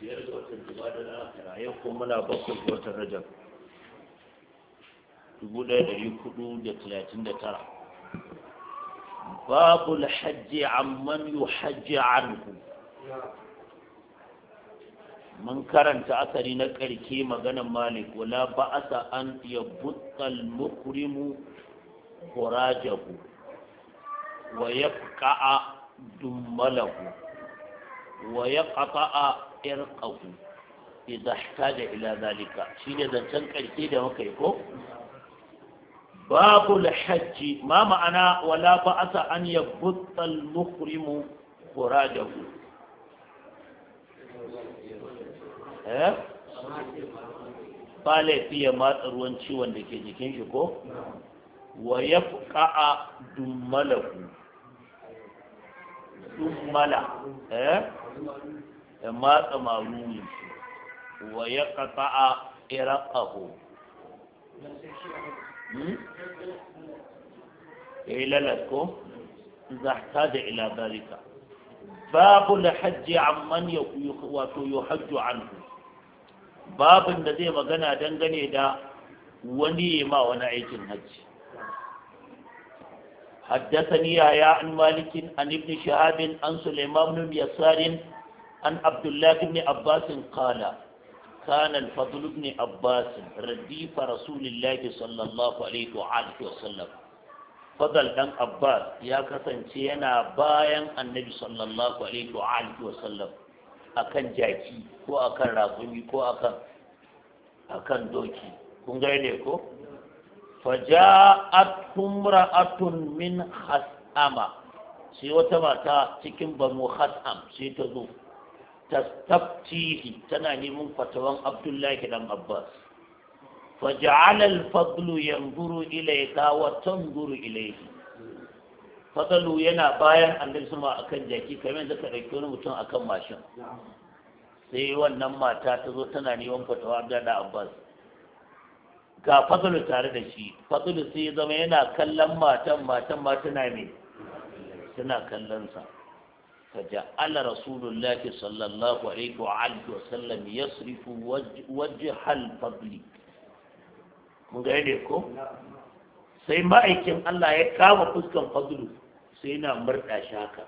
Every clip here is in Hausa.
biyar watan jumada na akara yau kuma muna bakwai da watan rajab dubu ɗaya ɗari hudu da talatin da tara babu hajji amman yu hajji anhu mun karanta asali na ƙarke maganan malik wala ba'asa an mukrimu kurajahu wa yafqa'a dummalahu irqahu idza ihtaja ila zalika shine zancen karshe da muka yi ko babu hajji ma ma'ana wala ba'asa an yabutta al-muhrimu quradahu eh bale laifi ya matsa ruwan ciwon da ke jikin shi ko wa ya ka'a dummalahu dummala eh ya matsa maruni wa ya qata'a iraqahu hmm? yayi lalatko, ko ta da ila Babu babu Hajji amman ya wato Hajju anhu babin da zai magana dangane da wani ma wani aikin hajji حدثني يا عن مالك عن ابن شهاب عن سليمان بن يسار an abdullahi ibn abbas qala kana al-fadl ibn abbas radifa sallallahu alaihi wa sallam fadl dan abbas ya kasance yana bayan annabi sallallahu alaihi wa alihi wa sallam akan jaki ko akan rakumi ko akan akan doki kun gane ko faja'at humra'atun min khas'ama sai wata mata cikin banu khas'am sai ta zo tastaftihi tana neman fatawan abdullahi dan abbas فجعل الفضل ينظر إليك وتنظر إليه fadalu yana bayan annabi sama akan jaki kamar yadda ka ɗauki wani mutum akan mashin sai wannan mata tazo tana neman fatawa da da abbas ga fadalu tare da shi fadalu sai ya zama yana kallon matan matan ma tana ne? tana kallon sa فجعل رسول الله صلى الله عليه وآله وسلم يصرف وجه, hal الفضل mun ga ne ko sai ma'aikin Allah ya kama fuskan fadlu sai na murda shaka. haka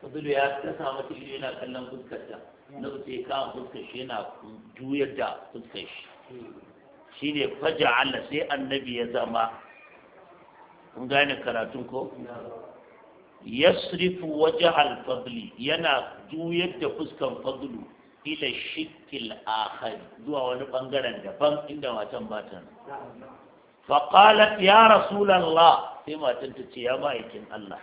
fadlu ya ta samu ta yana kallon fuskar ta na sai ya kama fuskar shi yana juyar da fuskar shi shine faja Allah sai annabi ya zama mun gane karatun ko yasrifu wajhal fadli yana juyar da fuskan fadlu ila shikil akhar zuwa wani bangaren daban inda matan ba faqalat ya rasulullah sai matan ta ce ya ma'aikin Allah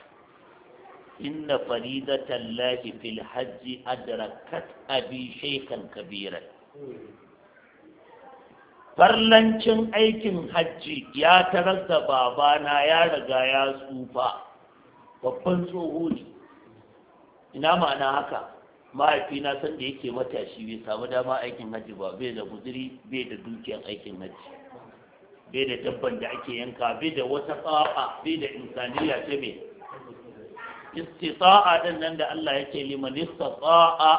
inna faridatan lahi fil hajji adrakat abi shaykhan kabiran farlancin aikin hajji ya tarar da babana ya riga ya tsufa babban tsoho ne ina ma'ana haka mahaifina san da yake matashi bai samu dama aikin hajji ba bai da guziri bai da dukiyar aikin hajji bai da dabban da ake yanka bai da wata tsawa bai da insaniya ta mai istita'a ɗan nan da Allah ya ce liman istita'a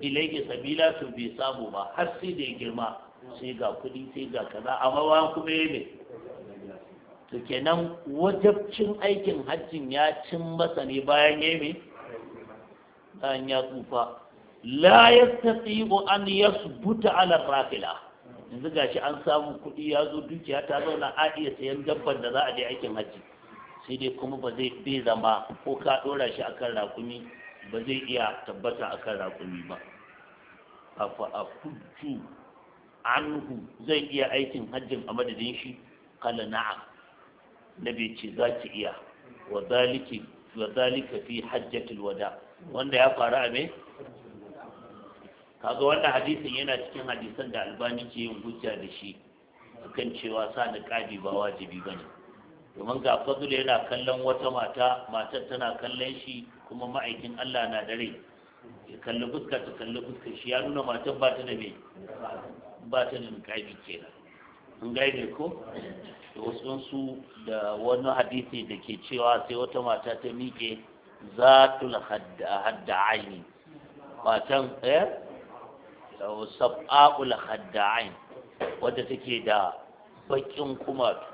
ilaiki sabila su bai samu ba har sai da ya girma sai ga kudi sai ga kaza amma bayan kuma ya mai. to kenan wajabcin aikin hajjin ya cin masa ne bayan ya mai bayan ya tsufa la yastati'u an ya subuta ala rafila yanzu shi an samu kuɗi ya zo dukiya ta zauna a iya sayan dabban da za a je aikin hajji sai dai kuma ba zai bai zama ko ka ɗora shi akan rakumi ba zai iya tabbata akan rakumi ba afa a fudu anhu zai iya aikin hajjin a madadin shi kala na'am nabi ce za ki iya wa zalika fi hajjatul wada wanda ya faru a mai kaga wannan hadisin yana cikin hadisan da albani ke yin hujja da shi kan cewa sa kadi ba wajibi ba ne. domin ga fadlu yana kallon wata mata matar tana kallon shi kuma ma'aikin Allah na dare ya kalli fuska ta kalli fuska shi ya nuna matan ba ta da mai ba ta da kenan ko wasu da wani hadisi da ke cewa sai wata mata ta miƙe tu hadda aini matan eh? sab'a'ul hadda aini wadda take da bakin kumatu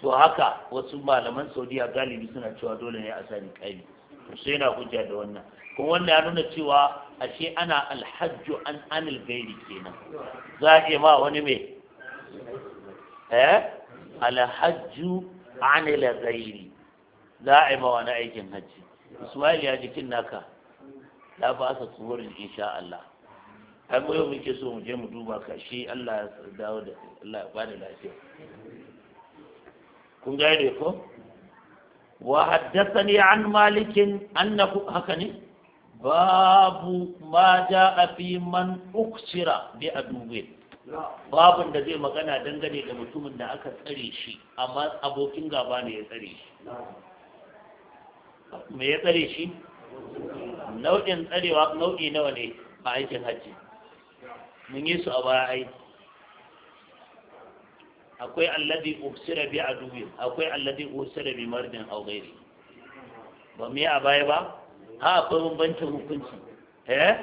to haka wasu malaman saudiya galibi suna cewa dole ne a sani kari to sai na hujja da wannan kuma wannan ya nuna cewa ashe ana alhajju an anil gairi kenan za a ma wani mai eh alhajju anila ghairi za a yi ma wani aikin hajji ismail ya jikin naka Ya ba sa tsohorin insha Allah har yau muke so mu je mu duba ka shi Allah ya dawo da Allah ya bada lafiya kun gane ko wa haddathani an malikin annahu haka ne babu ma jaa fi man uksira bi adubi babun da zai magana dangane da mutumin da aka tsare shi amma abokin gaba ne ya tsare shi me ya tsare shi nau'in tsarewa nau'i nawa ne a aikin hajji mun yi su a baya ai akwai alladhi ufsira bi adubi akwai alladhi ufsira bi mardin aw ghairi ba mu yi a baya ba ha akwai bambancin hukunci eh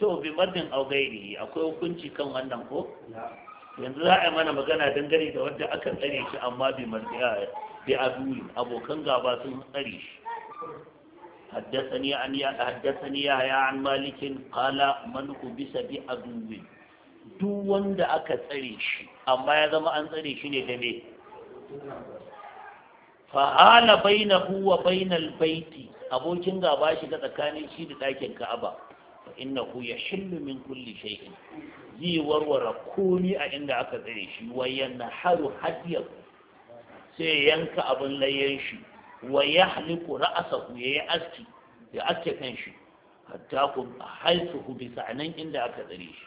to bi madin au gairi akwai hukunci kan wannan ko yanzu za a yi mana magana dangane da wanda aka tsare shi amma bi madin bi abokan gaba sun tsare shi ya ya an malikin qala man ku bisa bi بعدو duk wanda aka tsare shi amma ya zama an tsare shi ne da me fa'ala bainahu wa bainal baiti abokin gaba shi ga tsakanin shi da ɗakin Ka'aba innahu yashillu min kulli shay'in zai warware komi a inda aka tsare shi wa yanharu hadiyar sai yanka abin layyan shi wa yahliku ra'sahu yayi aski ya aske kan shi hatta ku haisuhu bi sa'anan inda aka tsare shi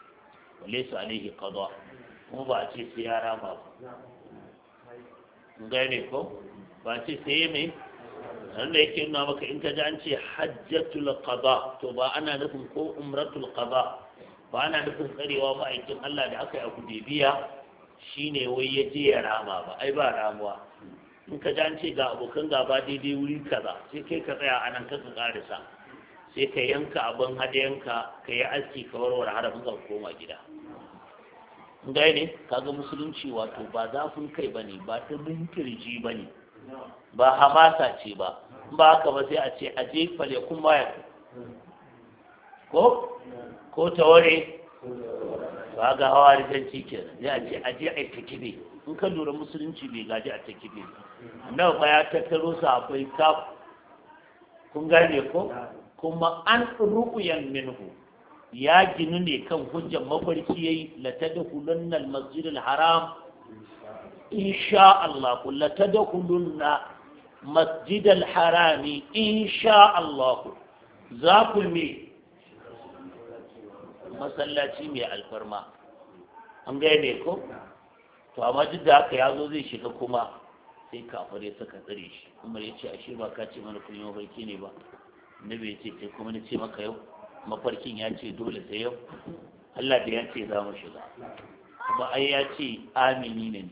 walaysa alayhi qada kuma ba a ce sai ya rama ba gane ko ba a ce sai mai wanda yake nuna maka in ka ji an ce hajjatul qada to ba ana nufin ko umratul qada ba ana nufin tsarewa ba aikin Allah da aka yi a Hudaybiya shine wai ya je ya rama ba ai ba ramuwa in ka ji an ce ga abokan gaba daidai wuri kaza sai kai ka tsaya a nan ka karisa sai ka yanka abin yanka ka yi aski ka warware harafin ka koma gida ne kaga musulunci wato ba zafin kai bane ba ta bin kirji bane ba hamasa ce ba ba haka ba sai a ce a je fale kun baya ko ko ta ware ba ga hawa rikanci cikin ne a ce a je a takibe in ka lura musulunci bai gaji a takibe nan ba ya tattaro akwai kaf kun gane ko kuma an ru'uyan minhu ya ginu ne kan hujjar mafarki yayi la tadkhulunna al-masjid al-haram insha Allah la tadkhulunna masjid al-harami insha Allah za ku me masallaci mai alfarma an gaya gane ko to amma duk da haka ya zo zai shiga kuma sai kafar ya saka tsare shi kuma ya ce ashe ba ka ce mana kun yi mafarki ne ba na bai ce sai kuma na ce maka yau mafarkin ya ce dole sai yau Allah da ya ce za mu shiga kuma ai ya ce amini ne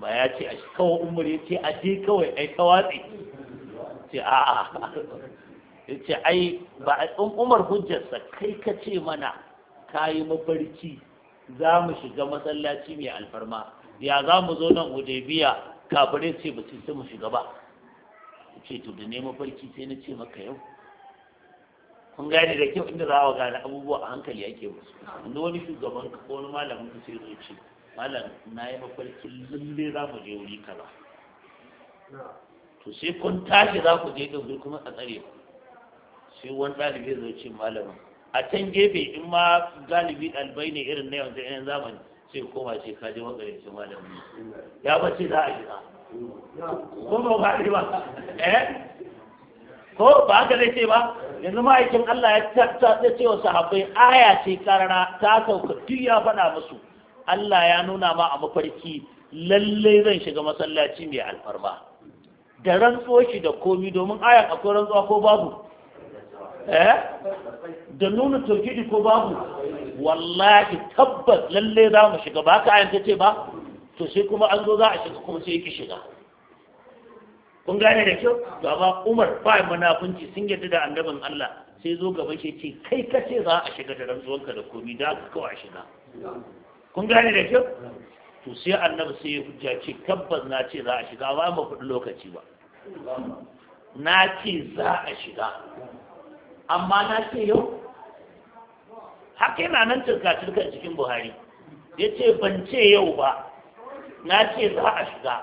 ba ya ce a shi kawai umar ya ce a je kawai ai tawatsi ce a'a ya ce ai ba a umar hujjarsa kai ka ce mana ka yi mafarki za mu shiga masallaci mai alfarma ya za mu zo nan hudaybiya kafirai ce ba sai mu shiga ba Ya ce to da ne mafarki sai na ce maka yau kun gane da kyau inda za a gane abubuwa a hankali ake musu wani shugaban ko wani malamin ka sai zo ce malam na yi mafarkin lalle za mu je wuri kaza to sai kun tashi za ku je ɗin wuri kuma a tsare ku sai wani ɗalibi zai ce malamin a can gefe in ma galibi ɗalibai ne irin na yanzu yan zamani sai koma ce ka je wakare ce malamin ya ce za a yi ko ba ba ba eh? ko ba haka zai ce ba yanzu ma'aikin Allah ya ce wa sahabbai aya ce karara ta sauka duk ya faɗa musu Allah ya nuna ma a mafarki lalle zan shiga masallaci mai alfarma da rantsuwa shi da komi domin ayan akwai rantsuwa ko babu eh da nuna tauhidi ko babu wallahi tabbas lalle za mu shiga ba ka ayan ta ba to sai kuma an zo za a shiga kuma sai yake shiga kun gane da kyau to Umar ba munafunci sun yarda da annabin Allah sai zo gaba shi ce kai kace za a shiga da rantsuwanka da komi da ka kawai shiga kun gane da kyau to sai annabi sai ya hujja ce tabbas na ce za a shiga ba mu kudi lokaci ba na ce za a shiga amma na ce yau haka yana nan turka cikin buhari ya ce ban ce yau ba na ce za a shiga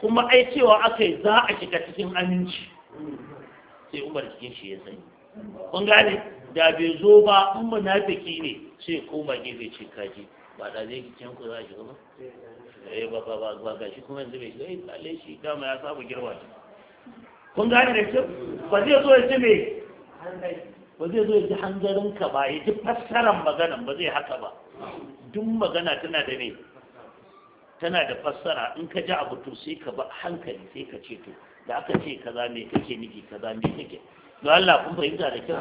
kuma ai cewa aka yi za a shiga cikin aminci sai umar cikin shi ya sani kun gane da bai zo ba in munafiki ne sai koma gefe ce kaji ba zai ki can ku za shi kuma? ba eh ba ba ba ba ga shi kuma yanzu bai shiga eh lalle shi dama ya saba girma kun gane da shi ba zai zo ya ce me ba zai zo ya ji hanzarin ka ba ya ji fassarar maganan ba zai haka ba duk magana tana da ne tana da fassara in ka ji abu to sai ka ba hankali sai ka ce to da aka ce kaza me kake nufi kaza me kake don Allah kun fahimta da kyau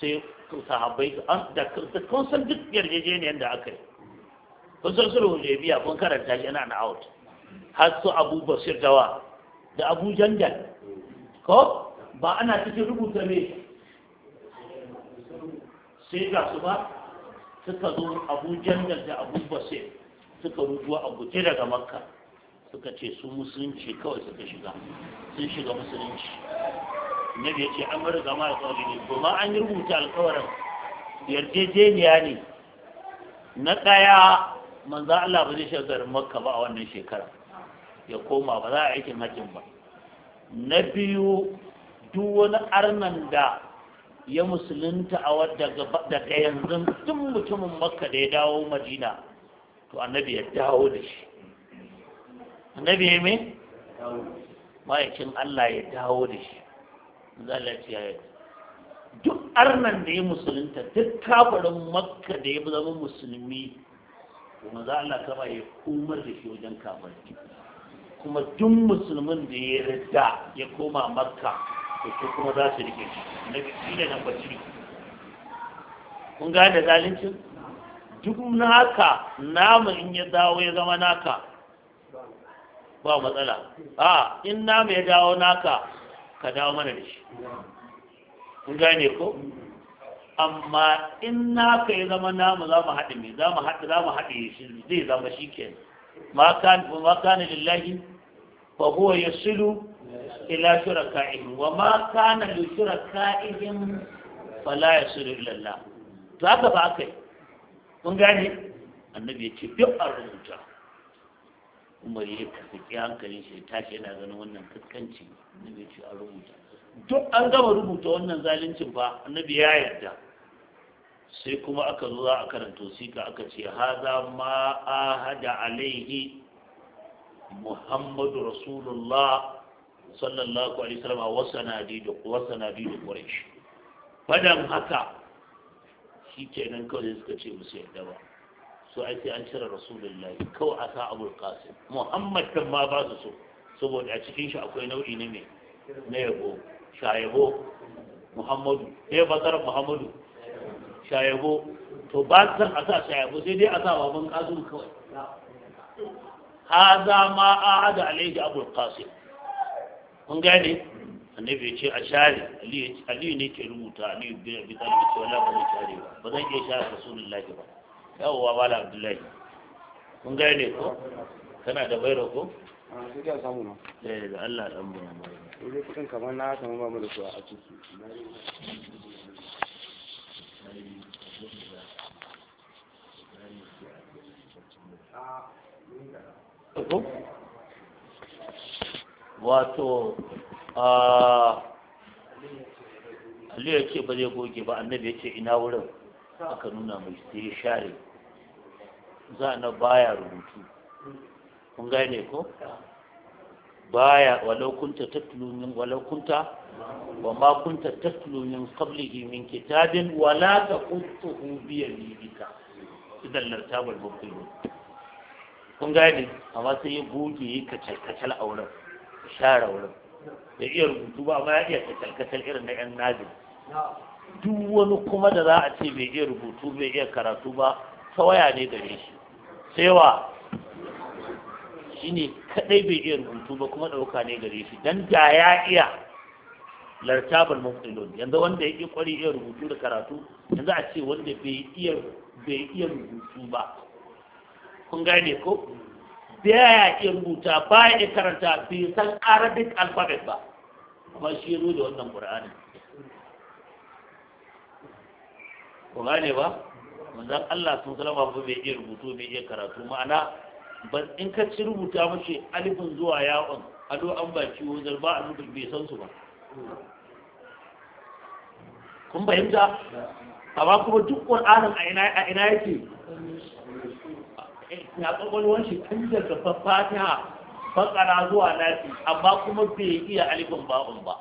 sai sahabbai ah, da kun san duk yarjejeniyar da aka yi kun san sulhu hudaybiya kun karanta shi yana na out har su abu basir dawa da abu jangal ko ba ana cikin rubuta ne sai ga su ba suka zo abu jangal da abu basir suka rubuwa a guje daga makka suka ce su musulunci kawai suka shiga sun shiga musulunci nabi ya ce an bar gama tsawon ne kuma an yi rubuta alkawarin yarjejeniya ne na ɗaya manzan Allah ba zai shiga garin makka ba a wannan shekara ya koma ba za a aikin hakin ba na biyu duk wani arnan da ya musulunta a wadda daga yanzu duk mutumin makka da ya dawo madina to annabi ya dawo da shi annabi ya mai ma'aikin Allah ya dawo da shi zalaci ya duk arnan da ya musulunta duk kabarin makka da ya zama musulmi kuma za Allah kaba ya komar da shi wajen kafar kuma duk musulmin da ya rida ya koma makka to su kuma za su rike shi na biki da na baciri kun gane zalincin duk naka namu in ya dawo ya zama naka ba matsala a in namu ya dawo naka ka dawo mana da shi kun gane ko amma in ka yi zama namu za mu haɗe mai za mu haɗe za mu haɗe shi zai zama shi ke ma kana lillahi fa huwa yasilu ila shuraka'ihim wa ma kana li shuraka'ihim la yasilu ila Allah to haka ba aka yi kun gane annabi ya ce duk an rubuta umar ya kasance hankalin shi tashi yana ganin wannan kaskanci annabi ya ce an rubuta duk an gama rubuta wannan zaluncin ba annabi ya yarda sai kuma aka zo za a karanta wasiƙa aka ce haza ma ahada alaihi muhammadu rasulullah sallallahu alaihi wasallam wa da quraish fadan haka shi nan kawai suka ce musu yadda ba so ai sai an cire rasulullah kawai a sa abul qasim muhammad kan ma ba su so saboda a cikin shi akwai nau'i ne mai na yabo sha yabo muhammadu eh bazar muhammadu yabo to ba zan a sa yabo sai dai a sa baban kasim kawai za ma ahada alaihi abul qasim kun gane annabi ya ce a share aliyu ne ke rubuta aliyu bin abi talib ce wala ba zai share ba ba zan iya share rasulullahi ba yawwa mala abdullahi kun gane ko kana da bayro ko ah, sai da samu na eh, Allah kamar na samu ba mu da su a ciki wato aliyu ya ce ba zai goge ba annabi ya ce ina wurin aka nuna mai sai share za na baya rubutu kun gane ko baya walaukunta kunta walaukunta ba wa ma kunta tatlumin qablihi min kitabin wala taqutuhu bi yaminika idan lartabar mubtilun kun gane amma sai ya goge ya kacal kacal a wurin share wurin ya iya rubutu ba amma ya iya kacal kacal irin na yan nazi duk wani kuma da za a ce bai iya rubutu bai iya karatu ba ta waya ne gare shi sai wa shi ne kadai bai iya rubutu ba kuma dauka ne gare shi dan da ya iya lartabar mufilun yanzu wanda ya ƙi kwari iya rubutu da karatu yanzu a ce wanda bai iya rubutu ba kun gane ko ya ke rubuta ya iya karanta bai san arabic alphabet ba amma shi ya da wannan qur'ani ku gane ba manzon Allah sun salama ba bai iya rubutu bai iya karatu ma'ana ba in ka ci rubuta mashi alifin zuwa yawon ado an ba ciwo zarba a rubuta bai san su ba kun fahimta amma kuma duk qur'anin a ina yake ya kwakwalwan shi tun daga fatiha fakara zuwa nasi amma kuma bai iya alifin ba'un ba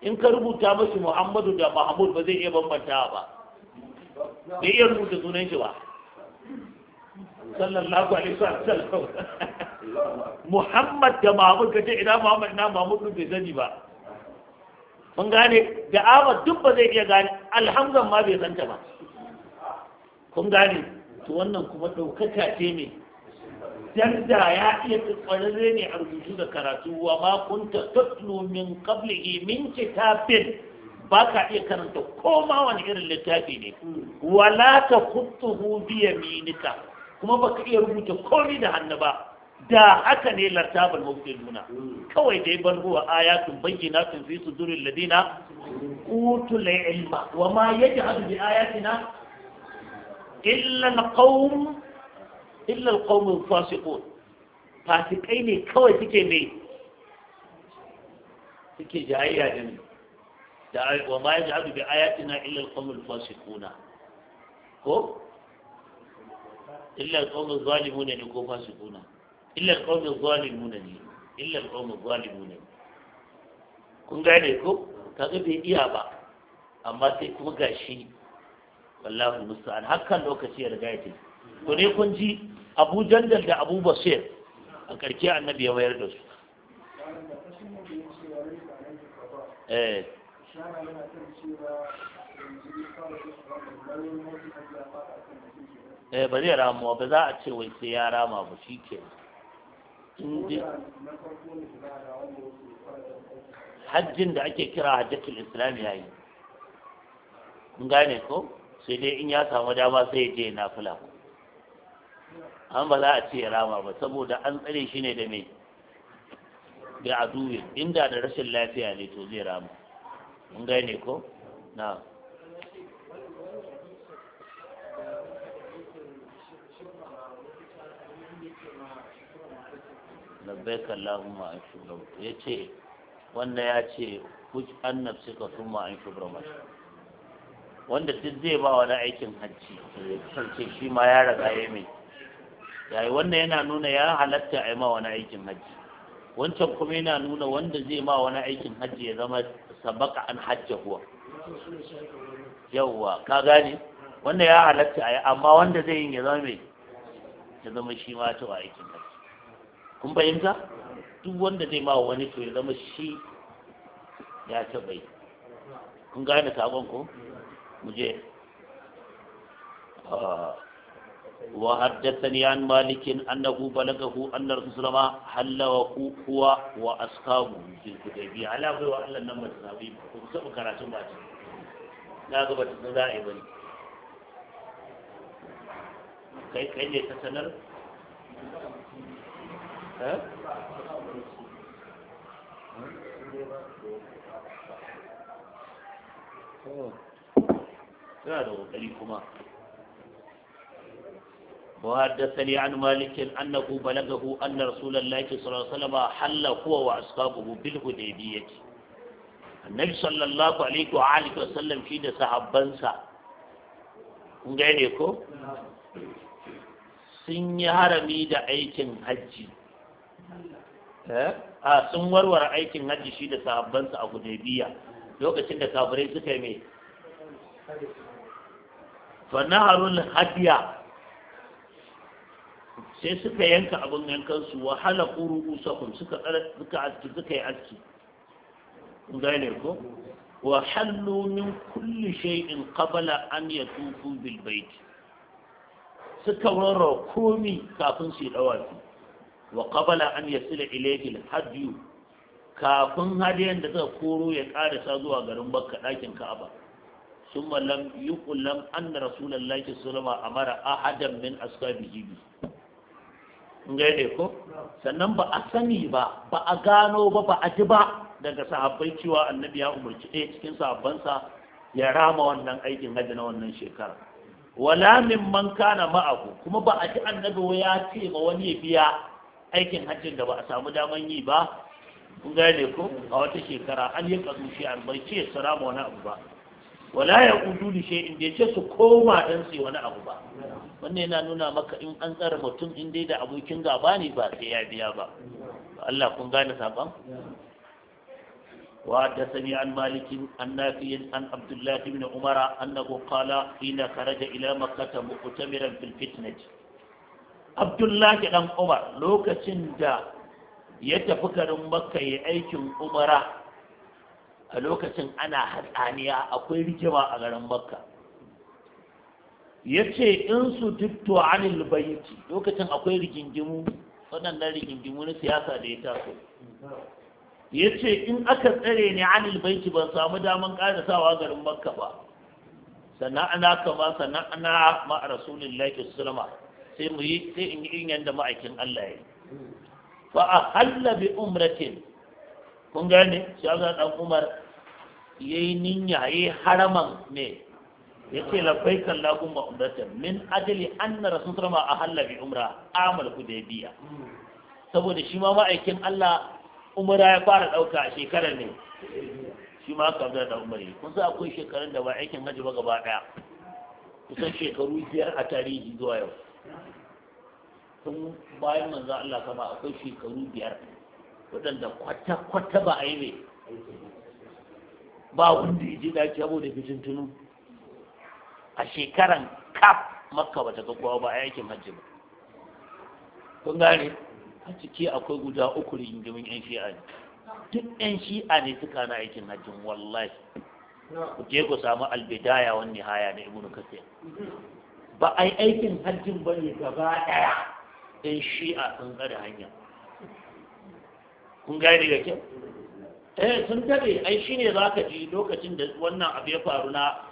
in ka rubuta mashi muhammadu da mahmud ba zai iya bambanta ba bai iya rubuta sunan shi ba sallallahu alaihi wa sallam muhammad da mahmud ka ce ina muhammad na mahmud bai sani ba mun gane da ahmad duk ba zai iya gane alhamdan ma bai santa ba kun gane to wannan kuma ɗaukaka ce ne darda ya iya tsararre ne a rubutu da karatu wa ma kunta tatlu min qablihi min kitabin ba ka iya karanta koma wani irin littafi ne wala ta kuttuhu bi yaminika kuma ba ka iya rubuta komai da hannu ba da haka ne mafi nuna. kawai dai ban huwa ayatun sun fi suduril ladina utul ilma wa ma yajhadu bi ayatina إلا القوم إلا القوم الفاسقون فاسقين كوي تكي مي تكي جاية جميل وما يجعل بآياتنا إلا القوم الفاسقون كو إلا القوم الظالمون يكون فاسقون إلا القوم الظالمون إلا القوم الظالمون kun gane ko kaga bai iya ba أما sai kuma والله المستعان هكا لوكاشي رجعتي كوني كونجي ابو جندل ده ابو بصير اكركي النبي يا وير ايه ايه بدي ارامو بدا اتشي وي سيارا ما بو شيكي حج ده اكي كرا حجة الاسلام يعني مغاني كو sai dai in ya samu dama sai ya je na fula an ba za a ce rama ba saboda an tsare shi ne da mai da aduwe inda da rashin lafiya ne to zai rama mun gane ko na labbaik Allahumma an shukran ya ce wanda ya ce huj annab suka thumma an shukran wanda duk zai ba wani aikin hajji ya shi ma ya raga ya mai yayi wannan yana nuna ya halatta a yi ma wani aikin hajji wancan kuma yana nuna wanda zai ma wani aikin hajji ya zama sabaka an hajja huwa yawwa ka gane wanda ya halatta a yi amma wanda zai yin ya zama mai ya zama shi ma ta aikin hajji kun fahimta duk wanda zai ma wani to ya zama shi ya taɓa yi kun gane sabon ko مجھے وحدثني عن مالك أنه بلغه أن رسول الله حل هو وأصحابه في الحديبية على غير أن النمى الصحابي وكتب كراتم باتي لا غبة دائما كي كي يتسنر ها أوه. yana da kokari kuma وحدثني عن مالك أنه بلغه أن رسول الله صلى الله عليه وسلم حل هو وأصحابه Annabi النبي صلى الله عليه وآله وسلم في صحابنسا gane ko sun yi harami da aikin hajji eh? a sun warware aikin hajji shi da sahabbansa a hudaybiya lokacin da kafirai suka yi mai Fanaharun hadiya sai suka yanka abin yankansu su wa halaqu ru'usahum suka suka aski yi aski gane ko wa min kulli shay'in qabla an yatufu bil bait suka warra komi kafin su yi dawafi wa qabla an yasila ilayhi al hadiyu kafin hadiyan da suka koro ya karasa zuwa garin bakka dakin ka'aba ثم لم يقل أن رسول الله صلى الله عليه وسلم أمر أحدا من أصحابه به ko sannan ba a sani ba ba a gano ba ba a ji ba daga sahabbai cewa annabi ya umarci ɗaya cikin sahabbansa ya rama wannan aikin hajji na wannan shekara wala min man kana ma'ahu kuma ba a ji annabi ya ce ma wani ya biya aikin hajjin da ba a samu daman yi ba kun ko a wata shekara an yi kasu shi an bai ce su rama wani abu ba wala ya kudu da shi inda ya ce su koma ɗan wani abu ba wannan yana nuna maka in an tsara mutum in dai da abokin gaba ne ba sai ya biya ba Allah kun gane saban wa ta sani an maliki an nafiyin an abdullahi ibn umara na qala ina karaja ila makkata mu'tamiran fil fitnati abdullahi dan umar lokacin da ya tafi garin makka yi aikin umara a lokacin ana hatsaniya akwai rigima a garin makka ya ce in su tuttu anil baiti lokacin akwai rigingimu waɗannan rigingimu na siyasa da ya taso ya ce in aka tsare ne anil baiti ban samu daman ƙarasawa garin makka ba sannan ana kama sannan ana ma rasulullahi sai mu yi sai in yi yanda ma'aikin Allah ya yi fa a halla bi umratin kun gane shi abu dan umar ya yi ninya ya yi haraman ne ya ce labbai kallakun ma'umratan min ajali an na rasu sarama a hallabi umra amal ku da biya saboda shi ma ma'aikin allah umra ya fara ɗauka a shekarar ne shi ma aka abu dan umar kun sa akwai shekarun da ba aikin hajji ba gaba ɗaya kusan shekaru biyar a tarihi zuwa yau tun bayan manzo allah kama akwai shekaru biyar waɗanda kwata-kwata ba a yi ne ba wanda ya ji ɗaki abu da fitin tunu a shekaran kaf makka ba ta ga kowa ba a yakin hajji ba kun gane a ciki akwai guda uku rigingimin yan shi'a ne duk yan shi'a ne suka na aikin hajjin wallahi ku je ku samu albidaya wani haya na ibnu kasir ba a yi aikin hajji ba ne gaba ɗaya yan shi'a sun tsare hanya kun gane da kyau eh sun tabe ai shine za ka ji lokacin da wannan abu ya faru na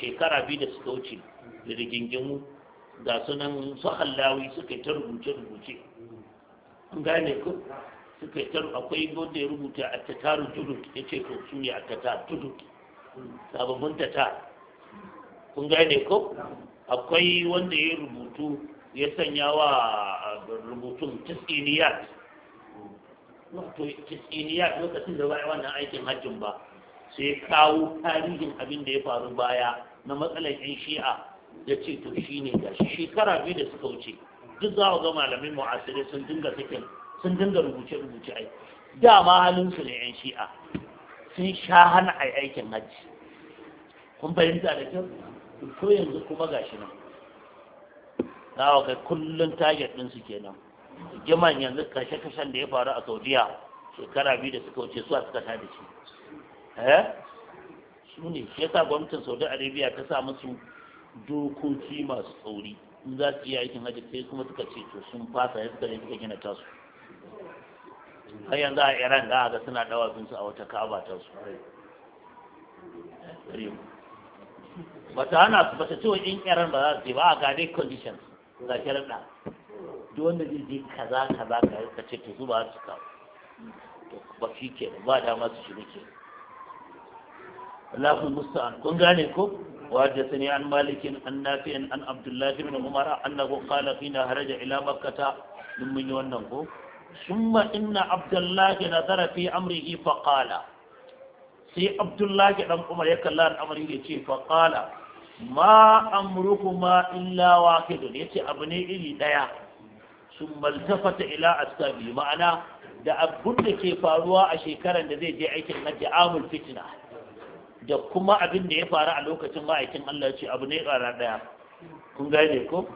shekara biyu da suka wuce da rigingimu ga sunan su hallawi suka ta rubuce-rubuce kun gane ku suka yi ta akwai wanda ya rubuta a tataru tudu ya ce to su ne a tudu tudut sababbin tata kun gane ku akwai wanda ya rubutu ya sanya wa rubutun tisiniyat tis'iniya lokacin da bai wannan aikin hajjin ba sai kawo tarihin abin da ya faru baya na matsalar yan shi'a da ce to shi ne ga shekara biyu da suka wuce duk za a ga malamin mu'asirai sun dinga sakin sun dinga rubuce-rubuce ai dama halinsu ne yan shi'a sun sha hana a aikin hajji kun fahimta da kyau to yanzu kuma gashi nan za ga kullum target ɗinsu kenan rigiman yanzu kashe-kashen da ya faru a saudiya shekara biyu da suka wuce suwa suka tada shi eh? su ne shi yasa gwamnatin saudi arabia ta sa musu dokoki masu tsauri in za su yi aikin hajji sai kuma suka ce to sun fasa ya suka yi suka gina tasu har yanzu a iran da ga suna dawa su a wata kaba ta su ba ta hana su ba ta ce wa in iran ba za su yi ba a gane conditions za ki rada duk wanda zai je kaza kaza ka yi ka ce to zuba su ka to ba shi ke ba dama su shi ke musta'an kun gane ko wa jasani an malikin an nafi'an an abdullahi ibn umar annahu qala fina haraja ila makkata mun yi wannan ko summa inna abdullahi nazara fi amrihi fa qala sai abdullahi dan umar ya kalla al'amari ya ce fa qala ma amruhuma illa waqidun yace abu ne iri ɗaya. sun maltafata ila asabi ma'ana da abun da ke faruwa a shekarar da zai je aikin na amul fitina, da kuma abin da ya faru a lokacin ma'aikin Allah ce abu ne ƙara ɗaya kun gane ko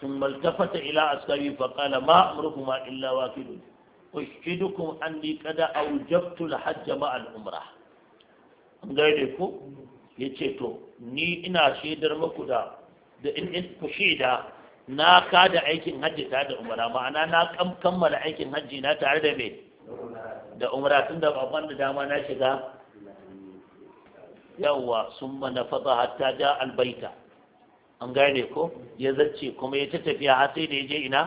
sun maltafata ila asabi faƙala ma amurkuma illa wakilu ushidukum anni kada aujabtu al-hajj ma al-umra gane ko yace to ni ina shaidar muku da da in in ku shaida na kada aikin hajji tare da umara ma'ana na kammala aikin hajji na tare da mai. da umara tun da babban da dama na shiga yawwa sun mana fata hatta ja albaita an gane ko ya zace kuma ya ta tafiya har sai da ya je ina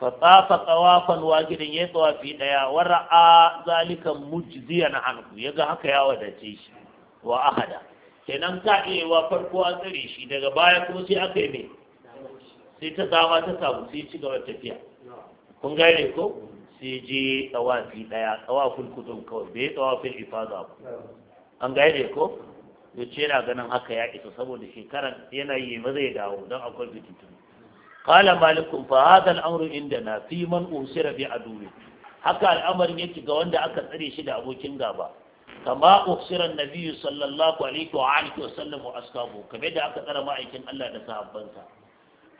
fatsafa tsawafan wagidin ya tsawafi daya a zalikan mujziyan hanku, ya haka ya wadace shi wa ahada kenan ka iya wa farko a tsare shi daga baya kuma sai aka yi mai sai ta zama ta samu sai ci gaba tafiya kun gane ko sai je tsawafi daya tsawafin kudin kawai bai tsawafin ifada ba an gane ko to ce yana ganin haka ya isa saboda shekaran yana yi maza ya dawo don akwai fitintuni kala malikun fa hadha al-amru na fi man usira bi aduwi haka al'amarin yake ga wanda aka tsare shi da abokin gaba kama uksiran nabiyu sallallahu alaihi wa alihi wa sallam wa ashabu kamar da aka tsara ma'aikin Allah da sahabbansa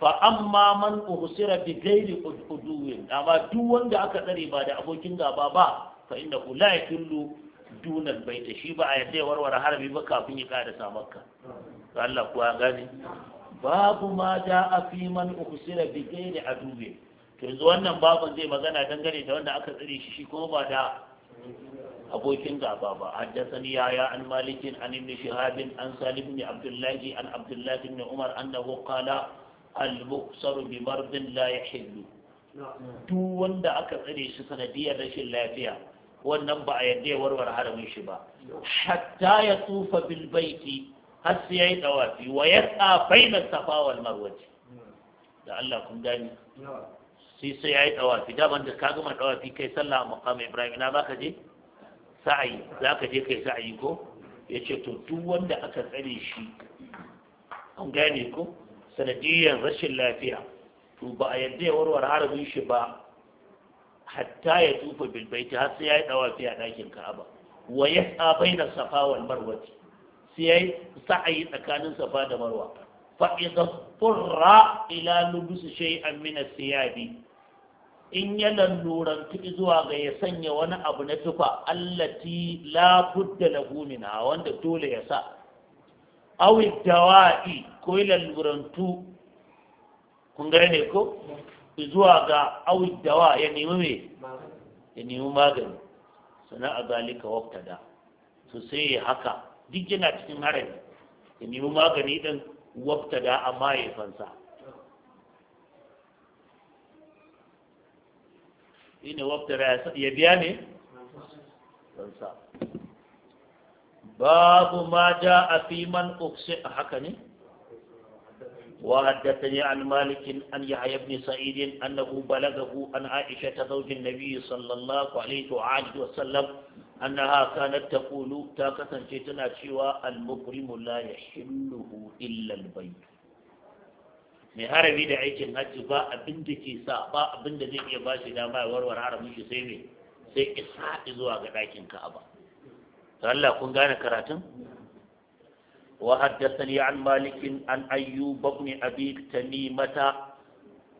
fa amma man uhsira bi ghairi uduwin amma duk wanda aka tsare ba da abokin gaba ba fa innahu la yahillu bai albayt shi ba a yadda warware harbi ba kafin ya kada samarka to Allah kuwa gane babu ma a fi man uhsira bi ghairi aduwin to yanzu wannan baban zai magana dangane da wanda aka tsare shi shi kuma ba da abokin gaba ba haddathani ya an malikin an ibn shihab an salim ibn Abdullahi, an Abdullahi ibn umar annahu qala al-muqsar bi mardin la yahillu duk wanda aka tsare shi sanadiyar rashin lafiya wannan ba a yadda ya warware haramin shi ba hatta ya tsufa bil baiti har sai yayi tawafi wa ya baina safa wal marwa da Allah kun gani sai sai yayi tawafi da banda ka gama tawafi kai sallah maqam Ibrahim na baka je sa'i zaka je kai sa'i ko yace to duk wanda aka tsare shi an gane ko sanadiyar rashin lafiya to ba a yadda ya warware haramin shi ba hatta ya tufa bilbaiti har sai ya yi dawafi a ɗakin ka'aba wa ya tsabai na safa wal marwati sai ya yi sa'ayi tsakanin safa da marwa fa idan furra ila lubusu siyabi in ya lallurantu zuwa ga ya sanya wani abu na tufa allati la budda lahu minha wanda dole ya sa awi dawa'i ko lalburantu kun gare ne ko zuwa ga awi dawa ya nemi me ya nemi magani sana a zalika waktada to sai ya haka duk yana cikin harari. ya nemi magani din waktada amma ya fansa shine waktada ya biya ne fansa babu ma ja a fiman man uksi a haka ne وحدثني عن مالك عن يحيى بن سعيد أنه بلغه عن عائشة زوج النبي صلى الله عليه وآله وسلم أنها كانت تقول تاكة جتنا شوى المكرم لا يحله إلا البيت mai harabi da aikin hajji ba abin ke sa ba abin zai iya bashi dama ya warware haramin sai sai isa zuwa ga ɗakin ka'aba Allah kun gane karatun wa haddathani an malikin an ayyu babni abi tamimata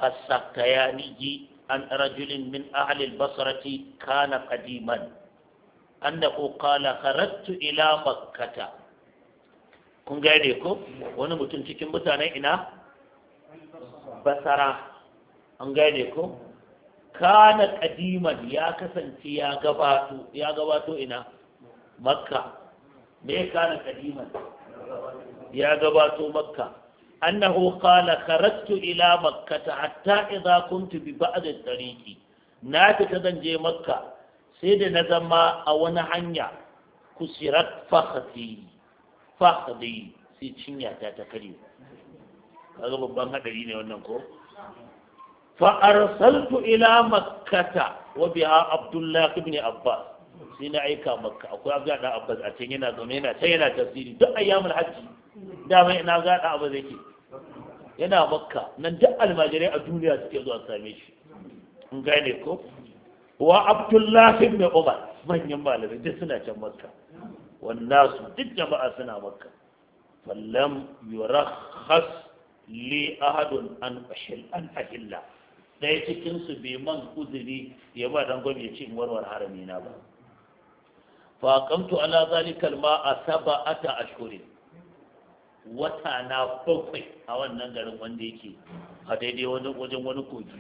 as-sakayani an rajulin min ahli al-basrati kana qadiman annahu qala kharajtu ila makkata kun gane ko wani mutum cikin mutanen ina basara an gane ko kana qadiman ya kasance ya gabato ya ina makka me kana kadiman ya gabato makka annahu qala kharajtu ila makkata hatta idza kuntu bi ba'd at-tariqi na fita zan je makka sai da na zama a wani hanya kusirat fakhdi fakhdi sai cinya ta ta kare kaga babban hadari ne wannan ko fa arsaltu ila makkata wa biha abdullah ibn abbas sai na aika makka akwai abu da abbas a can yana zaune yana can yana tafsiri duk ayyamul hajji dama ina ga da abu zai ke yana makka nan duk almajirai a duniya suke zuwa same shi in gane ko wa abdullahi ibn umar manyan malamai duk suna can makka wannan su duk jama'a suna makka fallam yurakhas li ahadun an ashil an ahilla dai cikin su bai man uzuri ya ba dan gwamnati ya ce warwar harami na ba fa kamtu ala zalikal ma'a saba'ata ashhurin wata na bakwai a wannan garin wanda yake a daidai wani wajen wani kogi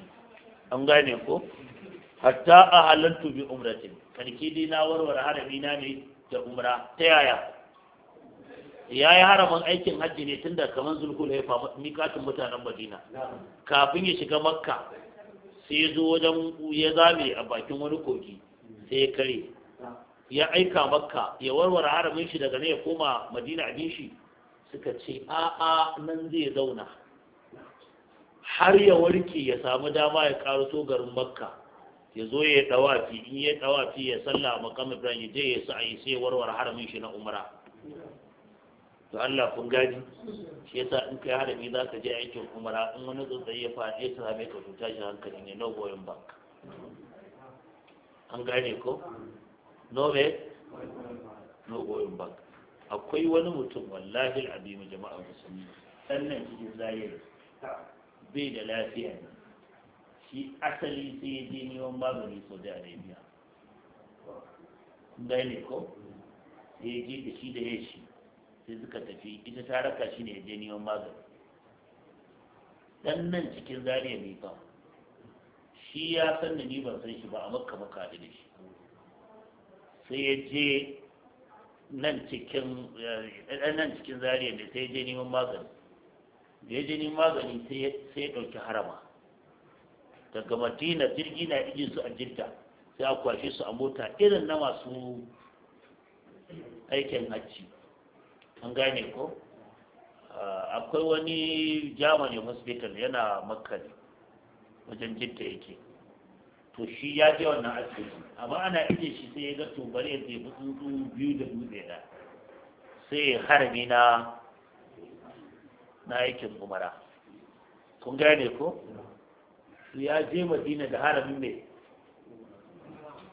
an gane ko hatta a halattu bi umratin karki dai na warware harami na ne da umra ta yaya ya yi haramin aikin hajji ne tun da kamar zulkul ya fama mikatin mutanen madina kafin ya shiga makka sai ya zo wajen ya zame a bakin wani kogi sai ya kare ya aika makka ya warware haramin shi daga ne ya koma madina abin shi suka ce a'a nan zai zauna har ya warke ya samu dama ya so garin makka ya zo ya dawafi in ya dawafi ya salla makam ibrahim ya je ya sa yi sai warware haramin shi na umra to Allah kun gani shi yasa in kai harami za ka je aikin umara in wani tsotsayi ya faɗi ya same ka to tashi hankali ne no going back an gane ko nome no goyon ba akwai wani mutum wallahi al'adimu jama'a musulmi sannan cikin zahiri bai da lafiya ne shi asali sai ya je neman magani saudi arabia gane ko sai ya je da shi da ya shi sai suka tafi ita ta raka shi ne ya je neman magani dan nan cikin zariya ne ba shi ya san da ni ban san shi ba a makka maka da shi sai ya je nan cikin eh, zariya sai ya je neman magani da ya je neman magani sai ya ɗauki harama daga madina jirgi na ijin su a jidda sai a kwashe su a mota irin na masu aikin hajji an gane ko ah, akwai wani jamani hospital yana makka ne wajen jidda yake to shi ya je wannan asibiti amma ana ije shi sai ya ga to bare ya tafi tsuntsu biyu da dutse da sai ya harami na na aikin umara kun gane ko su ya je madina da haramin mai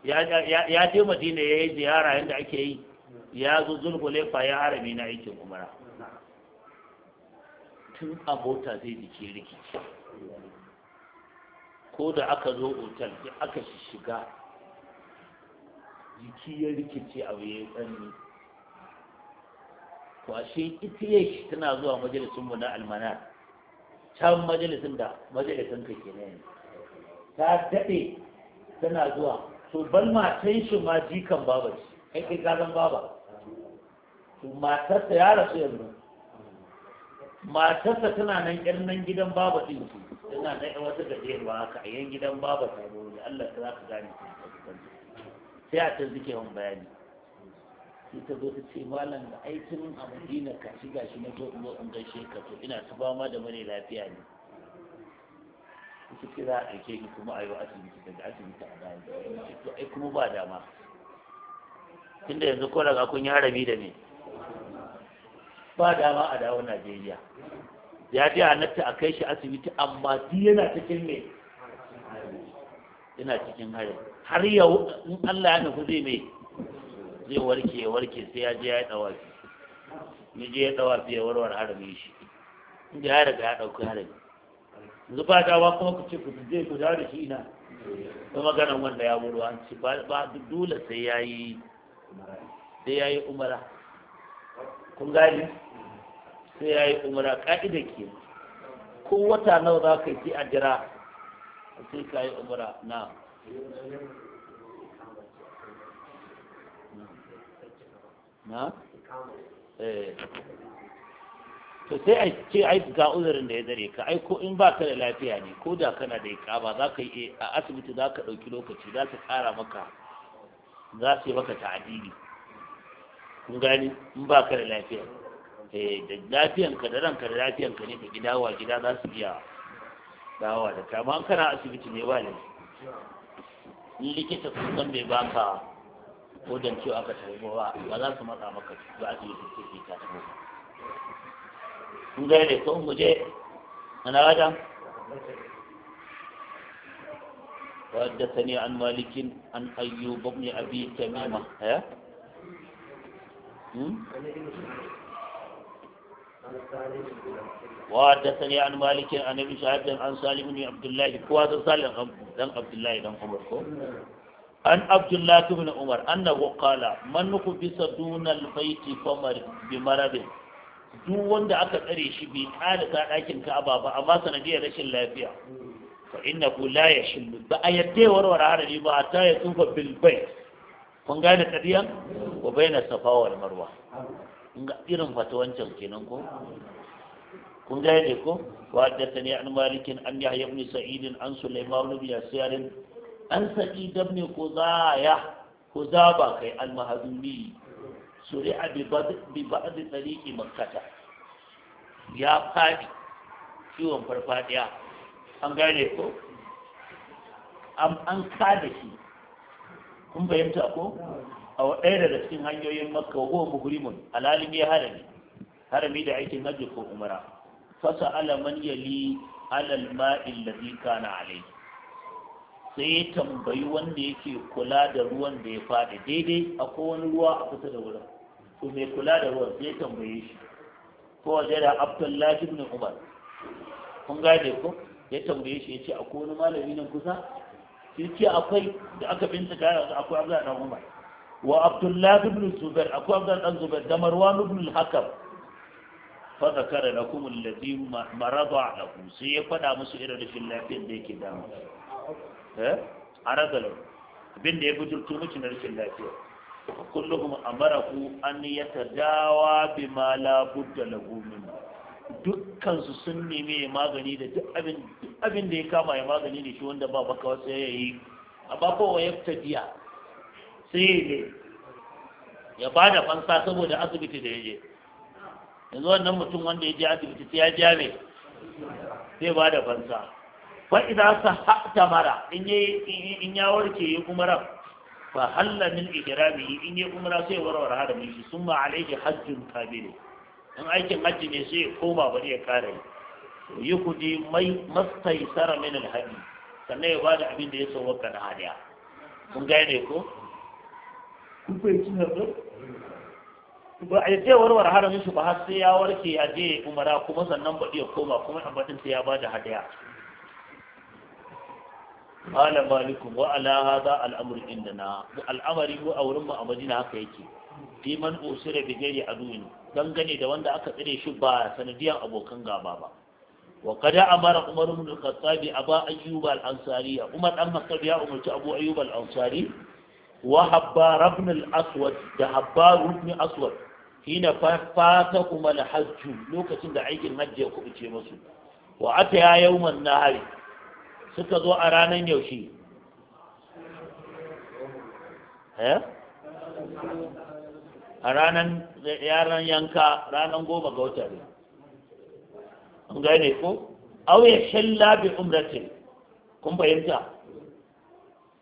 ya je madina ya yi ziyara yadda ake yi ya zo fa ya harami na aikin umara tun abota zai jike rikici ko da aka zo otal sai aka shiga jiki ya rikice a waye tsanni to ashe ita tana zuwa majalisun mu na almana can majalisun da majalisun ka ke nan ta daɗe tana zuwa to bal tai shi ma jikan baba shi kai kai gazan baba to matarsa ya rasu yanzu matarsa tana nan ƴan nan gidan baba ɗin su tana da wata gajeruwa haka a yan gidan baba ta da Allah ta za ka gane sai a ta zike wani bayani sai ta zo ta ce malam da aikin a madina ka shiga shi na zo zo an gaishe ka to ina ta ma da mare lafiya ne suke za a ɗauke ki kuma a yi wa asibiti daga asibiti a bayan to ai kuma ba dama tunda yanzu ko daga kun yi harami da me ba dama a dawo Najeriya ya ji nata a kai shi asibiti amma ji yana cikin me yana cikin harin har yau in Allah ya nufi zai mai zai warke ya warke sai ya je ya yi tsawafi ya je ya tsawafi ya warwar harami shi inda ya riga ya dauki harami yanzu ba dawa kuma ku ce ku zai ku da shi ina ta magana wanda ya wuri an ci ba dole sai ya yi sai ya yi umara kun gani sai ya yi umara ka'ida ke ko wata nawa za ka yi a jira sai ka yi umara na na eh. to sai a ce ai ga uzurin da ya zare ka ai ko in ba ka da lafiya ne ko da kana da kaba? za ka yi a asibiti za ka ɗauki lokaci za su ƙara maka za su yi maka ta'adili kun in ba ka da lafiya eh da lafiyanka da ranka da lafiyanka ne ka gida wa gida za su iya dawa da kama kana asibiti ne ba ne in likita sun san bai baka ko don ciwo aka tafi ba ba za su matsa maka ba asibiti ce ke ta tafi kun ga ne na mu Wadda ana wajen وحدثني عن an عن أيوب Abi ta تميمة ya? وحدثني عن مالك عن ابي شهاب عن سالم بن عبد الله كواز سالم بن عبد الله بن عمر عن عبد الله بن عمر انه قال من قبس دون البيت فمرض بمرض duk wanda aka tsare shi bai ƙarasa ɗakin ka'aba ba amma sanadiyar rashin lafiya fa inna ku la ya shillu ba a yadda warware harari ba ta ya tsufa bilbai kun gane tsariyan wa bai na safa wal marwa irin fata wancan kenan ko kun ga yadda ko wa tani an malik an yahya ibn sa'id an sulaiman ibn yasir an sa'id ibn qudaya qudaba kai al mahdumi suri abi ba'd bi ba'd tariqi makkah ya fadi ciwon farfadiya an gane ko an kada shi kun bayyanta ko a ɗaya daga cikin hanyoyin makka wa huwa muhrimun alalin ya harami harami da aikin hajji ko umara fasa alaman yali alal ma'il ladhi kana alai sai ya tambayi wanda yake kula da ruwan da ya faɗi daidai akwai wani ruwa a kusa da wurin to mai kula da ruwan sai ya tambaye shi ko waje da abdullahi ibn umar kun gane ko ya tambaye shi ya ce akwai wani malami nan kusa sai ce akwai da aka bincika akwai abdullahi ibn umar wa abdullahi ibn zubair akwai abdan dan zubair da marwan ibn al-hakam fa zakara lakum alladhi marada lahu sai ya fada musu irin rashin lafiyar da yake damu eh aradalo bin da ya bujurtu miki na rashin lafiya kulluhum amaraku an yatadawa bima la budda lahu min dukkan su sun nemi magani da duk abin abin da ya kama ya magani ne shi wanda ba baka wasu yayi amma ko ya tabiya tsile ya ba da fansa saboda asibiti da ya je yanzu wannan mutum wanda ya je asibiti sai ya ja ne zai ba da fansa ba idan sa haɗa mara in ya warke yi umaran fa halla min ihrami in yi ra sai warware haramin shi summa alaihi hajjun kabiru in aikin hajji ne sai ya koma bari ya kare yi kudi mai mastaisara min alhaji sannan ya bada abin da ya sauwaka na hadiya kun gane ko ba a ce warware haramin shi ba har sai ya warke ya je umara kuma sannan baɗi ya koma kuma a baɗin sai ya ba da hadaya ala malikum wa ala hada al'amur indana al'amari ko a wurin mu na madina haka yake da usira bi gairi aduin dangane da wanda aka tsire shi ba sanadiyan abokan gaba ba wa kada amara umar ibn al-khattab aba ayyub al-ansari umar dan khattab ya umarci abu ayyub al-ansari wa habbar aswad da habbar ibn aswad hina fata kuma al-hajju lokacin da aikin hajji ya kubuce musu wa ataya yawman nahari suka zo a ranar yaushe ranar yanka ranar goma ga wata ne ko auye shalla bi umratin kun fahimta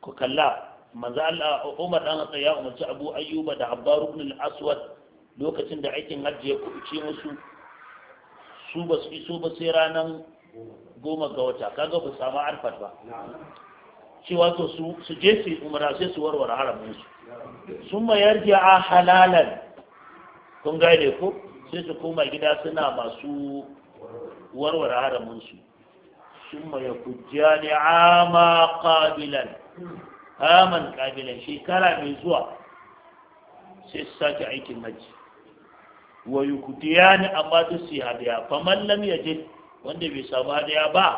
ku kalla manzo Allah Umar dan ya umarci Abu Ayyuba da Abbaru ibn al-Aswad lokacin da aikin hajji ya kubuce musu su ba su iso ba sai ranar goma ga wata kaga ba samu arfat ba cewa to su su je su umara sai su warware haramun su sun mayar a halalan kun gane ko sai su koma gida suna masu warware haramun su sun maya kujjani ama qabilan aman kabilan shekara mai zuwa sai su sake aikin hajji wa yukutiya ni amma duk su hadiya fa mallam ya je wanda bai samu hadiya ba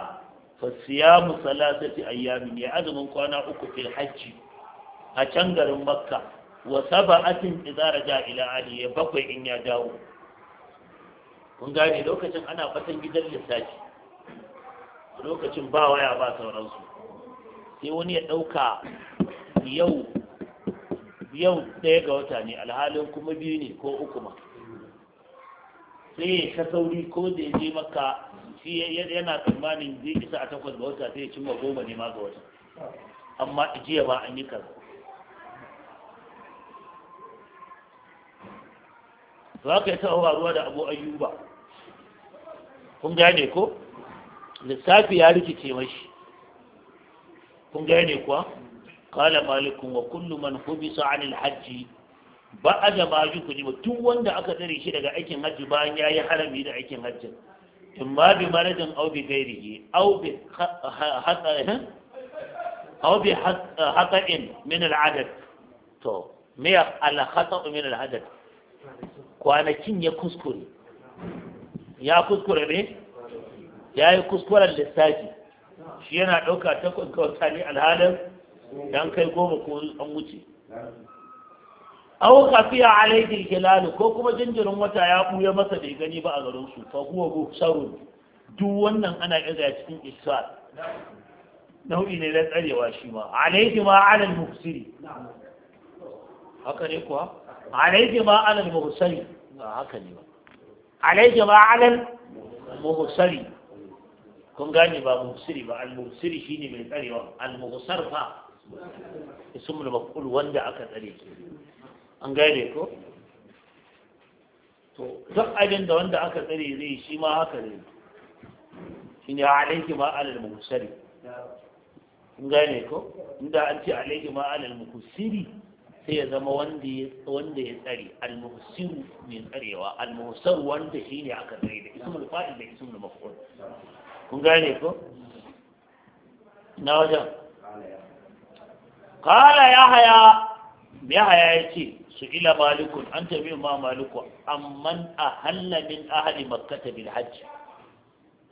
fa siyamu salasati ayyamin ya azumin kwana uku fil hajji a can garin makka wa saba'atin idza ja ila ali ya bakwai in ya dawo kun gane lokacin ana fatan gidan lissafi lokacin ba waya ba sauransu sai wani ya ɗauka yau yau ɗaya ga wata ne alhalin kuma biyu ne ko uku ma sai ya ta sauri ko da ya je maka shi yana tsammanin zai isa a takwas ga wata sai ya cimma goma ne ma ga wata amma jiya ba an yi kaza za ka yi ta ruwa da abu ayyuba kun gane ko lissafi ya rikice mashi kun gane kuwa qala malikun wa kullu man hubisa anil hajji ba a da ba ji ba tun wanda aka tsare shi daga aikin hajji bayan ya yi harami da aikin hajji in ma bi maradin au bi gairihi au bi eh, au bi eh, hata'in min al'adad to me ya al min al'adad kwanakin ya kuskure ya kuskure ne ya yi kuskuren lissafi shi yana ɗauka takwas ga wata ne alhalin dan kai goma ko an wuce aw kafiya alaikin hilal ko kuma jinjirin wata ya buya masa da gani ba a garin su fa ko saurin. duk wannan ana ƙirga cikin isa. nau'i ne na tsarewa shi ma alaikin ma alal muhsiri haka ne kuwa Alaikin ma alal muhsiri haka ne ba Alaikin ma alal muhsiri kun gane ba mubsiri ba al-mubsiri shine mai tsarewa al-mubsar fa ismul maf'ul wanda aka tsare ke an gane ko to duk abin da wanda aka tsare zai shi ma haka ne shine alayki ma alal mubsari kun gane ko inda an ce alayki ma alal mubsiri sai ya zama wanda ya tsare al-mubsiru mai tsarewa al-mubsar wanda shine aka tsare da ismul fa'il da ismul maf'ul kun gane ko na wajen kala ya haya ya haya ya ce su ila malikun an tabi ma maliku amman a hallalin ahali makkata bil hajji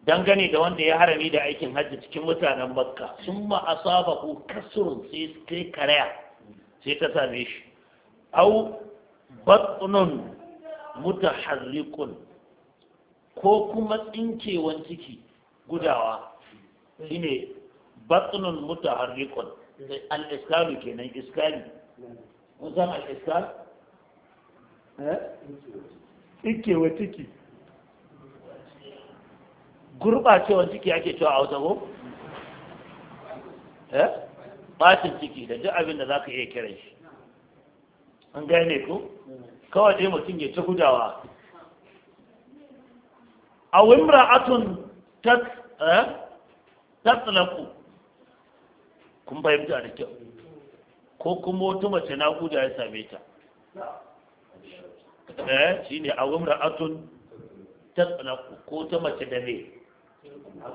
dangane da wanda ya harami da aikin hajji cikin mutanen makka sun ma asaba ko kasurun sai kai karaya sai ta same shi au batnun mutaharrikun ko kuma tsinkewan ciki gudawa shine ne batsunan al-iskalu kenan iskali mun san al-iskal eh ikke wa ciki Gurɓacewar ciki ake cewa a wata ko eh bacin ciki da duk abin da zaka iya kiran shi an gane ku? kawai dai mutum ya ta gudawa a Wimra atun. tatlaku eh, kun fahimta da kyau ko kuma wata mace naƙuda ya same ta eh shi ne a wumra atun tatlaku ko ta mace da ne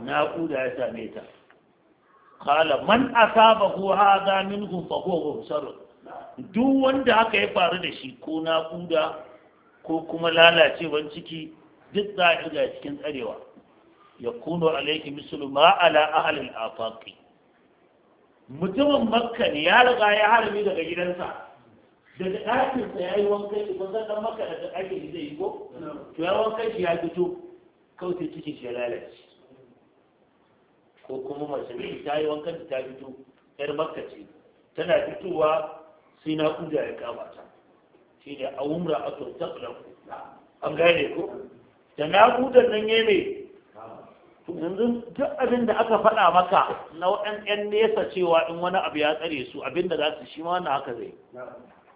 naƙuda ya same ta kala man saba ko haza minhum fa huwa duk wanda haka ya faru da shi ko naƙuda ko kuma lalacewan ciki duk za a cikin tsarewa yakunu alayki mislu ma ala ahli al-afaq mutumin makka ne ya riga ya harami daga gidansa daga ɗakinsa ya yi wankan shi ban san makka da ɗakin shi zai yi ko to ya wankan shi ya fito kawai sai cikin shi ya lalace ko kuma mace ne ta yi wankan ta fito ƴar makka ce tana fitowa sai na kuda ya kama ta shi ne a umra a tautar an gane ko da na kudan nan ya mai yanzu duk abin da aka faɗa maka na waɗannan nesa cewa in wani abu ya tsare su abin da za su shi ma wani haka zai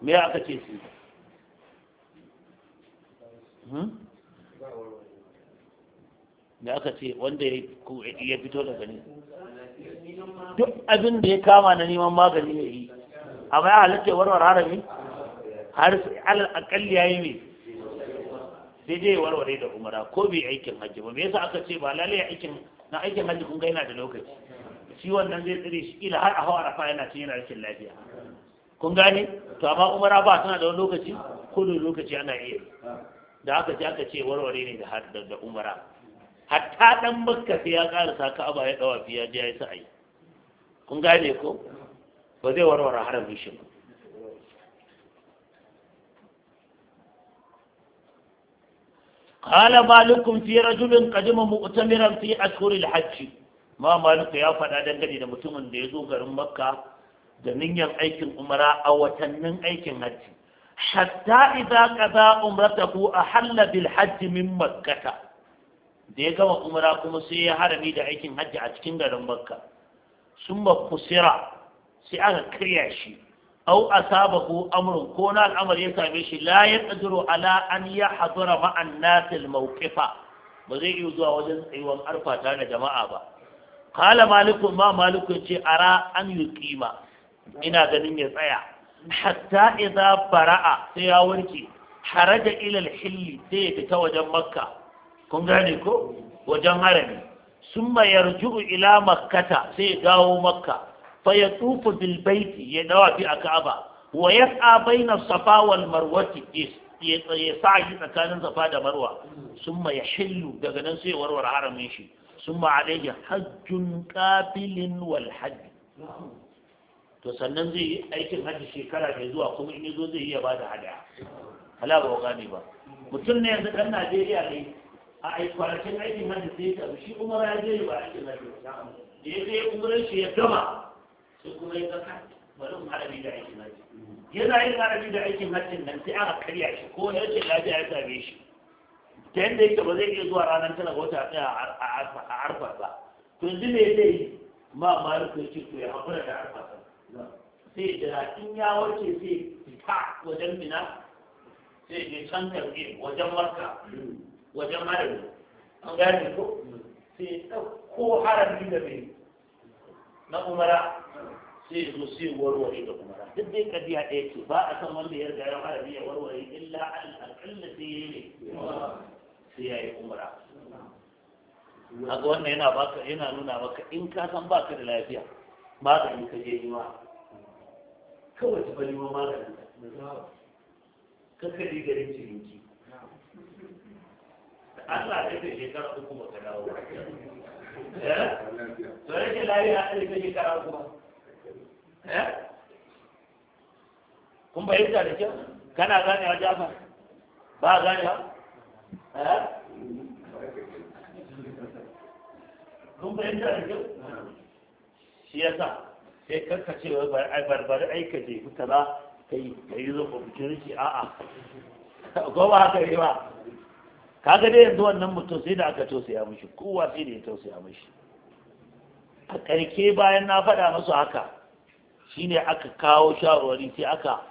me aka ce su da hmm? aka ce wanda ya fito daga gani duk abin da ya kama na neman magani ya yi amma ya halatta warware harami har alal akalli ya yi mai sai dai warware da umara ko bi aikin hajji ba me yasa aka ce ba lalle aikin na aikin hajji kun ga yana da lokaci shi wannan zai tsire shi ila har a hawa rafa yana cin yana rashin lafiya kun gane to amma umara ba tana da wani lokaci ko da lokaci ana iya da aka ce aka ce warware ne da da umara hatta dan makka sai ya karasa ka'aba ya dawa fiya ya yi sa'ayi kun gane ko ba zai warware haramin shi ba قال مالك في رجل قدم مؤتمرا في أشهر الحج ما مالك يا فدا dangane da mutumin da ya zo garin Makka da niyyar aikin umara a watannin aikin hajji hatta idza qada umratahu ahalla bil hajj min makkah da ya gama umra kuma sai ya harami da aikin hajji a cikin garin Makka summa kusira sai aka kirya shi au asabahu amrun ko na al'amari ya same shi la yaqdiru ala an yahdura ma'an nas al ba zai iya zuwa wajen tsayuwar arfata da jama'a ba qala malikun ma malikun ce ara an yuqima ina ganin ya tsaya hatta idza bara'a sai ya warke Harada ila al-hilli sai ya fita wajen makka kun gane ko wajen harami summa yarji'u ila makkata sai ya dawo makka fa ya tufu bil baiti ya dawa fi a ka'aba wa yas'a baina safa wal marwati ya sa shi tsakanin safa da marwa summa daga nan sai warware shi hajjun to sannan zai yi aikin hajji shekara mai zuwa kuma in zo zai iya ba da hadaya hala ba gane ba mutum ne yanzu dan Najeriya ne a kwanakin aikin hajji sai ya tafi shi umara ya je ba aikin hajji da ya je umarar shi ya gama sai kuma ya zaka bari mu harabi da aikin hajji yana yin harabi da aikin hajjin nan sai aka karya shi ko ya ce lafiya ya same shi ta yadda yake ba zai iya zuwa ranar tana wata a tsaya a arfa ba to yanzu me zai yi ma maliku ya ce to ya hakura da arfa sai da in ya warke sai fita wajen mina sai ya can tarbe wajen marka wajen harami an gane ko sai ya ɗauko harami da mai na umara sai zo sai warware da umara duk dai kadiya ɗaya ce ba a san wanda ya riga ya fara biya warware illa al'aƙalla sai ya yi sai ya yi umara ga wannan yana baka yana nuna maka in ka san baka da lafiya magani ka je yiwa kawai ta bari ma magani ka kaɗi garin ciniki Allah ya ce shekara uku ba ka dawo to rashin lafiya a ɗari kai kuma kun bayyanta da kyau kana gane wa jafa ba gane wa kun bayyanta da kyau shi ya sa sai karkace wa barbari aika jefi ba kai yi zo ko bikin shi a'a ko ba haka yi ba kaga dai yanzu wannan mutum sai da aka tausaya mishi kowa sai da ya tausaya mishi a ƙarke bayan na faɗa masu haka shine aka kawo shawarwari sai aka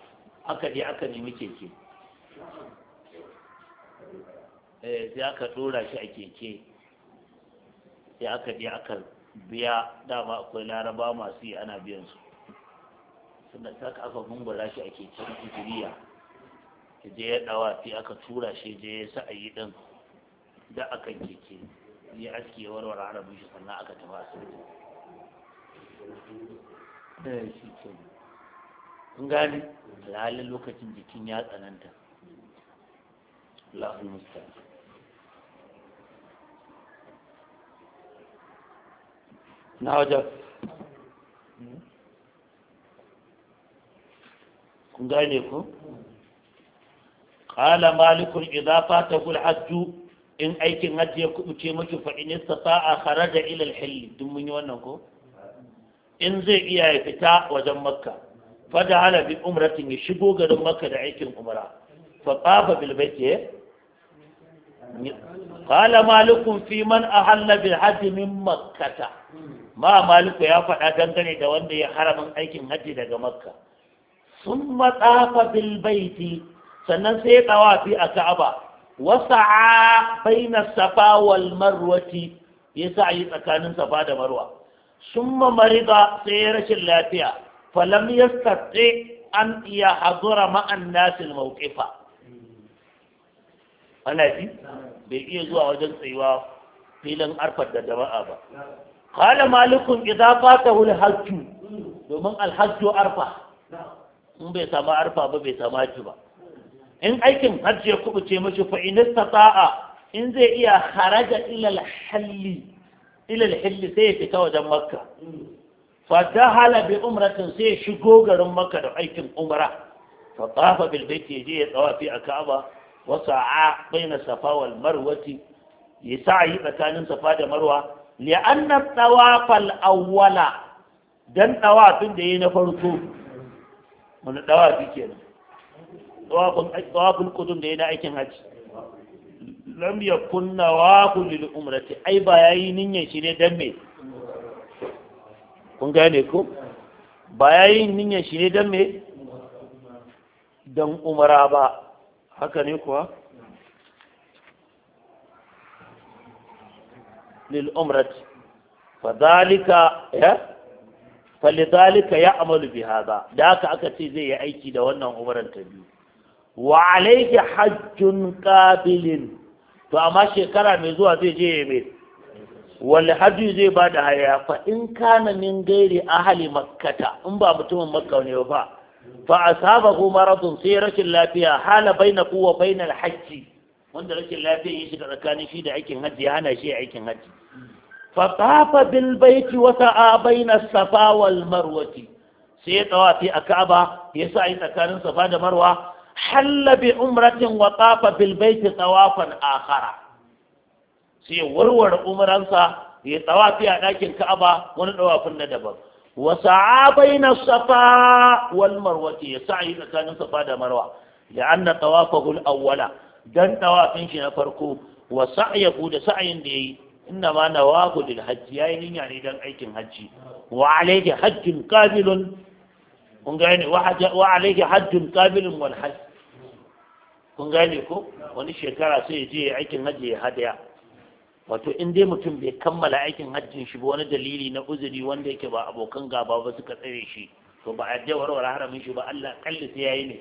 aka je aka nemi keke eh sai aka ɗora shi a keke sai aka je aka biya dama akwai laraba masu yi ana biyan su suna saka aka gungura shi a keken itiriya je ya fi aka tura shi je ya yi ɗin da aka keke ya aske warware arabin shi sannan aka tafi asibiti ne. Eh, shi ke kun gane lalin lokacin jikin ya tsananta lafi musta'an na wajen kun gane ku qala malikun idza fatahu al-hajj in aikin hajji ya kubuce miki fa in istata'a ila al-hill dun wannan ko in zai iya ya fita wajen makka fada hala bi umratin ya shigo garin makka da aikin umra fa qafa bil baiti eh? qala malikun fi man ahalla bil hajji min makkata ma ya faɗa dangane da wanda ya haramin aikin hajji daga makka sun matsafa bil sannan sai ya tawafi a ka'aba wasa'a baina safa wal marwati ya sa yi tsakanin safa da marwa summa marida sai ya rashin lafiya falam yastati an iya hadura ma'an nasil mawqifa ana ji bai iya zuwa wajen tsayuwa filin arfar da jama'a ba qala malikun idza fatahu al-hajj domin al arfa in bai samu arfa ba bai samu hajji ba in aikin hajji ya kubuce mashi fa in istata'a in zai iya haraja ilal halli ilal halli sai ya fita wajen makka fa dahala bi umratin sai ya shigo garin makka da aikin umra fa tafa bil baiti je ya tsawafi a ka'aba wa sa'a baina safa wal marwati ya sa'i tsakanin safa da marwa li anna tawafal awwala dan tawafin da yayi na farko wani tawafi kenan tsawabul kudum da ya na aikin hajji lam yakun nawahu lil umrati ai ba yayi niyyar shi ne dan me kun gane ko ba yayi niyyar shi ne dan me dan umara ba haka ne kuwa lil umrati fadhalika ya falidhalika ya'malu bi hadha da aka ce zai yi aiki da wannan umaran ta biyu wa alayki hajjun qabilin to amma shekara mai zuwa zai je mai wal hajji zai ba da haya fa in kana min gairi ahli makkata in ba mutumin makka ne ba fa asabahu maradun sai rashin lafiya hala ku wa bainal hajji wanda rashin lafiya ya shiga tsakanin shi da aikin hajji ya hana shi aikin hajji fa tafa bil baiti wa sa'a baina safa wal marwati sai ya tawafi a Ka'aba ya yi tsakanin Safa da Marwa halla bi umratin wa tafa bil baiti tawafan akhara sai warware umransa ya tawafi a dakin Ka'aba wani tawafin na daban wa sa'a baina safa wal marwa ya sa'i tsakanin safa da marwa la'anna tawafahu al awwala dan tawafin shi na farko wa sa'yahu da sa'yin da yayi inna ma nawahu lil hajji yayi niyya ne dan aikin hajji wa alayhi hajjun qabilun kun gane wa alayhi hajjun qabilun wal hajj kun gane ko wani shekara sai ya je ya aikin hajji ya hadaya wato in dai mutum bai kammala aikin hajjin shi ba wani dalili na uzuri wanda yake ba abokan gaba ba suka tsare shi to ba a je warware haramin shi ba Allah kalli sai yayi ne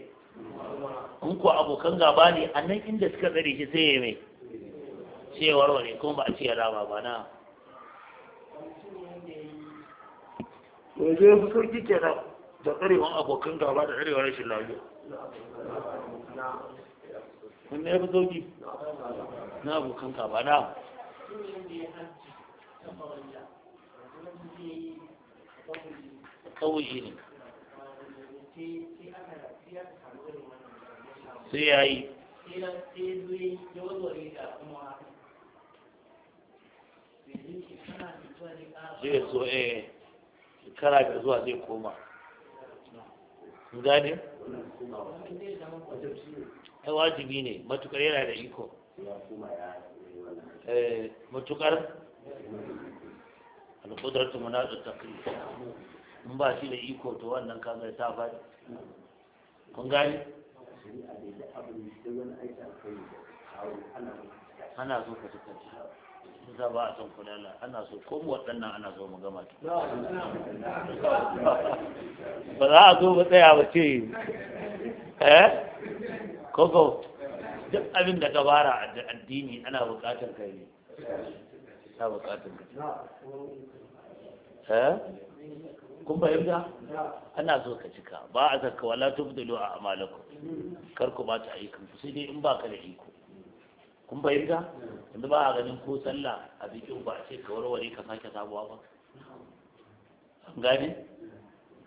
in ko abokan gaba ne a nan inda suka tsare shi sai ya mai sai ya warware kuma ba a ce ya rama ba na wajen je fi sauki kenan da tsarewan abokan gaba da tsarewar rashin lafiya wanda ya fi sauki na abokan ka ba na kawai ne sai ya yi zai so eh shekara da zuwa zai koma gane? ai wajibi ne matukar yana da iko eh, matukar alƙudarta munaɗa ta kai in ba shi da iko to wannan kaga ta faɗi kun gani ana zo ka tuka za ba a son kulala ana so ko mu waɗannan ana so mu gama ki ba za a zo ba tsaya ba ce eh ko duk abin da ka bara a addini ana buƙatar kai ne ta buƙatar kai eh kun fahimta ana so ka cika ba a zakka wala tubdulu a amalakum kar ku ba ta ayyukan ku sai dai in ba ka da iko kun fahimta yanzu ba a ganin ko sallah a bikin ba a ce ka warware ka sake sabuwa ba an gane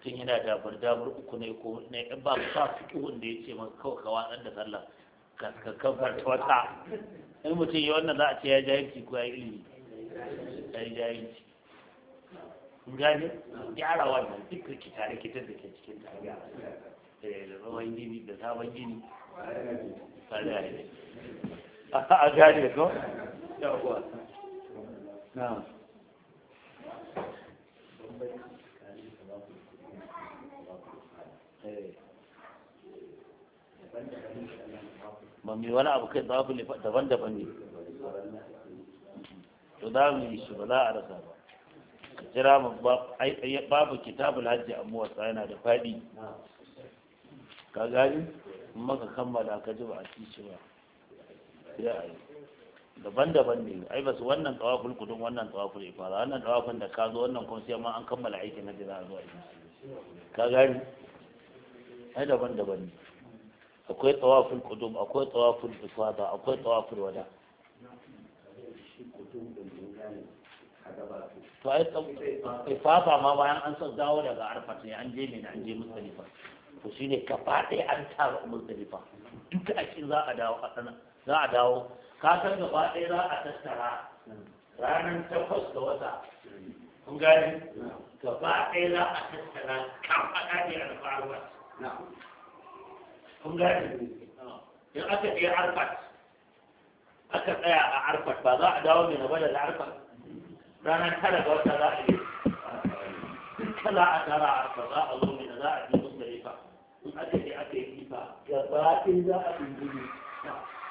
tun yana dabar dabar uku ne ko ne in ba ka fiki wanda ya ce ma kawai ka watsar da sallah ka ka ta wata in mutum ya wannan za a ce ya jahilci ko ya yi ilimi ya jahilci gane gyara wannan duk rikita rikitar da ke cikin tafiya eh, da rawan gini da sabon gini a gane ko ba mai wani abu kai babu ne daban-daban ne to za mu yi shi ba za a rasa ba ka jira mu babu kitabul hajji a muwasa yana da faɗi ka gani maka kammala ka ji ba a ci shi ba ya yi daban-daban ne ai ba su wannan tsawaful kudin wannan tsawaful ifara wannan tsawafin da ka zo wannan kuma sai ma an kammala aikin na jira zuwa yi ka gani ai daban-daban ne akwai tsawaful kudum akwai tsawaful ifada akwai tsawaful wada to ai ma bayan an sa dawo daga arfa ne an je ne an je musdalifa to shine kafa ɗaya an tara musdalifa duka a cikin za a dawo a sanar za a dawo ka san gaba ɗaya za a tattara ranar takwas da wata kun gani gaba ɗaya za a tattara kan faɗa ne a faruwa kun gani in aka je arfat aka tsaya a arfat ba za a dawo mai nabada da arfat ranar tara ga wata za a yi kala a tara a arfat za a zo mai da za a je musu da ifa in aka je aka yi ifa gaba ɗaya za a ɗin gudu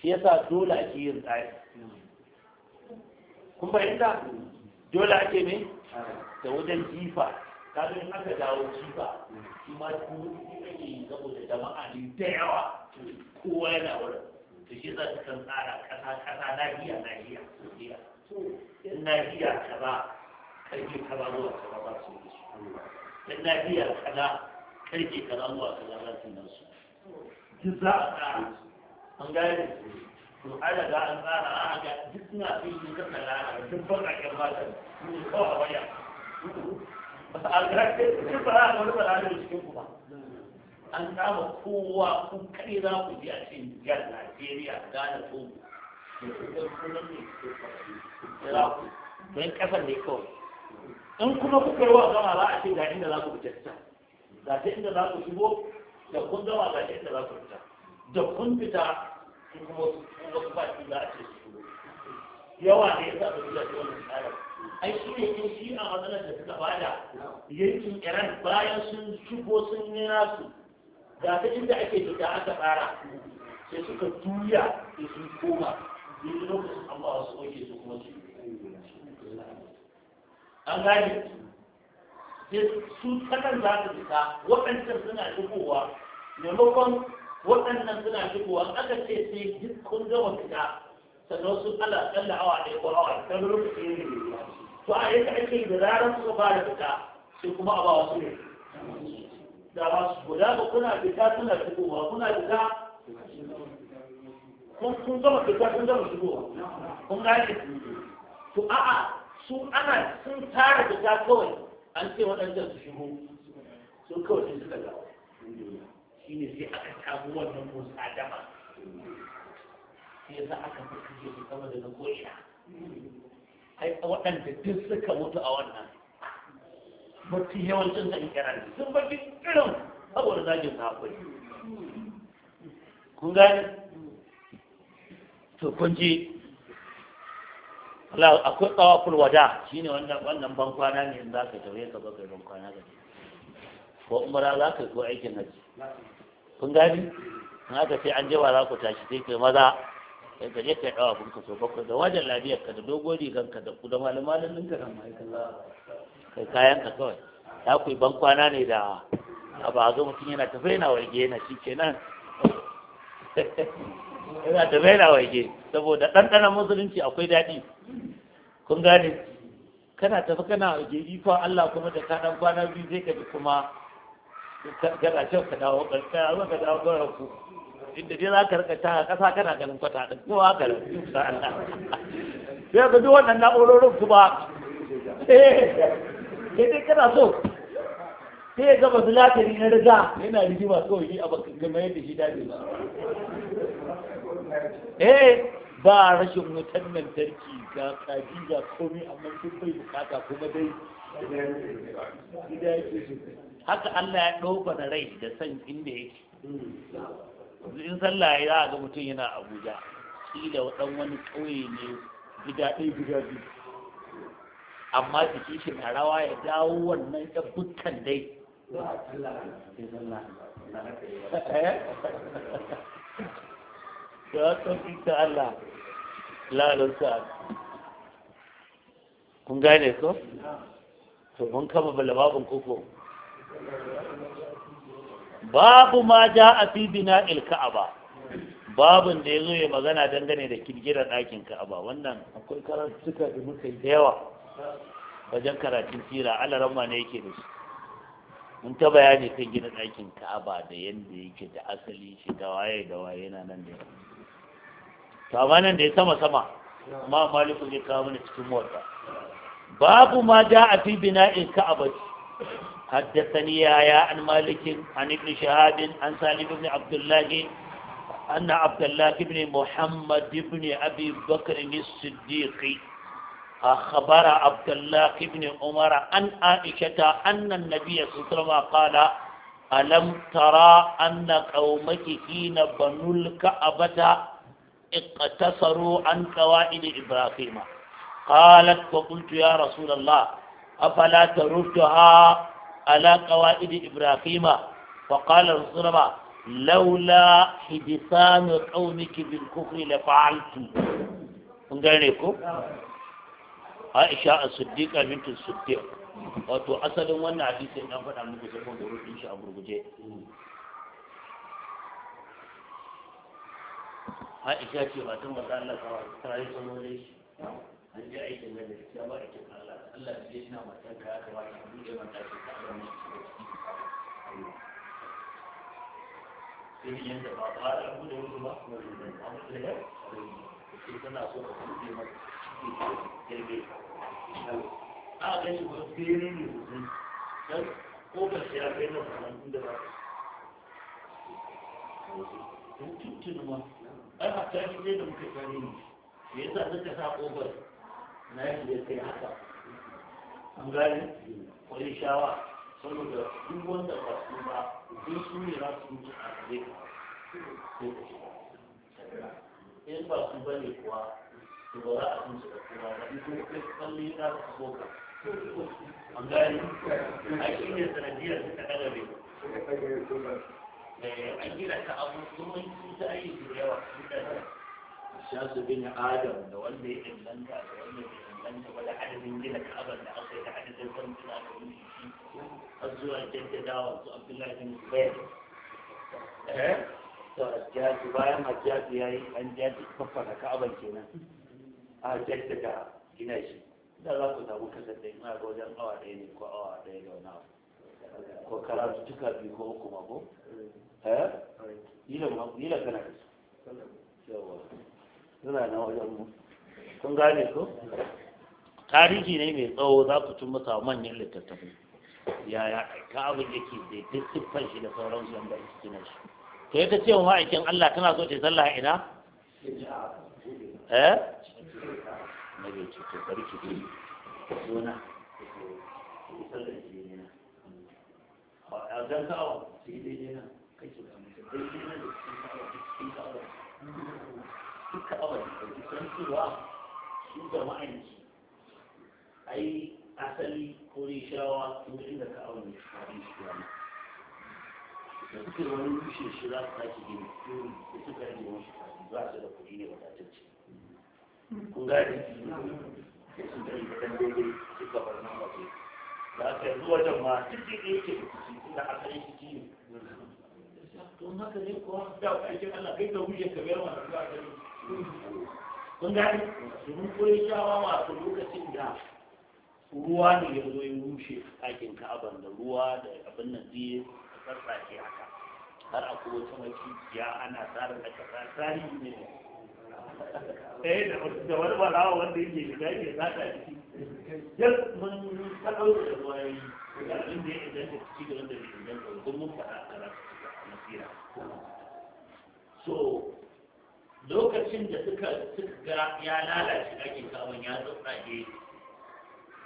shi yasa dole ake yin tsari kun fahimta dole ake ne da wajen jifa kaga in aka dawo jifa shi ma dole ake yi saboda jama'a ne da yawa kowa yana wurin to shi yasa sukan tsara ƙasa-ƙasa, nahiya nahiya in nahiya kaza karfe kaza zuwa ka ba ba su yi su in nahiya kaza karfe kaza zuwa ka ba su yi su duk za a tsara an gane to ala ga an tsara a ga duk suna fi yi kan da a duk ban a kan mata ne kawai a waya ba sa algarake duk ba a wani ba lana cikin ku ba an kama kowa kun kai za ku ji a cikin jihar Najeriya Ghana Togo don kasar ne kawai in kuma kuka yi wa gama za a ce ga inda za ku fita ga ta inda za ku shigo da kun gama ga inda za ku fita da kun fita su kuma wasu ba su za a ce su yawa ne ya sa su da wannan tsarin ai shi ne in shi a matsalar da suka bada yankin iran bayan sun shigo sun yi nasu Da ta inda ake fita aka tsara sai suka juya da sun koma yanzu lokacin amma wasu ake su kuma su an gane sai su kanan za su fita waɗancan suna shigowa maimakon waɗannan suna shigowa aka ce sai duk kun gama fita sannan sun ala kalla awa ɗaya ko awa ta lokaci ne to a yadda ake da zarar suka fara fita sai kuma a ba wasu ne da ba su guda ba kuna fita suna shigowa kuna fita kun gama fita kun gama shigowa kun gane to a'a su ana sun tara fita kawai an ce waɗancan su shigo sun kawai sun suka dawo ne sai aka samu wannan dama sai za aka fi kashe su sama da na ko'ina ai waɗanda duk suka mutu a wannan mutu yawancin kira kiran sun bar duk irin saboda zagin sakuri kun gani? to kun ji Allah akwai tsawaful wada shine wannan wannan ban kwana ne in za ka tawaye ka bakar kai ban kwana ga ko umara za ka yi ko aikin haji kun gani in aka ce an jima za ku tashi sai kai maza sai ka je kai dawa kun ka so bakwai da wajen lafiyar ka da dogon rigan ka da kuda malamalin ɗinka da ma'aikata kai kayan ka kawai ya ku ban kwana ne da a ba mutum yana tafai yana warge yana shi kenan yana tafai na warge saboda ɗanɗanon musulunci akwai daɗi kun gane kana tafi kana warge ifa Allah kuma da ka ɗan kwana biyu zai ka bi kuma kana shan ka dawo karkara zuwa ka dawo garar ku inda dai za ka rika ta kasa kana ganin kwata din ko haka da sa Allah sai ka ji wannan na'urorin ku ba eh dai kana so sai ya ga su lafiyar na riga yana rigima kawai a bakin gama yadda shi dade ba eh ba rashin wutan lantarki ga kaji ga komai amma sun bai bukata kuma dai gida yake shi haka Allah ya ɗauka da rai da san inda yake in sallah ya za ga mutum yana abuja kila da wani ƙauye ne gida ɗaya gida biyu amma jiki shi na rawa ya dawo wannan ya bukkan dai da eh? sauƙi ta Allah lalata kun gane ko? to mun kama balababin koko babu ma ja a fi bina ba. babin da ya zo ya magana dangane da kirgirar ɗakin ba wannan akwai karatuka da muka yi yawa wajen karatun sira alarama ne yake da shi mun ta bayani kan gina ɗakin ka'aba da yadda yake da asali shi da waye da waye yana nan da yawa to nan da ya sama sama amma maliku zai kawo mana cikin mota babu ma da a fi bina ilka'aba حدثني يحيى عن مالك عن ابن شهاب عن سالم بن عبد الله أن عبد الله بن محمد بن أبي بكر الصديق أخبر عبد الله بن عمر عن عائشة أن النبي صلى الله عليه وسلم قال ألم ترى أن قومك حين بنوا الكعبة اقتصروا عن قواعد إبراهيم قالت فقلت يا رسول الله أفلا تردها ala qawaid ibrahima wa qala rasulullah laula hidisanu qaumiki bil kufri la fa'altu kun gane ko Aisha as-Siddiqa bintu Siddiq wato asalin wannan hadisin dan faɗa muku sai kun gurbin shi a gurguje Aisha ce ba tun ba Allah sallallahu alaihi wasallam an je aikin nan da gaskiya ba aikin Allah Allah da zai ina matan ka ya kamata buɗe mata ce ta Allah mai shiga da ba ba da buɗe musu ba a mutu da sai tana so ka buɗe mata ciki ta girbe a ga shi wasu yi ne mutum dan kofar shi ya kai na sanan inda ba in tuntunu ma ai hatta shi ne da muka gani ne me yasa suka sa kofar na shi zai kai haka an gane kwari shawa saboda duk wanda ba su ba duk su ne za su a kare ka in ba su ba ne kuwa to ba za a sun shiga kuma ba in kai tsalle za ka ka an gane a shi ne sanadiyar ta ɗaga bai eh, an gina ta abu kuma sun ta aiki da yawa sun ɗaga shasu bin adam da wanda ya inganta da wanda ya inganta wani adadin gina ka'abar da aka yi da adadin farko da wani shi har zuwa jaddadawa su abdullahi bin zubair eh? to jaji bayan hajjaji ya yi an jaji fafara ka'abar kenan a jaddada gina shi da za ku samu kasar da ina ga wajen awa ɗaya ne ko awa ɗaya da wani abu ko karatu tuka biyu ko uku mako eh. eh? yi da kana da yawa suna na wajenmu. kun gane ko tarihi ne mai tsawo za ku tun masa manyan littattafai yaya ka abin yake zai duk siffar shi da sauransu yadda ake kina shi to ita ce wa ma'aikin Allah tana so ta yi sallah ina eh na bai ce to bari ki ji zona a dan kawo sai dai ne na kake da mutum dai ne na da cikin kawo cikin kawo suka awar da kusan cewa su jama'an ci ai asali ko shawa sun inda ka ne. da kafin shi wani da suke wani rushe shi za su sake gini da suka rage wasu kafin za su da kuɗi ne wadatacce kun gane da su da ita kan daidai suka bar nan waje da ka yanzu wajen ma duk da yake da da asali shi ne don haka ne kuwa da aikin Allah kai ka wuce ka bayar wa da za a kun gani domin koyi shawa wato lokacin da ruwa ne ya zo ya rushe ɗakin ka'aban da ruwa da abin nan zai ke haka har a kuma wata makiya ana tsara da kasa tarihi ne eh da wani balawa wanda yake shiga yake zata ciki duk mun kaɗau da ruwa ya yi da abin da ya inganta ciki da wanda bai inganta ba mun faɗa a karatu a masira so lokacin da suka suka ga ya lalace ɗakin samun ya tsatsage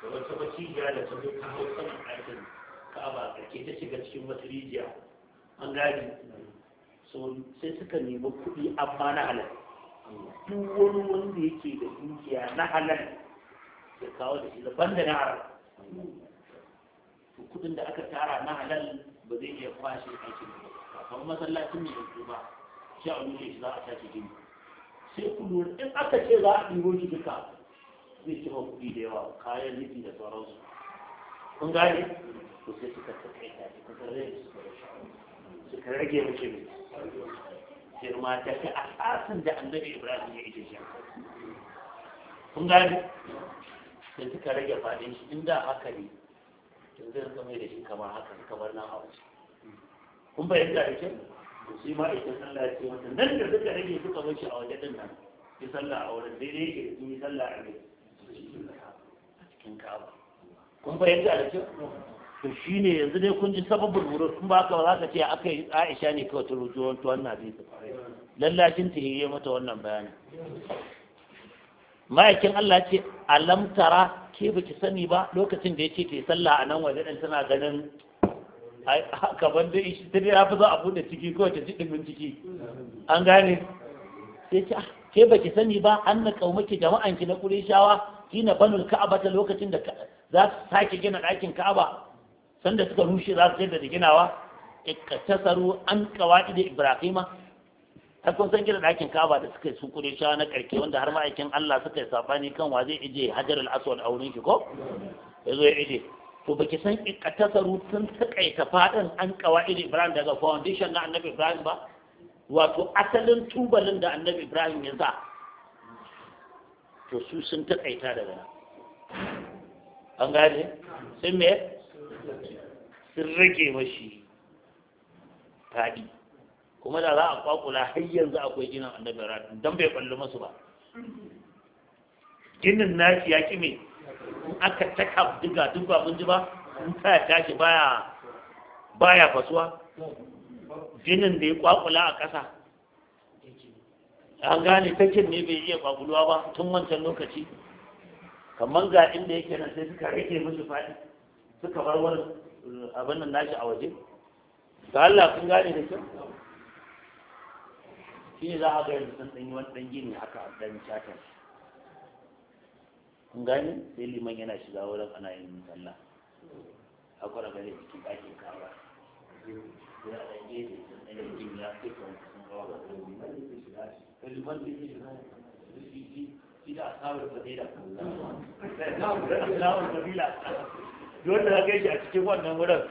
da wata macijiya da ta zo hau saman ɗakin ka'aba ke ta shiga cikin wata rijiya an gani so sai suka nemi kuɗi amma na halal duk wani wanda yake da dukiya na halal ya kawo da shi daban da na harar kuɗin da aka tara na halal ba zai iya kwashe aikin ba kafin masallacin ne yanzu ba sha a shi za a sake gini sai ku lura in aka ce za a ɗibo ki duka zai ci kuɗi da yawa kayan nufi da sauransu kun gane to sai suka tafi ta suka su suka rage mace mai girma ta ta asasin da annabi ibrahim ya ije shi kun gane sai suka rage faɗin shi inda haka ne yanzu zai mai da shi kamar haka kamar nan a waje kun bayyana da kyau to sai ma idan Allah ya ce mata nan da suka rage suka bar shi a waje din nan ki sallah a wurin dai dai ke yi sallah a ne cikin kaba kun fahimta da kyau to shine yanzu dai kun ji sababin wurin kun ba ka za ka ce aka yi Aisha ne kawai ta rujo wani tuwan na zai lallashin ta yi mata wannan bayanin ma'aikin Allah ce alam tara ke baki sani ba lokacin da ya ce ta yi sallah a nan waje din tana ganin ban dai ishi ta ya fi zo a buɗe ciki ko ta ci dimin ciki an gane sai ce ah, ke baki sani ba an na kaumake jama'an ki na Ki na banul ka'aba ta lokacin da za su sake gina ɗakin ka'aba sanda suka rushe za su yadda da ginawa ikatasaru an kawai da ibrahima har kun san gina ɗakin ka'aba da suka yi su ƙurishawa na karke wanda har ma'aikin allah suka yi sabani kan wa zai ije hajar al-aswad a wurin shi ko ya zo ya ije to baki san ikatasaru sun takaita fadin an kawai Ibrahim daga foundation na Annabi Ibrahim ba wato asalin tubalin da Annabi Ibrahim ya sa to su sun takaita daga nan an gane sun me sun rage mashi fadi kuma da za a kwakula har yanzu akwai ginin Annabi Ibrahim dan bai kwallo masu ba ginin nashi ya ki me in aka taka diga duk ba mun ji ba in ya tashi baya baya fasuwa jinin da ya kwakula a ƙasa an gane takin ne bai iya kwakuluwa ba tun wancan lokaci kamar ga inda yake nan sai suka rike musu faɗi suka bar wani eh, abin nan nashi a waje ga Allah kun gane da kyau shi ne za a ga yanzu sun ɗanyi wani ɗan gini haka a ɗan shatar kun gani sai liman yana shiga wurin ana yin sallah a kwana da cikin ɗakin kawa sai ɗan ɗan jin ya kan ga ɗan da ke shiga shi liman da shiga shi shi da da na a cikin wannan wurin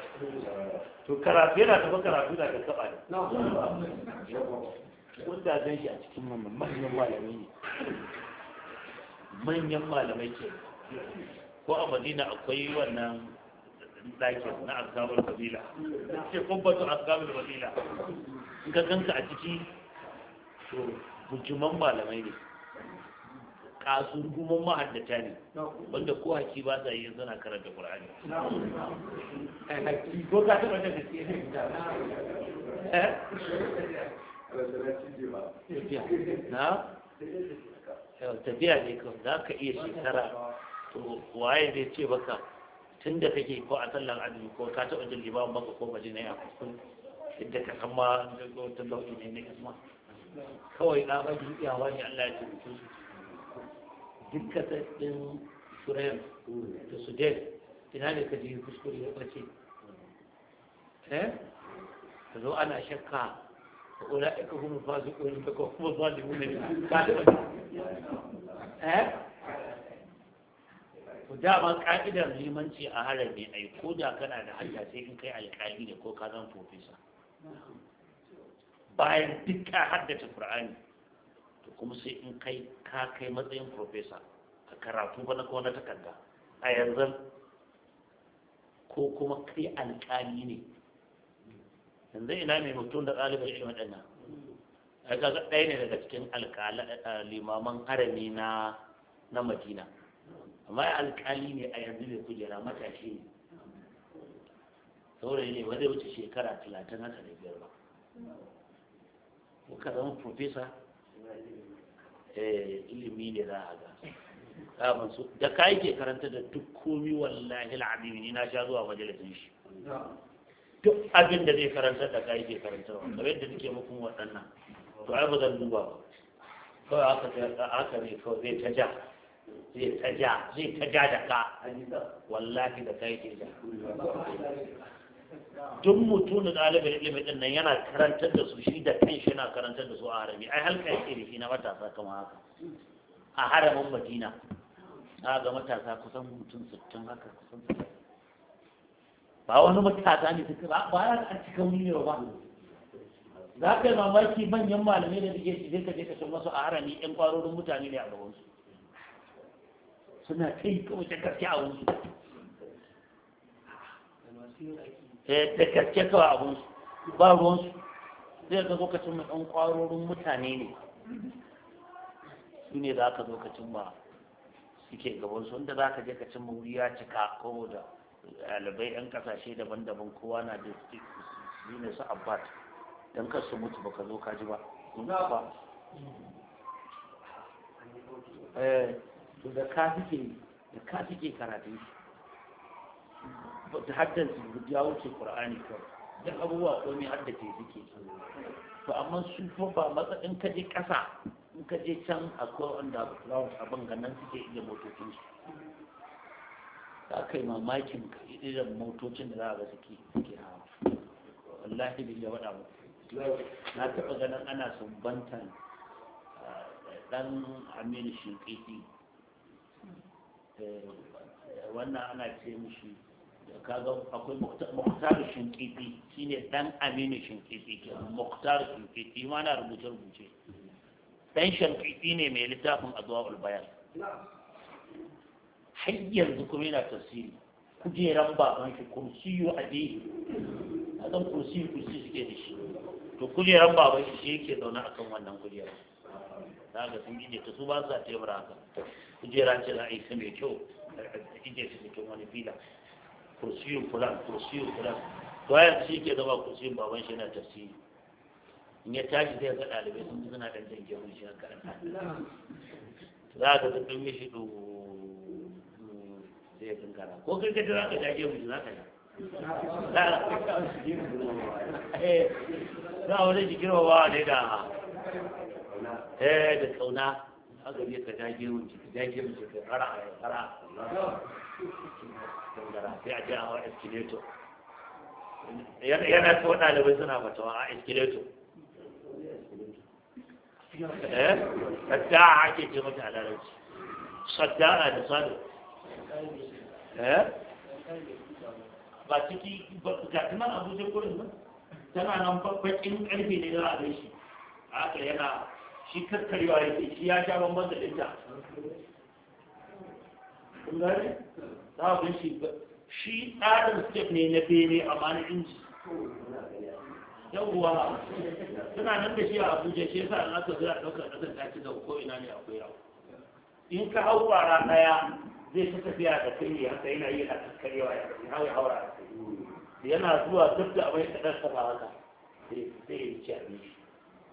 to karatu yana tafi karatu da saba ne da shi a cikin wannan ne manyan malamai ke ko a madina akwai wannan ɗakin na asgabar kabila ce kubbatu asgabar kabila in ka ganka a ciki to bujuman malamai ne kasurguman mahaddata ne wanda ko haki ba sa yi zana karanta ƙur'ani eh, eh? eh, na tafiya ne kan za ka iya shekara to waye zai ce baka tun da kake ko a sallar azumi ko ka taɓa jin limamin baka ko baji na a kuskun yadda ka san ma wata lauki ne na isma kawai na ba iyawa wani Allah ya tabbata su dukkan ɗin Shurayen da dai ina ne ka ji kuskure ya ɓace eh ka zo ana shakka أولئك هم الفاسقون هم الظالمون dama ka'idar limanci a harami yi ko da kana da hanya sai in kai alƙali ne ko ka zan profesa bayan duk ka haddace qur'ani to kuma sai in kai ka kai matsayin profesa a karatu ba na ko na takarda a yanzu ko kuma kai alƙali ne yanzu ina mai mutum da ɗalibar ilimin ɗanya a ga ɗaya ne daga cikin eh, limaman harami na na madina amma ya alƙali ne a yanzu mai kujera matashi ne saurayi ne wanda zai wuce shekara talatin haka da biyar ba kuka zama profesa eh, ilimi ne za a ga kamar su da kayi ke karanta da duk komi wallahi al'adimi ni na sha zuwa majalisun shi duk abin da zai karanta da ka ke karanta wa da yadda nake muku waɗannan to ai bazan zan duba ba kawai haka aka ne ko zai ta ja zai ta ja zai ta ja da ka wallahi da ka ke ja duk mutumin ɗalibin ilimi ɗin nan yana karantar da su shi da kan shi yana karantar da su a harami ai halka yake da shi na matasa kamar haka a haramin madina a ga matasa kusan mutum sittin haka kusan sittin ba wani matata ne suka ba ba ya an cikin wuri ne ba za ka yi mamaki manyan malamai da suke shi ka je ka san wasu a harami yan kwarorin mutane ne a gabansu suna kai kawai ta karshe a wuri eh, ta karshe kawai a wuri ba ruwansu zai ga lokacin mai yan kwarorin mutane ne su ne za ka lokacin ma suke gabansu wanda za ka je ka cimma wuri ya cika ko da ɗalibai 'yan kasashe daban-daban kowa na da su ne su abbat don kar su mutu baka zo kaji ba kuna ba eh, da ka suke da ka suke karatu ta haddan su ya wuce qur'ani kawai duk abubuwa komai hadda ke suke to amma su fa ba matsa in ka je ƙasa in ka je can akwai wanda abin ganin suke iya motocin su ka yi mamakin irin motocin da za a ga suke suke hawa wallahi bai yawa mu na taɓa ganin ana sumbantan eh, ɗan aminu shinkiti eh, wannan ana ce mishi kaga akwai muktar shinkiti shine dan aminu shinkiti ke muktar shinkiti ma na rubuce rubuce dan shinkiti ne mai littafin azwa ul bayan har yanzu kuma yana tafsiri kujeran baban shi kursiyu abihi a zan kursiyu kursi suke da shi to kujeran baban shi shi yake zaune akan wannan kujeran za ga sun ije ta su ba za ta yi haka kujeran ce za a yi ta mai kyau a ije su cikin wani fila kursiyu fulan kursiyu fulan to yanzu shi ke zama kursiyin baban shi yana tafsiri in ya tashi zai ga ɗalibai sun suna ɗan jan gemun shi karanta za ka ta ɗan mishi ɗuhu sai ya tunkara ko kai ka jira ka jage mu za ka yi za a wani jikin wa ne da eh da kauna haka ne ka jage mu ka jage mu ka fara fara tunkara sai a je a hawa escalator yana ko ɗalibai suna fatawa a escalator eh sadda ake ce mata a larabci sadda da sadu Eh? ba ciki ga tunan abuja kurin ba tana nan bakin karfe ne za a shi haka yana shi karkarewa ya ce shi ya sha bambam da dinta kun gane za a shi shi tsarin step ne na bene amma na inji yawwa suna nan da shi a abuja shi yasa na ka zira ɗaukar ƙasar ta ci da ko ina ne akwai yawa in ka hau ƙwara ɗaya zai ta tafiya da kai haka yana yi a karewa ya kai hawa haura da kai yana zuwa duk da da ɗan saba haka sai ya ci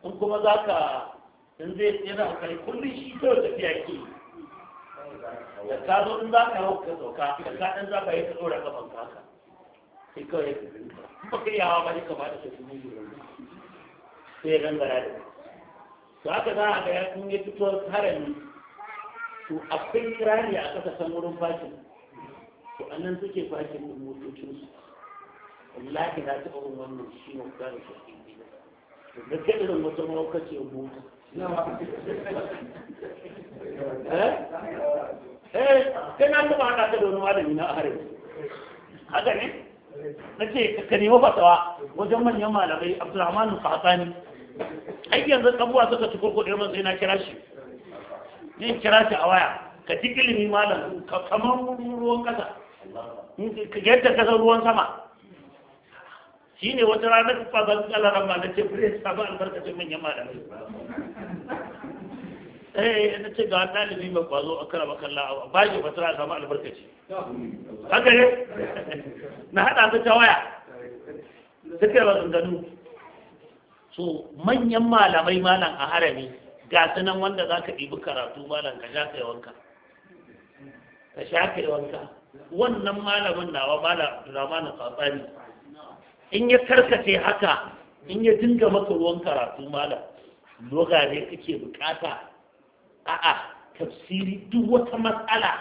in kuma za ka in zai tsira a kullum shi kawai tafiya ke da ka zo in za ka hau ka sauka da ka ɗan za ka yi ka ɗora kafan ka haka sai kawai ya fi zinka in ba ka ba ne kamata ka fi mugu sai ya gangara da su haka za a ga ya fito harami to akwai rani a ƙasashen wurin fashin to annan suke fashin ɗin motocinsu wallahi na ta yin wannan shi ne kusa da shi to da kai irin wata mawaka ce mota eh kai eh, na taɓa haɗa ka da wani malami na arewa haka ne na ce ka nemi fasawa wajen manyan malamai abdulrahman nufatani ai yanzu kabuwa suka ci kurkuɗe masu na kira shi yin kira shi a waya ka ji ilimi malam kamar ruwan kasa yadda kasa ruwan sama shi ne wata rana ka faga tsalaran ma na ce fure samu albarkacin manyan malamai eh na ce ga wani ɗalibi mai kwazo a kara makalla a ba shi wata rana samu albarkaci haka ne na haɗa su ta waya duk da wa ganganu so manyan malamai malam a harami ga sunan wanda za ka ɗibi karatu malam ka sha wanka ka sha wanka wannan malamin nawa malam abdulrahman tsatsani in ya karkace haka in ya dinga maka ruwan karatu malam loga ne kake bukata a'a tafsiri duk wata matsala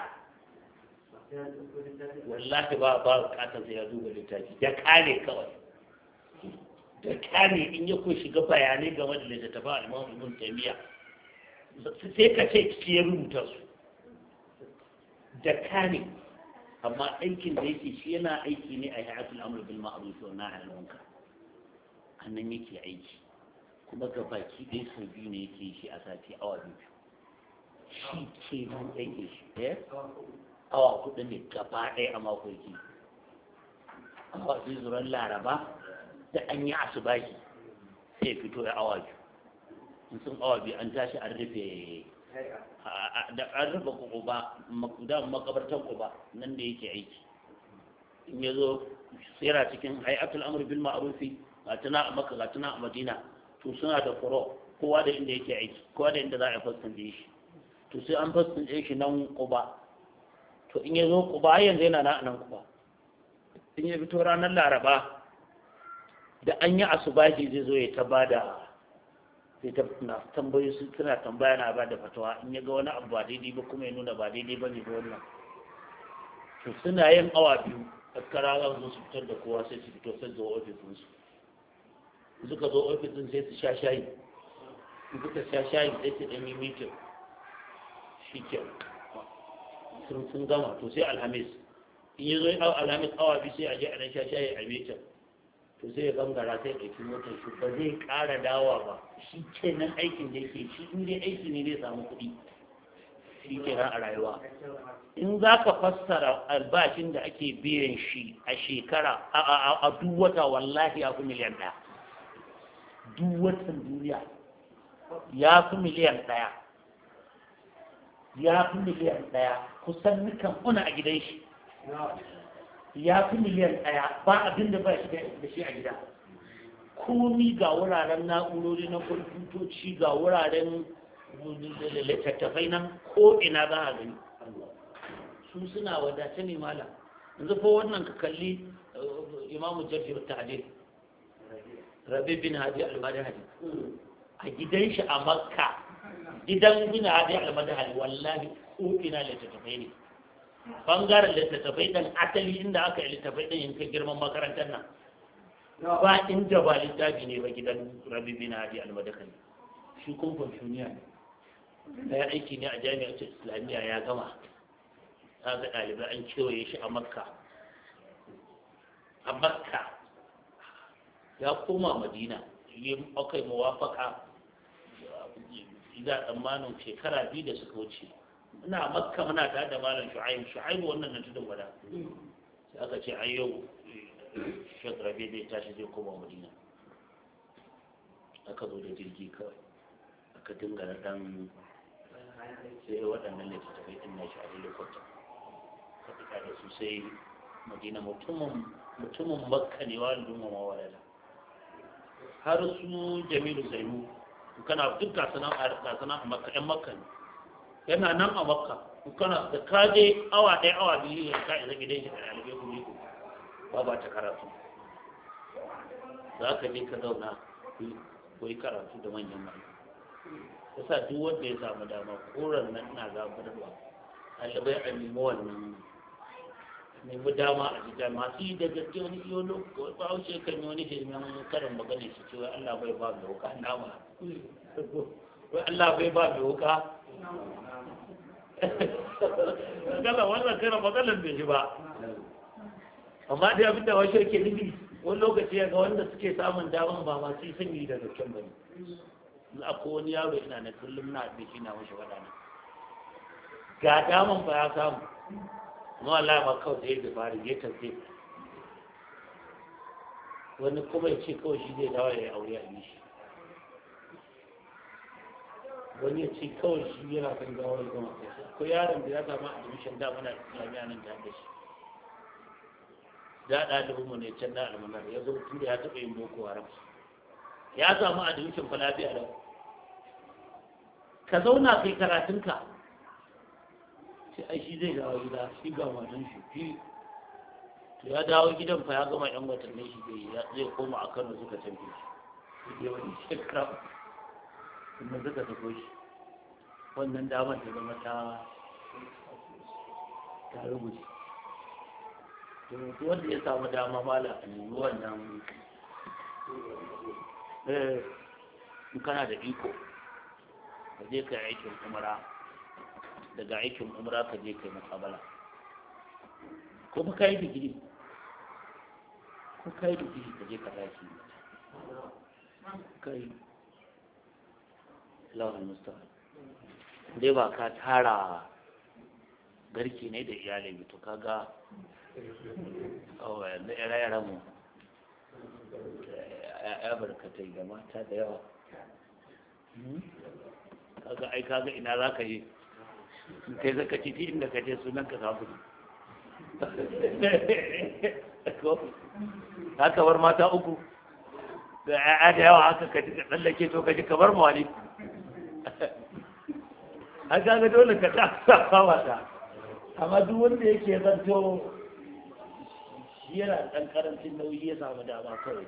wallahi ba ba bukatar sai ya duba littafi ya kare kawai da kane in ya ko shiga bayanai game da littattafan al-Imam Ibn Taymiyyah sai ka ce shi ya rubuta su da ka ne amma aikin da yake shi yana aiki ne a hayatul amr bil ma'ruf wa nahy anil annan yake aiki kuma ga baki sau biyu ne yake shi a sati awa biyu shi ke nan aikin shi ɗaya eh? awa kuɗi ne gaba ɗaya a mako yake awa biyu zuran laraba da an yi asubahi sai fito ya awa biyu in sun awa biyu an tashi an rufe da an rufe ba da makabartar ba nan da yake aiki in ya zo tsira cikin hayatul amr bil ma'rufi ga tana a makka ga tana a madina to suna da furo kowa da inda yake aiki kowa da inda za a da shi to sai an da shi nan kuba to in ya zo kuba yanzu yana na nan kuba in ya fito ranar laraba da an yi asubahi zai zo ya ta da. sai ta na tambayi su tana tambaya na ba da fatawa in ya ga wani abu ba daidai ba kuma ya nuna ba daidai ba ne ga wannan to suna yin awa biyu kaskara za su fitar da kowa sai su fito sai zuwa din su suka zo ofisin sai su sha shayi in suka sha shayi sai su ɗan yi mitin shi ke sun gama to sai alhamis in yi zo alhamis awa biyu sai a je a ɗan sha shayi a mitin to sai gangara sai ɗauki motar shi ba zai ƙara dawa ba shi ke nan aikin da yake shi inda aiki ne zai samu kuɗi shi ke a rayuwa in za ka fassara albashin da ake biyan shi a shekara a duk wallahi ya fi miliyan ɗaya duk duniya ya fi miliyan ɗaya ya fi miliyan ɗaya kusan nukan una a gidan shi ya fi miliyan ɗaya ba abin da ba shi da shi a gida komi ga wuraren na'urori na kwamfutoci ga wuraren littattafai nan ko ina za a gani su suna wadace ne mala yanzu fa wannan ka kalli eh, imamu jafir ta'adil rabi bin hadi al-madhali a gidan shi a makka gidan bin hadi al-madhali wallahi ko ina littattafai ne bangaren littattafai ɗin asali inda aka yi littattafai ɗin kai girman makarantar nan ba inda ba littafi ne ba gidan rabi bin hadi almadakali shi kumfan shuniya ne ya aiki ne a jami'ar islamiyya ya gama ta ga ɗalibai an kewaye shi a makka a makka ya koma madina yi akai muwafaka ina tsammanin shekara biyu da suka wuce muna makka muna ta da malam shu'aib shu'aib wannan nan tudun wada sai aka ce ai yau shek rabi zai tashi zai koma madina aka zo da jirgi kawai aka dinga da dan sai waɗannan littattafai ɗin na shi a helikwata ka fita da su sai madina mutumin makka ne wa lumma yana. har su jamilu zaimu kana duk gasanan a makka 'yan makka ne yana nan a makka kana da kaje awa ɗaya awa biyu ya ka isa gidan shi da ɗalibai ku ne ba ba ta karatu za ka je ka zauna ku yi karatu da manyan mai yasa duk wanda ya samu dama koran nan na zaburwa ɗalibai a nemi wannan nemi dama a jika masu yi da gaske wani iyo lokaci ba wuce kan yi wani hirmin karin magana shi cewa Allah bai ba mai wuka nama wai Allah bai ba mai wuka kala wannan kana maganar da shi ba amma dai abinda washe ke nufi wani lokaci ya ga wanda suke samun daman ba masu yi sun yi da dukkan bane a ko wani yaro ina na kullum na abin shi na washe waɗanda. ga daman ba ya samu amma Allah ba kawai da yadda da ya tafi wani kuma ya ce kawai shi zai dawo ya yi aure a shi wani ya ce kawai shi yana kan gawar goma ko yaron da ya samu admission da muna islamiyya nan da shi da ɗalibin mu ne can da almanar ya zo tun da ya taɓa yin boko rafi ya samu admission falafi lafiya da ka zauna kai karatunka sai ai shi zai dawo gida shi ga matan shi fi to ya dawo gidan fa ya gama yan watanni shi zai koma a Kano suka tafi shi zai wani shekara kuma suka sako shi wannan damar ta zama ta ta rubuce to wanda ya samu dama mala a nemi wannan eh kana da iko ka je ka aikin umara daga aikin umara ka je ka yi mukabala ko ka yi digiri ko ka yi digiri ka je ka tashi ka yi lawan mustafa dai ba ka tara garki ne da iyalai to kaga na ire-iren mu ya eh, barkatai da mata da yawa hmm? kaga ai kaga ina za ka yi kai zaka titi inda ka je sunan ka sabu haka bar mata uku da ya da yawa haka ka ji ka tsallake to ka ji kamar bar mawali a kaga dole ka ta kawa ta amma duk wanda yake zanto shi yana ɗan karancin nauyi ya samu dama kawai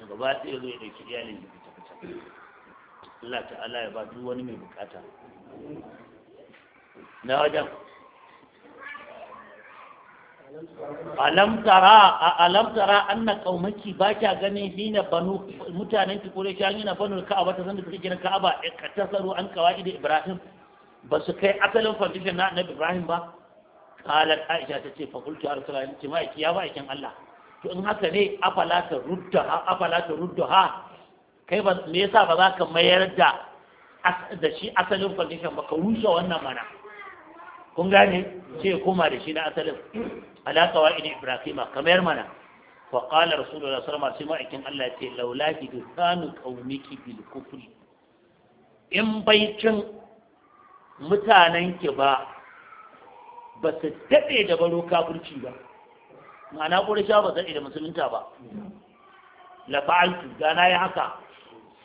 daga ba ta zo ya ɗauki iyalin da fita Allah ta'ala ya ba duk wani mai bukata na wajen alam tara alam tara anna qaumaki ba ta gane dina banu mutanen ki kore shi yana banu ka abata san da suke gina ka'aba e katasaru an da ibrahim ba su kai asalin foundation na annabi ibrahim ba qalat aisha tace fa qultu arsalani ce ma ya ba ikin allah to in haka ne afala ta rudda afala ta rudda kai ba me yasa ba za ka mayar da da shi asalin foundation ba ka rushe wannan mana kun gane ce kuma koma da shi na asalin ala ina ibrahima kamar mana wa qala rasulullah sallallahu alaihi wasallam ma'aikin Allah ce laula da qaumiki bil kufri in cin mutanen ki ba ba su daɗe da baro kafirci ba ma'ana sha ba daɗe da musulunta ba la fa'altu gana ya haka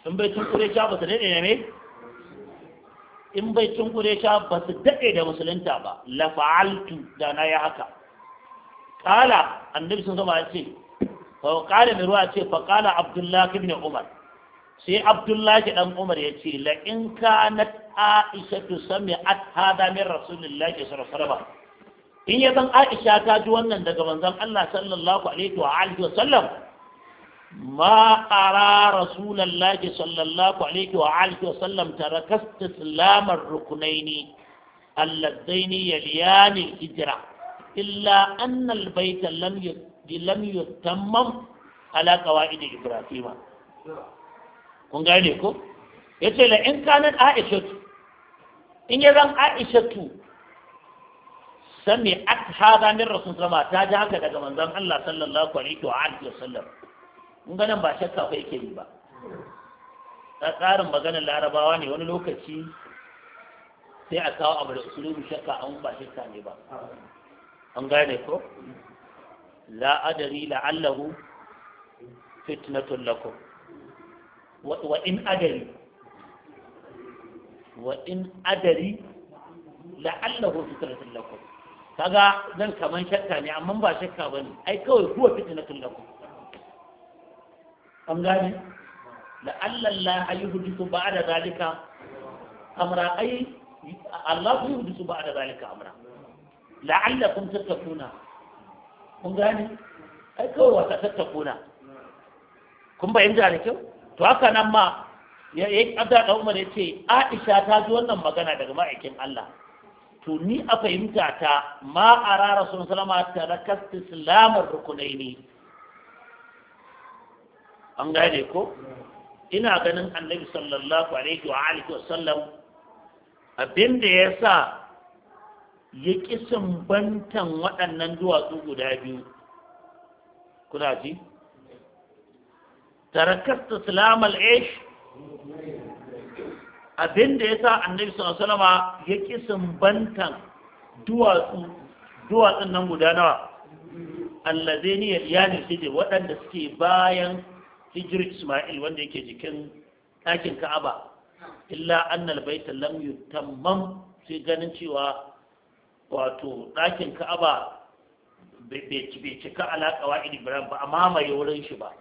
in bai cin tun sha ba su daɗe ne in bai cunkure ƙuresha ba su daɗe da musulunta ba lafa'altu da na ya haka kala annabi sun zama ce fa kala mai ruwa ce fa ƙala abdullahi ibn umar sai abdullahi dan umar ya ce la in kanat aisha tu sami'at hada min rasulillahi sallallahu alaihi wasallam in ya san aisha ta ji wannan daga manzon Allah sallallahu alaihi wa alihi wa sallam ما أرى رسول الله صلى الله عليه وآله وسلم ترك استسلام الركنين اللذين يليان الهجرة إلا أن البيت لم لم يتمم على قواعد إبراهيم kun gane ko ya ce la in kanan aishatu in yi ran aishatu sami at hada min rasul ta ji haka daga manzon Allah sallallahu alaihi wa sallam in ganin ba shakka fa yake yi ba tsarin maganin larabawa ne wani lokaci sai a kawo abu da usulubu shakka an ba shakka ne ba an gane ko la adari la'allahu fitnatun lako wa in adari wa in adari la'allahu fitnatun lako kaga zan kaman shakka ne amma ba shakka bane ai kawai huwa fitnatun lako an gane da Allah la yuhdisu ba'da zalika amra ai Allah yuhdisu ba'da zalika amra la'allakum tattafuna. kun gane ai kawai wata tattakuna kun bayyana da kyau to haka nan ma ya yi abda da umar ya ce aisha ta ji wannan magana daga ma'aikin Allah to ni a fahimta ta ma a rara sun salama ta kasta islamar rukunai ne an gane ko ina ganin annabi sallallahu alaihi wa alihi wasallam abinda ya sa ya ƙi bantan waɗannan duwatsu guda biyu kuna ji tarakasta salam al'ish abinda ya sa annabi sallallahu alaihi ya ƙi bantan duwatsu duwatsun nan guda nawa allazeni yaliyani shi ne waɗanda suke bayan hijri Ismail wanda yake jikin ɗakin Ka'aba illa annal baita lam yutammam sai ganin cewa wato ɗakin Ka'aba bai cika alaƙa wa Ibrahim ba a mamaye wurin shi ba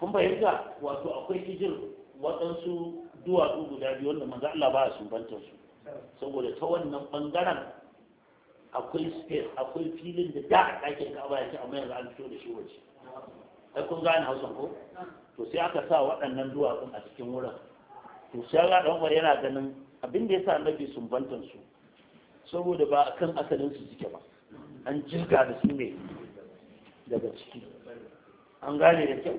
kun fahimta wato akwai hijir waɗansu duwatsu guda biyu wanda manzo Allah ba su banta su saboda ta wannan bangaren akwai space akwai filin da da ɗakin Ka'aba ya ce amma yanzu an fito da shi waje ai kun gane hausan ko to sai aka sa waɗannan duwatsun a cikin wurin to sai ga dan Umar yana ganin abin da yasa annabi sun bantan su saboda ba akan asalin su suke ba an jirga da su ne daga ciki an gane da kyau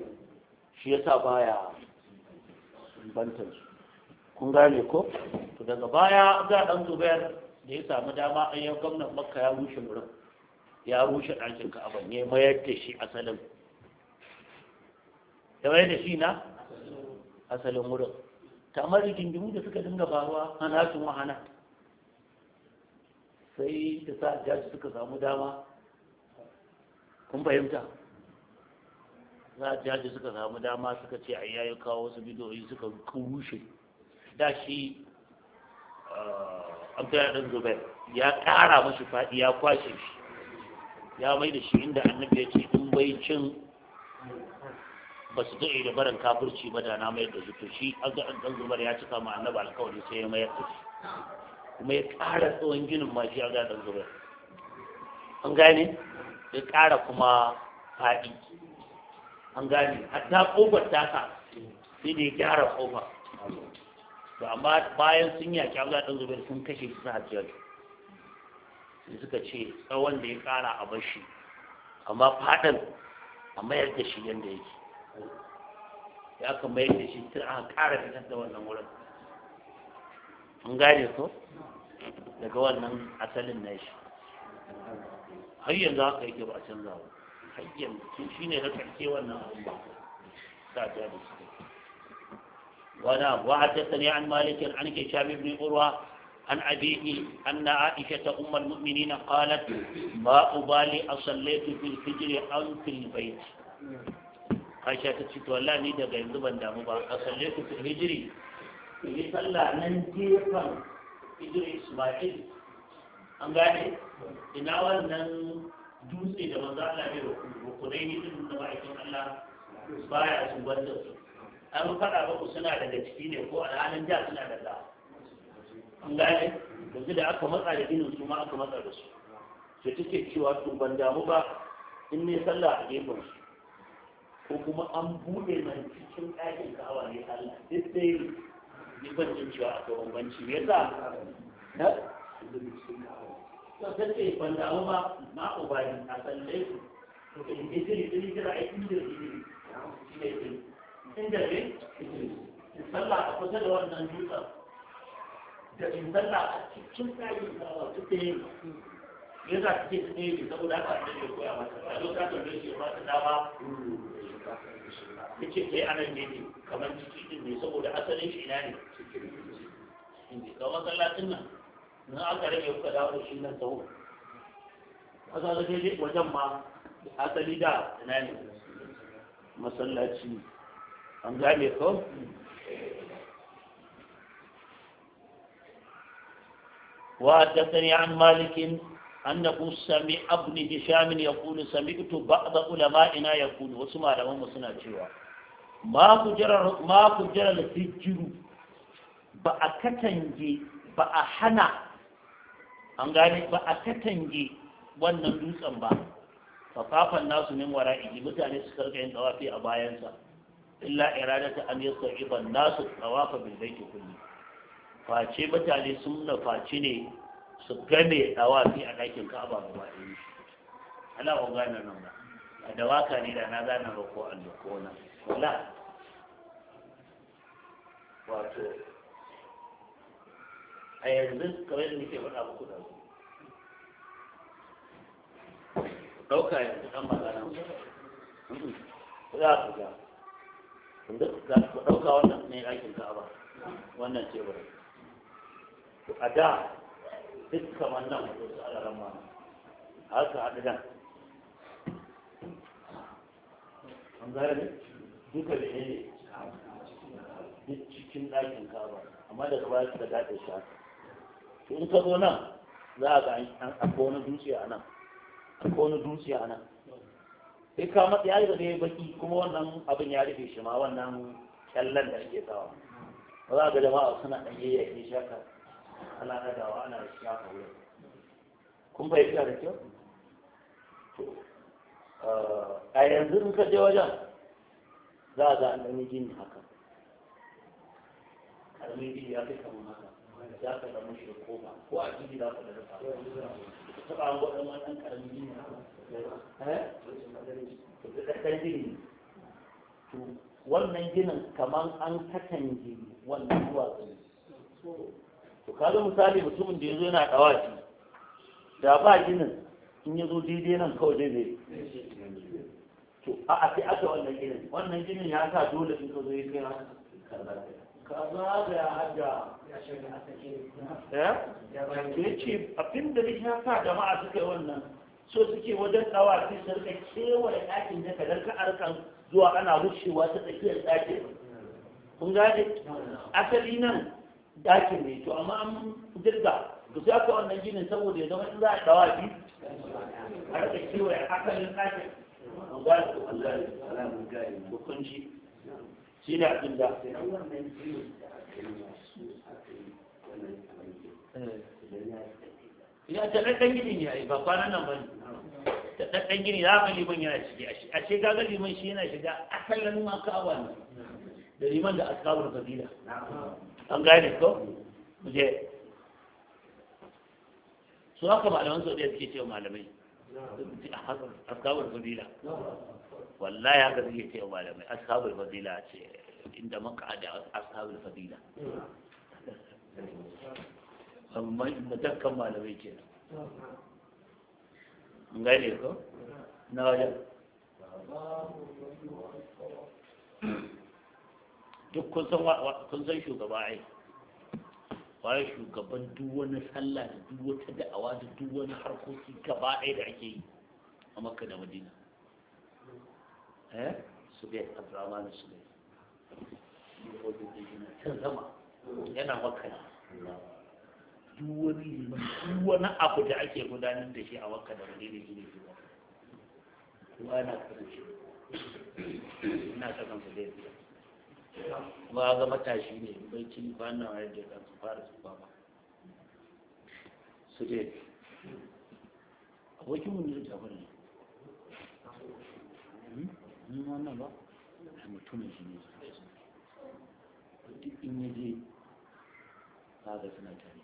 shi yasa baya bantan su kun gane ko to daga baya ga dan Zubair da ya samu dama an yau gwamnan Makka ya rushe wurin ya rushe ɗakin Ka'aba ne mayar da shi asalin da da shi na asalin wurin kamar rigingimu da suka dinga faruwa nasin wahana sai da sa jaji suka samu dama kun fahimta za jaji suka samu dama suka ce a yayi kawo wasu bidiyoyi suka rushe da shi eh, abdullahi zubair ya kara mashi faɗi ya kwashe shi ya mai da shi inda annabi ya ce in bai cin ba su daɗe da barin kafirci ba da na mayar da zuto shi an ɗan zubar ya cika ma annabi alkawari sai ya mayar da shi kuma ya ƙara tsohon ginin ma shi ga ɗan zubar an gane ya ƙara kuma faɗi an gane hatta ƙofar sa sai da ya gyara ƙofa to amma bayan sun yaƙi ga ɗan zubar sun kashe su sa hajjiyar sai suka ce tsawon da ya ƙara a bashi amma faɗin a mayar da shi yadda yake ko ya aka mai da shi tun aka ƙara fitar da wannan wurin an gane ko daga wannan asalin na shi har yanzu aka yi ba a canza ba har yanzu shi ne na ƙarshe wannan abin ba sa ta da shi wani abu wa ta sani an malikin an ke shafi ibn urwa عن أبيه أن عائشة أم المؤمنين قالت ما a أصليت في الفجر أو في البيت aisha ta ce to wallahi ni daga yanzu ban damu ba a kalle ku fil hijiri yi sallah nan gefen hijiri isma'il an gane ina wannan dutse da manzo Allah bai dai ni din da ma'aikin Allah baya ya banda su an faɗa ba ku suna daga ciki ne ko alhalin da suna daga an gane yanzu da aka matsa da ginin su ma aka matsa da su sai take cewa to ban damu ba in ne sallah a gefen su ko kuma an buɗe mai cikin ɗakin ka'aba ne Allah duk da yi ni ban jin cewa akwai bambanci me yasa na to sai ce banda da ba na ubani a sallai to in ji jiri jiri jira ai inda jiri shi ne jiri inda ne in sallah a kusa da wannan dutsen da in sallah a cikin ɗakin ka'aba duk da yi me yasa kake tsaye saboda haka da ne koya mata a lokacin da ya ba ta dama ya ce sai eh, anan ne ne kamar ciki din ne saboda asalin shi ina ne inda ga masallacin nan na aka rage kuka dawo da shi nan tsawo kasa da daidai wajen ma asali da ina ne masallaci an gane ko وحدثني عن مالك annahu sami abu hisham yaqulu sami'tu ba'd ulama'ina yaqulu wasu malaman mu suna cewa ma ku jira ba a katange ba a hana an gane ba a katange wannan dutsen ba fafafan nasu min wara'ihi mutane su karka yin tsawafi a bayansa illa iradata an yasta iban nasu tsawafa bil baiti kulli face mutane sun face ne su game tawafi a ɗakin ka'aba ba ba yi ana ba gane nan ba a da waka ne da na gane ba ko allo ko nan wala wato a yanzu kamar da nake faɗa muku da su ɗauka yanzu ɗan magana za ku ga ku ɗauka wannan ne ɗakin ka'aba wannan teburin a da dukkan wannan wato su ma rama haɗu nan an gane ne duka da ya yi cikin ɗakin kaba amma daga baya da daɗe shi haka to in ka zo nan za a ga an akwai wani dutse a nan akwai wani dutse a nan sai ka matsa ya yi da ya baki kuma wannan abin ya rufe shi ma wannan kyallan da ake sawa za a ga jama'a suna ɗan yayyake shi ana ɗagawa ana shafa wurin kun fahimta da kyau eh, a yanzu in ka je wajen za a ga an ɗan gini haka ƙaramin gini ya fi kama haka Ya ka zama shi ko ba ko a gini za ka da rufa ta ba an gwaɗin wannan ƙaramin gini haka da eh? ɗan gini wannan ginin kamar an katange wannan zuwa ne. to kaga misali mutumin da yazo yana dawaki da ba ginin in yazo daidai nan kawai zai zai to a a sai aka wannan ginin wannan ginin ya sa dole in ka zo yi kai haka kaza da ya hajja ya ce abin da duk ya sa jama'a suka yi wannan so suke wajen dawaki su rika kewaye ɗakin da kadar ka arkan zuwa ana rushewa ta tsakiyar ɗakin kun gane asali nan ɗakin ne to amma an jirga da su aka wannan ginin saboda ya zama in za a dawa bi a rika kewaye asalin An gani ko Allah ko kunji shi ne abin da ya ta ɗaɗɗan gini ya yi ba kwanan nan ba ne ta ɗaɗɗan gini za ka liman yana shige a ce gaga liman shi yana shiga asalin makawa ne da liman da asabul fadila an gane ko muje su aka malaman da yake cewa malamai ashabul fadila wallahi haka suke cewa malamai ashabul fadila ce inda da ashabul fadila amma inda dukkan malamai ke an gane ko na wajen duk kun san shugaba ai waye shugaban duk wani sallah da duk wata da'awa da duk wani harkoki gaba ɗaya da ake yi a makka da madina eh su bai abdurrahman su bai can zama yana makka duk wani duk wani abu da ake gudanar da shi a makka da madina shi ne shugaba kuma yana kasance ina ta kansa da ya ba ga matashi ne bai ba na wa yadda kan su fara su ba su dai abokin hmm? mun ne ba ne ni wannan ba mutumin shi ne duk in yaje ba ga suna tare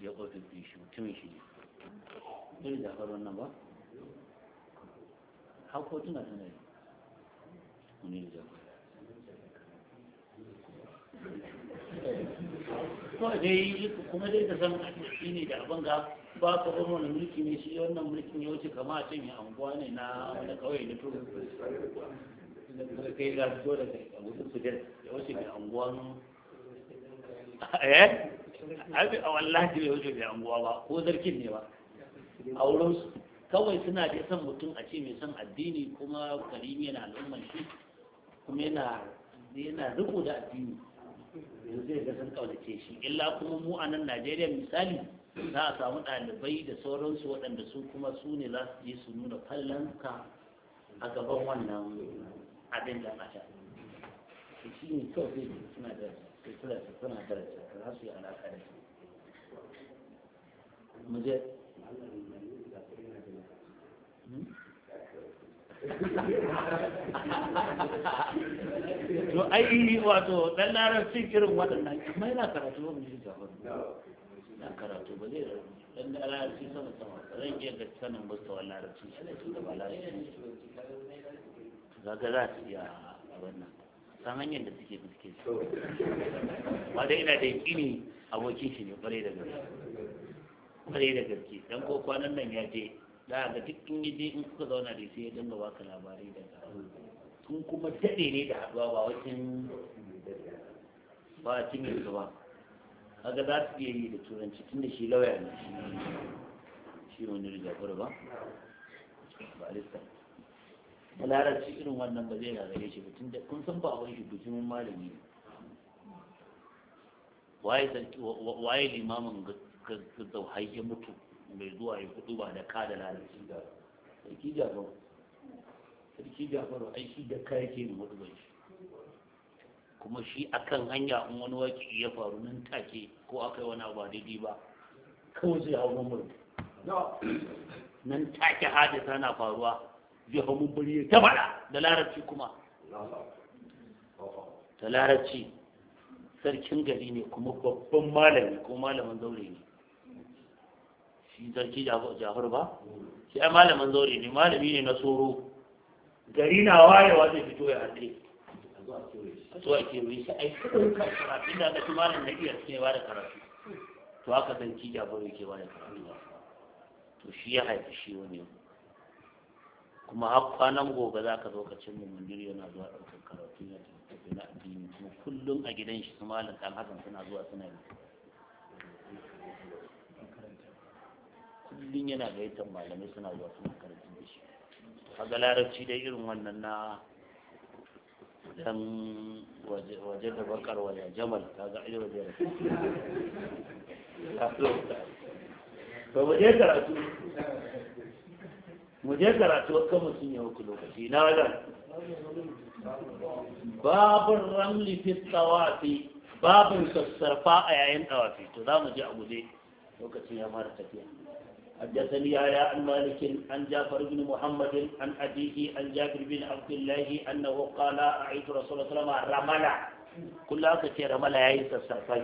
je ofis din shi mutumin shi ne bai da wannan ba hakokin na sanari kuma yi kuma dai da san shi ne da abin ga ba ka kuma wani mulki ne shi wannan mulkin ya wuce kama a can ya anguwa ne na wani kawai na turu da kai ga fito da kai a wutar su ya wuce mai ne eh abi a wallahi bai wuce mai anguwa ba ko zarkin ne ba a wurin kawai suna da san mutum a ce mai san addini kuma karimi na al'umman shi kuma yana yana riko da addini yanzu zai ga sun kaunace shi illa kuma mu a nan Najeriya misali za a samu ɗalibai da sauransu waɗanda su kuma su ne za su je su nuna fallanka a gaban wannan abin da mata shi ne kyau zai suna da suna da suna da za su yi alaƙa da su mu je hmm? to ai wato dan larabci irin waɗannan amma yana karatu ba mun ji gaban na karatu ba zai dan larabci sama sama zan iya ga sanin ba tsawon larabci shi ne da ba larabci zaga za su iya abin nan san hanyar da suke biske su dai ina da yakini abokin shi ne kwarai da gaske kwarai da gaske dan ko kwanan nan ya je da ga duk in yi in kuka zauna da sai ya dinga baka labarai daga tun kuma daɗe ne da haɗuwa ba wajen ba a cin yanzu ba kaga za su iya yi da turanci tun da shi lauya ne shi wani rigafar ba ba rista da shi irin wannan ba zai gagare shi tun da kun san ba wani shi malami ne waye limamin ga har ya mutu mai zuwa ya kudu ba da ka da larabci da sarki jafaru sarki aiki da ka yake da kuma shi akan hanya in wani waki ya faru nan take ko aka yi wani abu ba daidai ba kawai zai hau mamur nan take hadisa na faruwa zai hau mamur ya ta faɗa da larabci kuma da larabci sarkin gari ne kuma babban malami ko malamin zaure ne shi sarki jafar ba shi ai malamin zori ne malami ne na tsoro gari na wayewa zai fito ya haɗe a zuwa kewaye shi ai kudin karatu inda ga malam na iya ne ba da karatu to haka sarki jafar ke ba da karatu to shi ya haifi shi wani kuma har kwanan gobe za ka zo ka cin mummundir yana zuwa ɗaukar karatu na addini kuma kullum a gidan shi su malam kan hakan suna zuwa suna yi kullum yana gaitan malamai suna zuwa suna karatu da shi kaga larabci dai irin wannan na dan waje da bakar waje jamal ta ga waje da to ta je karatu mu karatu kan mutum ya wuce lokaci na wajen babin ramli fi tsawafi babin sassarfa a yayin tsawafi to za mu je a guje lokacin ya mara tafiya حدثني يا عن مالك عن جعفر بن محمد عن أبيه عن جابر بن عبد الله أنه قال أعيد رسول الله صلى الله عليه وسلم رملا كل هذا شيء رملا يا سسرفا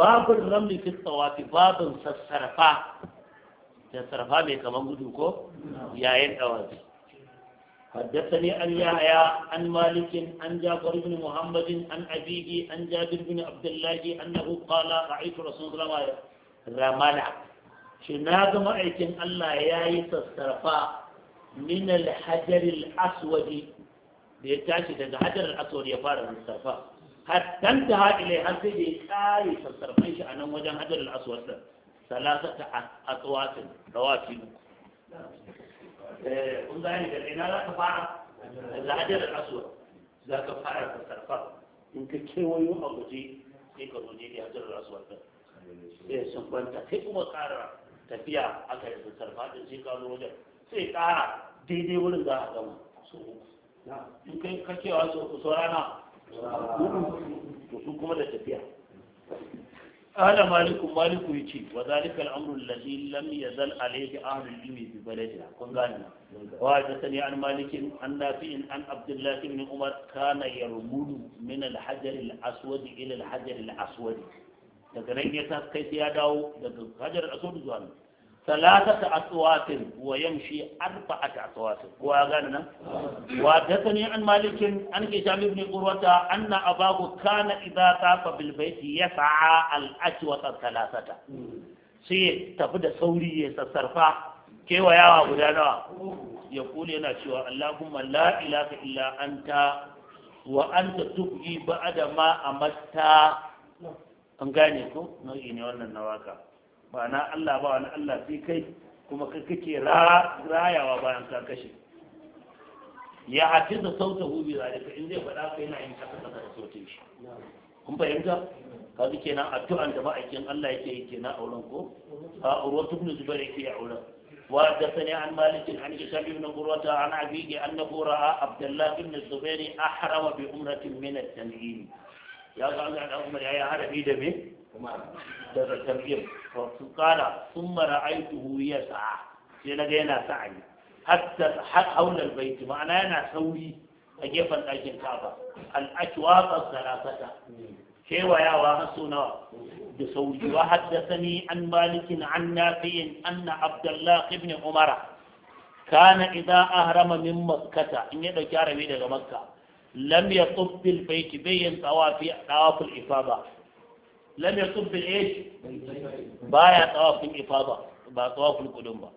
باب الرمل في الطواف باب سسرفا سسرفا بي كمان قدوكو يا عين أوازي حدثني أن يحيى عن مالك عن جعفر بن محمد عن أبيه عن جابر بن عبد الله أنه قال رأيت رسول الله رملا شنا كما أيكن الله ياي تصرفا من الحجر الأسود دي تاشي الحجر الأسود يفارغ من الصرفا هل تنتهى إليه هل تجي كاي أنا موجه حجر الأسود ده ثلاثة أطوات رواتي إيه، لك إلى إن لا تفاعة الحجر الأسود جي يقولون جي الحجر الأسود ده إيه سنبان تكيب وقارب tafiya aka yi sassar fadin sai ka wajen sai kara daidai wurin za a gama su uku in kai kakewa su uku su rana to kuma da tafiya ala malikun maliku ya ce wa zalika al'amru lalli lam ya zal alaihi ahlul ilmi an malikin an nafi'in an abdullahi ibn umar kana yarmudu min al-hajar al-aswad ila al-hajar daga nan ya kai sai ya dawo daga hajar asod zuwa nan talata ta aswatin wa yamshi arfa at aswatin ko ya gane nan wa dasani an malikin an ke shami ibn qurwata anna abahu kana idza tafa bil baiti yas'a al aswata talata sai tafi da sauri ya sassarfa kewayawa guda nawa ya kule yana cewa allahumma la ilaha illa anta wa anta tubi ba'da ma amatta an gane ko nau'i ne wannan na waka ba na Allah ba wani Allah fi kai kuma ka kake rayawa bayan ka kashe ya hafi da sauta hubi ka in zai faɗa kai na yin kasa kasa da sautin shi kun fahimta kaga kenan addu'an da ma'aikin Allah yake yi kenan a wurin ko a urwatu ibn zubair yake a wurin وحدثني na مالك عن na بن an na أبيه a Abdullahi bin zubairi a harama أحرم بعمرة من التنعيم ya ga Allah da Umar ya yi harabi da me da zakarfin su kala sun mara aituhu ya sa'a sai na ga yana sa'a hatta har haular baiti ma'ana yana sauri a gefen ɗakin kafa al'ashwaƙar sarafata kewayawa na nawa da sauri wa ni an malikin an nafi'in anna abdullah ibn umara kana idza ahrama min makkata in ya ɗauki harami daga makka lam yatub bil bayt bayyin tawafi tawaful ifada lam yatub bil ish baya tawaful ifada ba tawaful qudum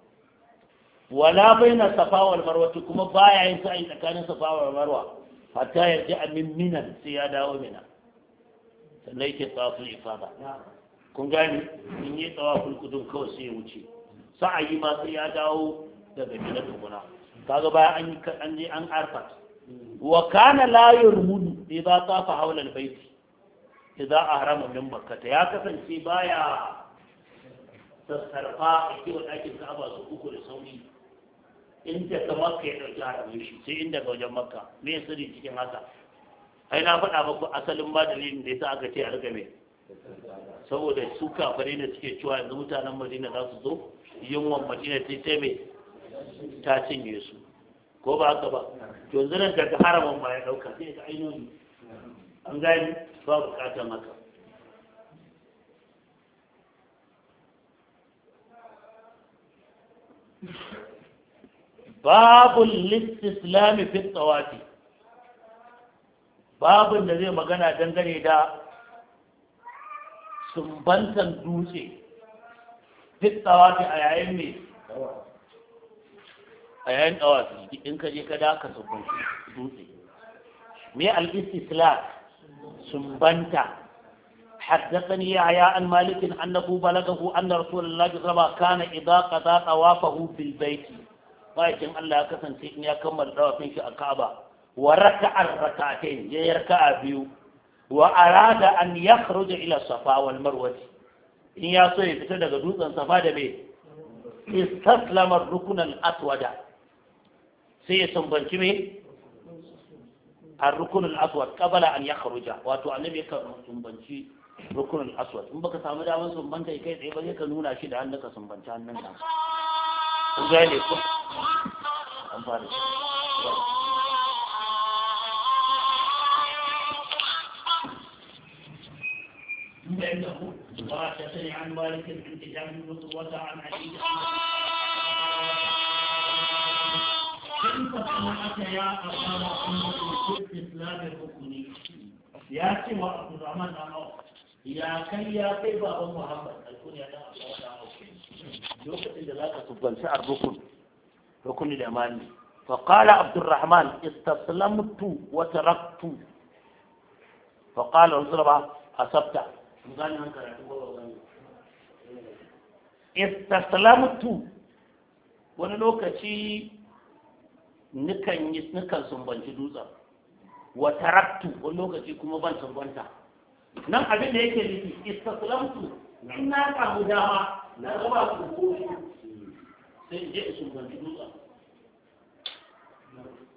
wala baina safa wal marwa kuma baya yin sa'i tsakanin safa marwa hatta yarji min minan sai ya dawo mina sannan yake tsawafin ifada kun gani in yi tsawafin kudin kawai sai ya wuce sa'ayi ma sai ya dawo daga mina kaga baya an yi an je an wa kana la yurmudu idza tafa hawla albayt idza ahrama min makkah ya kasance baya sassarfa a kiwon ɗakin ka'aba su uku da sauri in daga makka ya ɗauki haramin shi sai in daga wajen makka me sirri cikin haka ai na faɗa ku asalin ba dalilin da yasa aka ce a riga saboda su kafare da suke cewa yanzu mutanen madina za su zo yunwan madina sai ta mai ta cinye su ko ba haka ba to zanen daga haramun ba ya dauka sai ka ainihi an gani ba bukatar maka babun lissislami fi tsawafi babun da zai magana dangane da sumbantan dutse fi tsawafi a yayin mai a yayin dawafi in ka je ka da ka sumbanta dutse me al-istislat sumbanta حدثني يحيى عن مالك انه بلغه ان رسول الله صلى الله عليه وسلم كان اذا قضى طوافه بالبيت bayan Allah kasance in ya kammala dawafin shi a Ka'aba wa raka'ar rak'atayn ya yarka'a biyu wa arada an yakhruja ila Safa in ya so ya fita daga dutsen Safa da me istaslama ar-rukn aswada sai ya sambanci me ar-rukunul aswad kabala an yakhruja wato annabi ya sambanci rukunin aswad in baka samu damar sumbanta kai tsaye ba zai ka nuna shi da hannun sumbanci hannunka zai ne ku an fara عنده قال حدثني عن مالك بن عن in ka aka ya hukumi ya ce wa abu zaman na ya kai ya kai baban muhammad ya dan lokacin da za ka arbukun da mani فقال عبد الرحمن استسلمت وتركت فقال رسول أصبت استسلمت wani lokaci nukan yi nukan sumbanci dutsen wa taraktu wani lokaci kuma ban sumbanta nan abin da yake nufi istaslamtu in na samu dama na raba su ko sai in je in sumbanci dutsen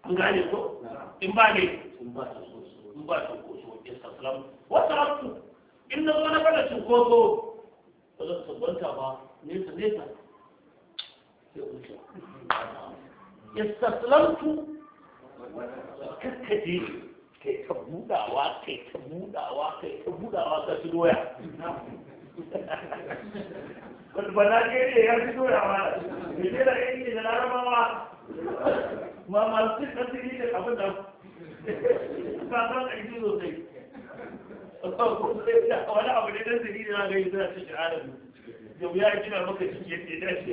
an gane ko in ba ne in ba su in ba su ko su istaslam wa taraktu in na zo na kada cinkoso ba zan sumbanta ba nesa nesa sai istaslamtu kakkaje kai ta budawa kai ta budawa kai ta budawa ka ci doya ba na jere ya ci doya ba da, jera yanki da larabawa ma masu cin asiri da abin da ba san aiki sosai wani abu ne na siri da na gani suna cin shahara da wuya ya kina maka ciki yadda ya dace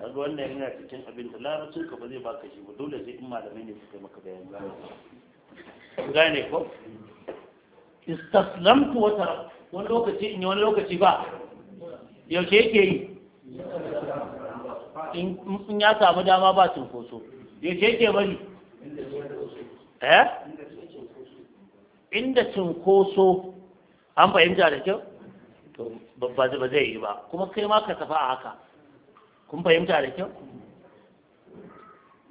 kaga wannan yana cikin abin da larabcin ka ba zai baka shi ba dole sai in malamai ne suka maka bayani gane ko istaslamtu wa taraktu wani lokaci in yi wani lokaci ba yaushe yake yi in ya samu dama ba cunkoso yaushe yake bari eh inda koso an fahimta da kyau to ba zai yi ba kuma kai ma ka tafi a haka kun fahimta da kyau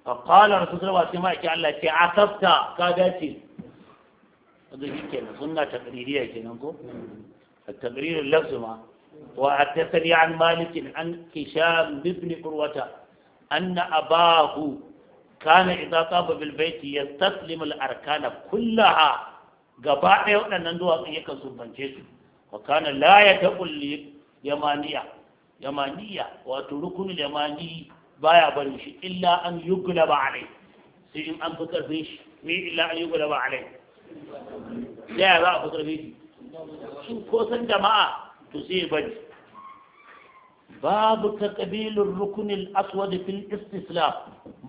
faƙalar su zarwa sai ma'aikin Allah ce a kafta ka dace wanda shi ke nan suna taƙaririya ke nan ko a taƙaririn lafzuma wa a tasari an malikin an kishar bibni urwata an na abahu kana idan tsaba bilbaiti ya taslimul arkana kullaha gaba ɗaya waɗannan duwatsun yakan sumbance su wa kana la ya taɓulli yamaniya yamaniya wato rukunin yamani baya barin shi illa an yugula ba a alai sai in an fi karfe shi me illa an yugula ba a alai da ya za a fi karfe shi shi ko san jama'a to sai ya bari babu ka kabilun rukunin aswad fil istislam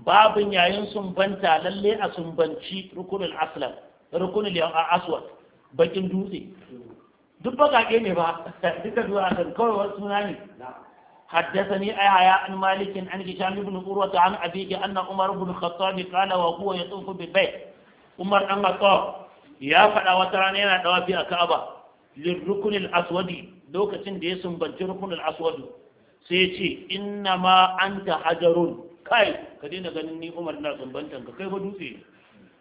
babin yayin sumbanta lalle a sumbanci rukunin aslam rukunin bakin dutse duk baƙaƙe ne ba duka zuwa kan kawai wasu suna ne حدثني أعيا عن مالك عن هشام بن عروة عن أبيه أن عمر بن الخطاب قال وهو يطوف بالبيت عمر أن طاف يا فدا وتراني أنا دوافي أكعبة للركن الأسود لو كتن دي سنبنت ركن الأسود سيتي إنما أنت حجر كاي كدين غنني عمر نا سنبنتك كيف دوسي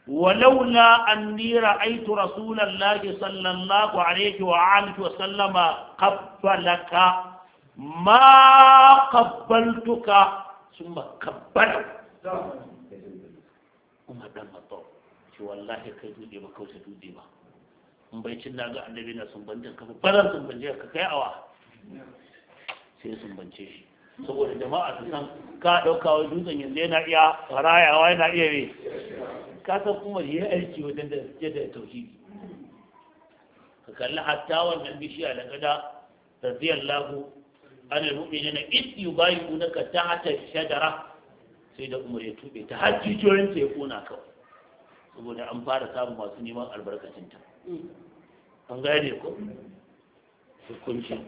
ولولا أني رأيت رسول الله صلى الله عليه وآله وسلم قبلك ما قبلتك ثم قبلك kuma dan mato ce wallahi kai dude ba kausa dude ba in bai cin daga na sun banje ka kai awa sai shi saboda jama'a su san ka ɗauka wa dutsen yanzu yana iya farayawa yana iya ne ka san kuma ya aiki wajen da ya da tauki ka kalli hatta wannan bishiya da kada radiyallahu anil mu'minina id ta hata shajara sai da umar ya tube ta hajji joyin ta ya kona kawai saboda an fara samun masu neman albarkacinta an gane ko hukuncin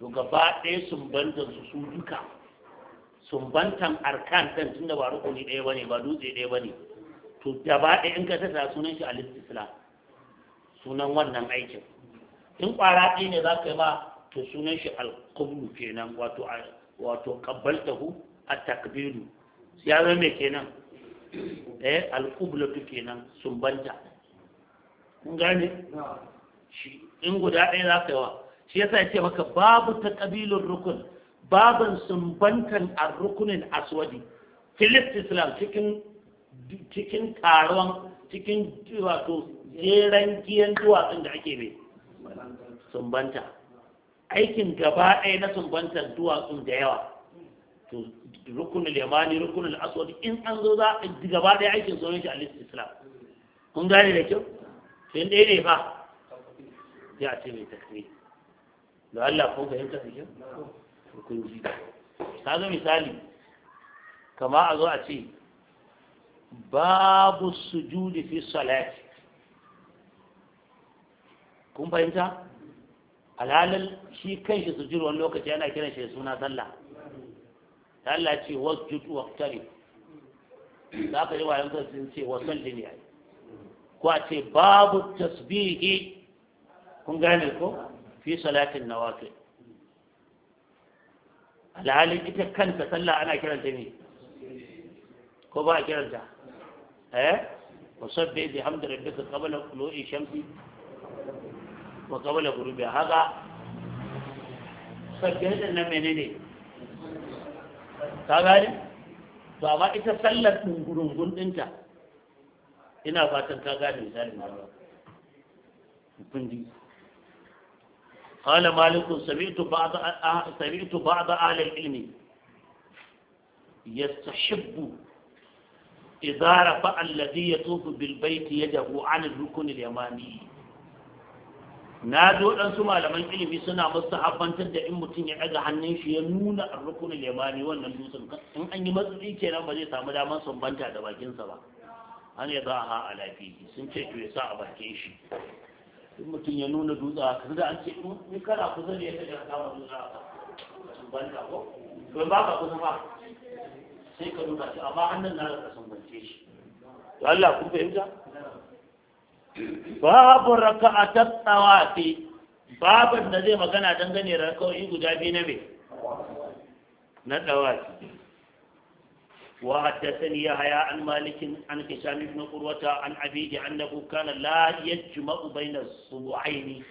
to gaba ɗaya sumbantan su su duka sumbantan arkan ɗin da ba rukuni ɗaya bane ba dutse ɗaya bane to gaba ɗaya in ka tasa sunan shi al-istislam sunan wannan aikin in ƙwara ɗaya ne za ka yi ba to sunan shi al kenan wato wato hu a takbiru ya zama me kenan ɗaya eh, al-qiblatu kenan sumbanta in gane shi in guda ɗaya za ka yi wa shi yasa ce maka babu ta taqbilur rukun baban sumbantan ar-rukunin aswadi fil islam cikin cikin taron cikin wato jeren giyan duwatsun da ake bai sumbanta aikin gaba ɗaya na sumbantan duwatsun da yawa to rukunul yamani rukunul aswadi in an zo za a gaba ɗaya aikin sauran shi alist islam kun gane da kyau Sai in ɗaya ne fa ya ce mai takri da Allah ko fahimta da kyau kun ji zo misali kama a zo a ce babu sujudi fi salat kun fahimta alhalin shi kan shi sujudi wani lokaci yana kiran shi suna sallah Allah ce wasjud waqtari za ka yi wayan sun ce wa salli ne ko a ce babu tasbihi kun gane ko fi salatin nawafil alhalin ita kanta sallah ana kiranta ne ko ba a kiranta eh musabbi bi hamdi rabbika qabla tulu'i shamsi wa qabla ghurubiha haka sajjadan na menene ka gane to amma ita sallar dungurungun dinta ina fatan ka gane misalin da kundi قال مالك سمعت بعض سمعت بعض أهل العلم يستحب إذا رفع الذي يطوف بالبيت يده عن الركن اليماني na zo ɗansu malaman ilimi suna mustahabbantar da in mutum ya ɗaga hannun shi ya nuna a rukunin limani wannan dutsen in an yi matsatsi kenan ba zai samu damar sumbanta da bakinsa ba an ya za a ha a sun ce to ya sa a bakin shi in mutum ya nuna dutse a kasu da an ce in kana kusa ne ya kaje Ka dutse a kasu ban ko ba ka kusa ba sai ka nuna shi amma hannun na ka bance shi to Allah kun fahimta babu a tattawa fi babin da zai magana dangane da kawai guda biyu na me na tawafi وحدثني يحيى عن مالك عن هشام بن قروة عن أبيه أنه كان لا يجمع بين الصبعين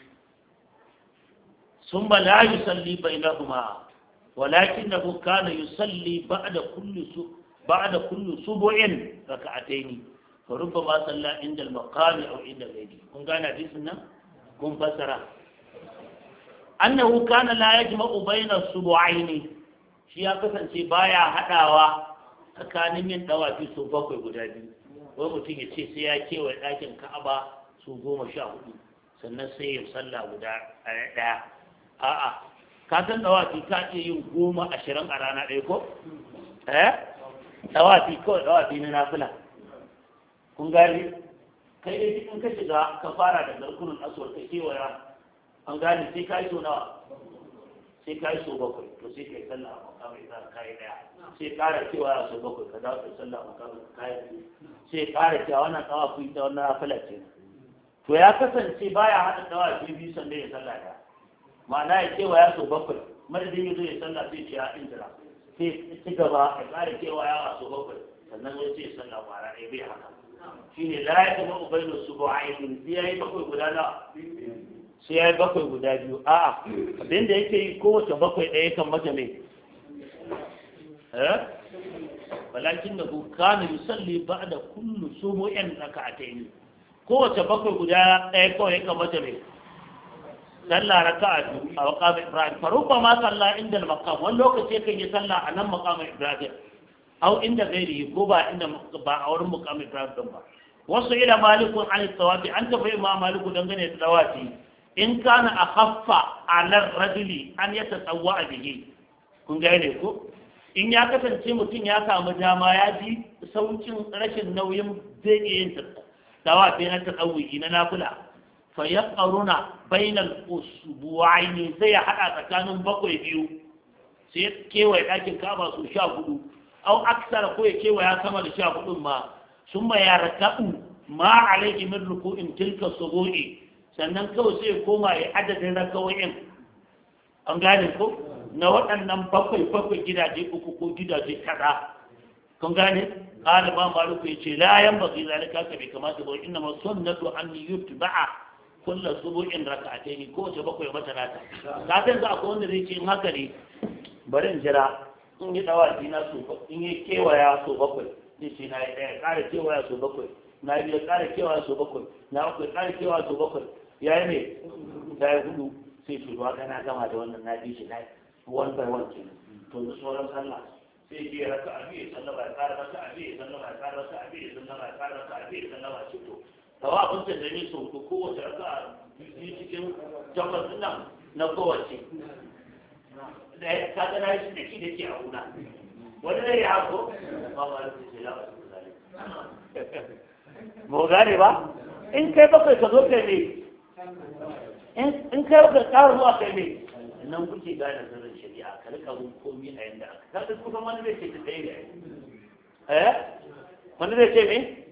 ثم لا يصلي بينهما ولكنه كان يصلي بعد كل بعد كل سبع ركعتين فربما صلى عند المقام أو عند غيره كن كان حديثنا كن فسره أنه كان لا يجمع بين السبعين shi ya kasance baya haɗawa tsakanin yin ɗawafi so bakwai guda biyu wai mutum ya ce sai ya kewa ɗakin ka'aba su goma sha hudu sannan sai ya sallah guda ɗaya a'a ka san ɗawafi ka iya yin goma ashirin a rana ɗaya ko eh Ɗawafi kawai dawafi na nafila kun gani kai dai in ka shiga ka fara da garkunan aswar ka kewaya an gane sai ka yi so nawa sai ka yi so bakwai to sai ka yi sallah a makamai ka ka yi daya sai kara cewa ya so bakwai ka dawo ka yi sallah a makamai ka yi biyu sai kara cewa wannan kawa ku yi ta wannan rafala ce to ya kasance baya haɗa dawa biyu biyu sannan ya sallah ɗaya ma'ana ya cewa ya so bakwai madadin ya zo ya sallah sai ce ya injira sai ci gaba ya kara cewa ya so bakwai sannan ya ce sallah kwara ɗaya bai haka shine la ya kuma ubaidu subu'ain sai ya yi bakwai guda na sai ya yi bakwai guda biyu a'a abin da yake yi kowace bakwai ɗaya kan mata mai eh? walakin da ku kana yusalli ba da kullu sumu yan tsaka a ta yi kowace bakwai guda ɗaya kawai kan mata ne sallah raka a biyu a ibrahim faruwa ma sallah inda makam wani lokaci kan yi sallah a nan makamin ibrahim au inda yi ko ba inda ba a wurin makamin ibrahim ba wasu ila malikun an tawafi an tafi ma malikun dangane da tawafi in kana a haffa a nan rajuli an ya tsawwa a bihi kun gane ko in ya kasance mutum ya samu dama ya ji saukin rashin nauyin zai iya yin dawa bai na tsawuyi na nafula fa ya karuna bainal usbu'aini sai ya hada tsakanin bakwai biyu sai ya kewaye ɗakin kaba su sha hudu au aksara ko ya kewaya sama da sha hudun ma sun ma ya raka'u ma alaihi min ruku'in tilka subu'i sannan kawai sai koma ya adadin rakawoyin an gane ko na waɗannan bakwai bakwai gidaje uku ko gidaje kaza kun gane قال ما مالك يجي لا ينبغي ذلك كما كما تقول انما السنه kulla يتبع كل سبوع ركعتين كو تبقى يوم ثلاثه كاتن za اكو wanda zai ce in haka ne bari in jira in yi dawaki na su in yi kewaya su bakwai zai ce na yi ɗaya kara kewaya su bakwai na biyu kara kewaya su bakwai na uku kara kewaya su bakwai ya yi ne ta yi hudu sai su kana gama da wannan na bi shi na wan bai wan ke to da sauran sallah sai ke raka a biyu sallama ya kara raka a biyu sallama ya kara raka a biyu sallama ya kara raka a biyu sallama ce to tawafin ta ko kowace raka a biyu cikin tabbas nan na kowace da ya kaga na shi da shi da ke a wuna wani ne ya hako ba ma rufe shi lafa su gane ba in kai bakwai ka zo kai ne in ka da ƙara zuwa kai ne nan kuke gane sirrin shari'a ka rika mun komi a yanda aka ka kusan wani zai ce ta yi ne eh wani zai ce me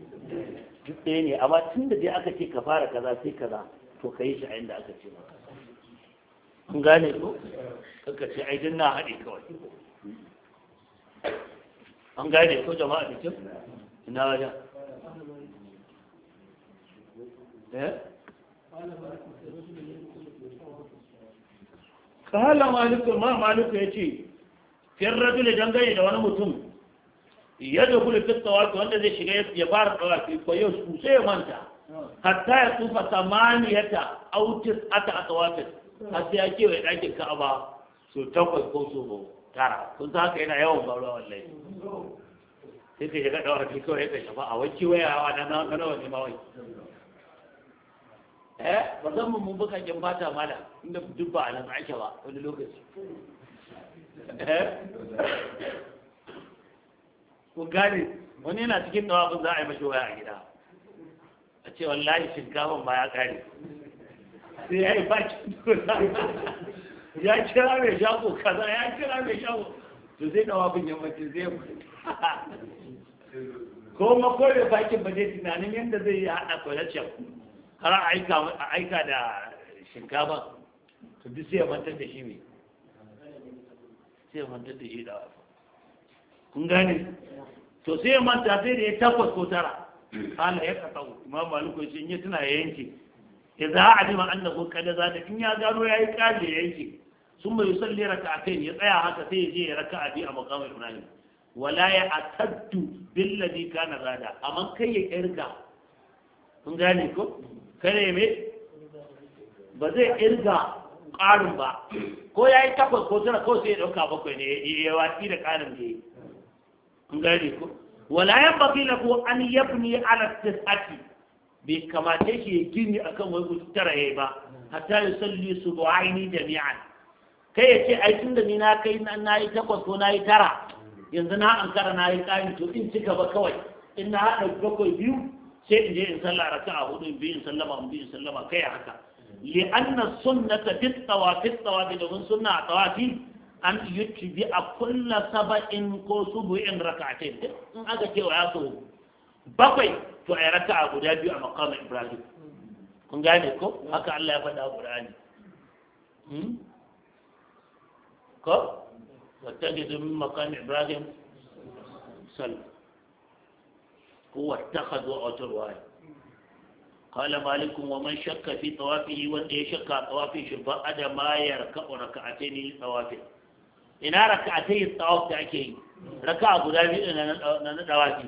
duk ɗaya ne amma tun da dai aka ce ka fara kaza sai kaza to ka yi shi a yanda aka ce maka kun gane ko kaka ce ai na haɗe kawai an gane ko jama'a da kyau ina wajen eh hala maliku ma maliku ya ce fiyar rajuli dangane da wani mutum ya da kula fi wanda zai shiga ya fara tsawafi ko yau su sai ya manta hatta ya tsufa samaniyata autis ata a tsawafin har sai ya kewaye ɗakin ka'aba so takwas ko so tara kun sa haka yana yawan faruwa wallai sai ka shiga fi kawai ka shafa a wacce wa na nawa ne ma eh mu mun kin fata mala inda duk ba nan ake ba wani lokaci eh? ko gane wani yana cikin dawa ko za a yi mashi waya a gida a ce wallahi shinkafan ba ya kare sai ya yi baki ya kira mai shago kaza ya kira mai shago to zai tawafin yammacin zai ko makoyi bakin ba zai tunanin yadda zai yi haɗa kwalacin har a aika da shinkafa to duk sai ya mantar da shi ne sai ya mantar da shi da kun gane to sai ya manta sai da ya takwas ko tara kala ya kasa imam maliku ya ce in ya tuna ya yanke ya za a jima an da ko kada za da in ya gano ya yi kaje ya yanke sun mai salli raka a kai ya tsaya haka sai ya je ya raka a biyu a makamar ibrahim wala ya ataddu billadi kana zada amma kai ya kirga kun gane ko kare me ba zai irga ƙarin ba ko ya yi takwas ko tana kawai sai ya ɗauka bakwai ne ya watsi da ƙarin da ya yi gane ko wala yan baki na ko an yabni ala tis'ati bai kamata shi ya gini akan wai ku tara yayi ba hatta ya salli subu'aini jami'an kai ya ce ai tunda ni na kai na yi takwas ko na yi tara yanzu na ankara na yi ƙarin to in cika ba kawai in na haɗa bakwai biyu sai in je in sallah raka'a hudu in bi in sallama in bi in sallama kai haka li anna sunnata fi tawafi tawafi domin sunna a tawafi an yutbi a kulla saba'in ko subu'in raka'atain in aka ce wa yaso bakwai to ai raka'a guda biyu a maqamin ibrahim kun gane ko haka Allah ya faɗa a Qur'ani hmm? ko wata gidan maqamin ibrahim sallallahu ko wattakhadhu a wata ruwaya qala malik wa man shakka fi tawafihi wanda ya shakka tawafin shi ba ada ma yarka'u raka'atayn tawafin ina raka'atayn tawaf da ake yi raka'a guda biyu na na tawafi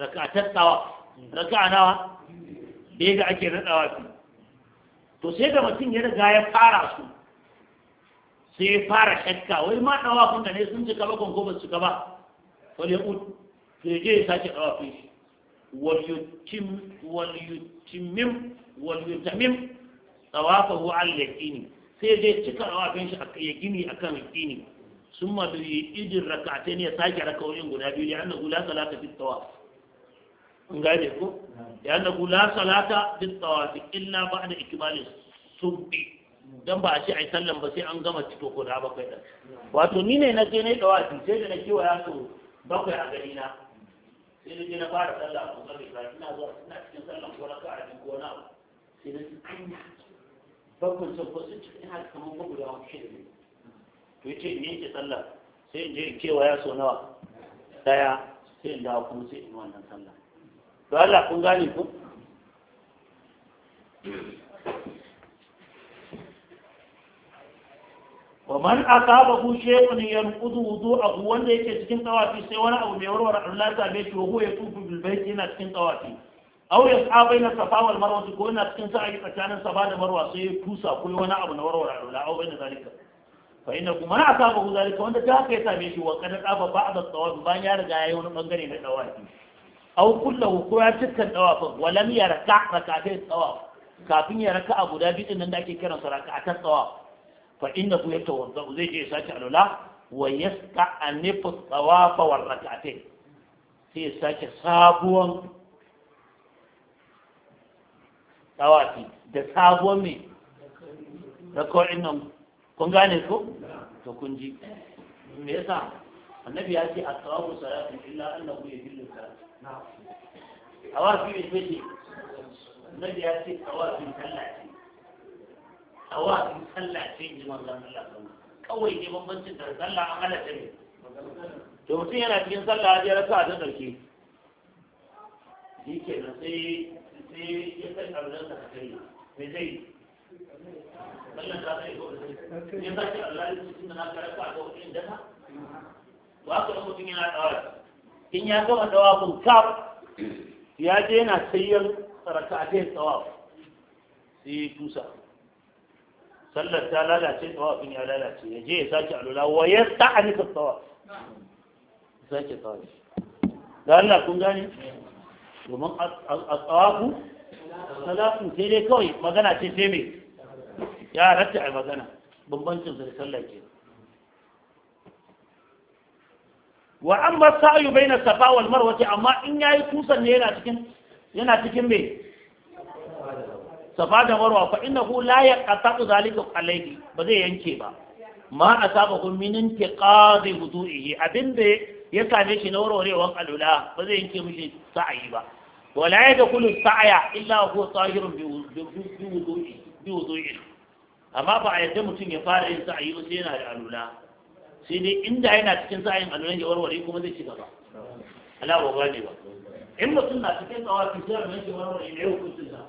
raka'atan tawaf raka'a nawa da ake na tawafi to sai da mutum ya riga ya fara su sai ya fara shakka wai ma sun cika ba ko ba su sai je sake dawafi shi wal yutim wal yutimim wal yutamim tawafahu al yaqini sai je cika dawafin shi akan yaqini akan yaqini summa bi idin ne ya sake rak'o'in guda biyu da annahu la salata fi tawaf ngade ko da annahu la salata fi tawaf illa ba'da ikmalis subbi don ba a ce ai sallan ba sai an gama ciko ko da bakwai ɗan wato ni ne na je ne da wasu sai da na ya su bakwai a gari na sai na na fara sallah a kusa da ibrahim ina zuwa ina cikin sallah ko raka a cikin gona ba sai na ji anya babban sun ko sun cikin ina kamar ba guda wani shida ne to yace in yanke sallah sai in je in kewa ya so nawa daya sai in dawo kuma sai in wannan sallah to Allah kun gane ku wa man aqabahu shay'un yanqudu wudu'ahu wanda yake cikin tawafi sai wani abu mai warware Allah ta bai shi wa ya tufu bil bayt yana cikin tawafi aw yas'a baina safa wal marwa ko yana cikin sa'i tsakanin safa da marwa sai ya tusa ko wani abu na warware Allah aw baina zalika fa inna kuma na asabahu zalika wanda ta kai same shi wa kada qaba ba'da tawafi bayan ya riga yayi wani bangare na tawafi aw kullahu ko kafin ya raka guda biyu da ake fa hu yatawadda zai je sace alula wa anifu tsawafa wa rak'atayn sai sace sabuwan tawafi da sabuwan mai rakorin nan kun gane ko to kun ji me yasa annabi ya ce at-tawafu salatu illa annahu yajillu salat tawafi ne ce annabi ya ce tawafi sallah A in sallah ce in ji manzon Allah kawai ne bambancin da sallah an halatta ne to mutum yana cikin sallah ya rasa ta karshe shi ke nan sai sai ya san arzan ta kai me zai Allah ta sai ko sai ya ta Allah ya cikin nan ka rasa ko in da ka wa ka mutum yana tawar in ya gama tawafin kaf ya je yana sayyar raka'a ta tawaf sai tusa sallar ta lalace tsawafin ya lalace ya je ya sake alula wa ya ta'anika tsawa sake tsawa da Allah kun gane domin a tsawafu salafin sai dai kawai magana ce sai mai ya rata a magana bambancin da sallar ke wa amma sa'yu na safa wal marwa amma in ya yi kusan ne yana cikin yana cikin mai safa da marwa fa innahu la yaqta'u zalika alayhi ba zai yanke ba ma asaba kun min intiqadi wudu'ihi abinda ya same shi na warwarewan alula ba zai yanke mishi sa'ayi ba wala yadkhulu sa'ya illa huwa tahirun bi wudu'i bi wudu'i amma ba a yadda mutum ya fara yin sa'ayi ba sai yana da alula sai dai inda yana cikin sa'ayin alulan ya warware kuma zai ci gaba ala ba gane ba in mutum na cikin tsawafi sai ya yanke warware ne hukuncin sa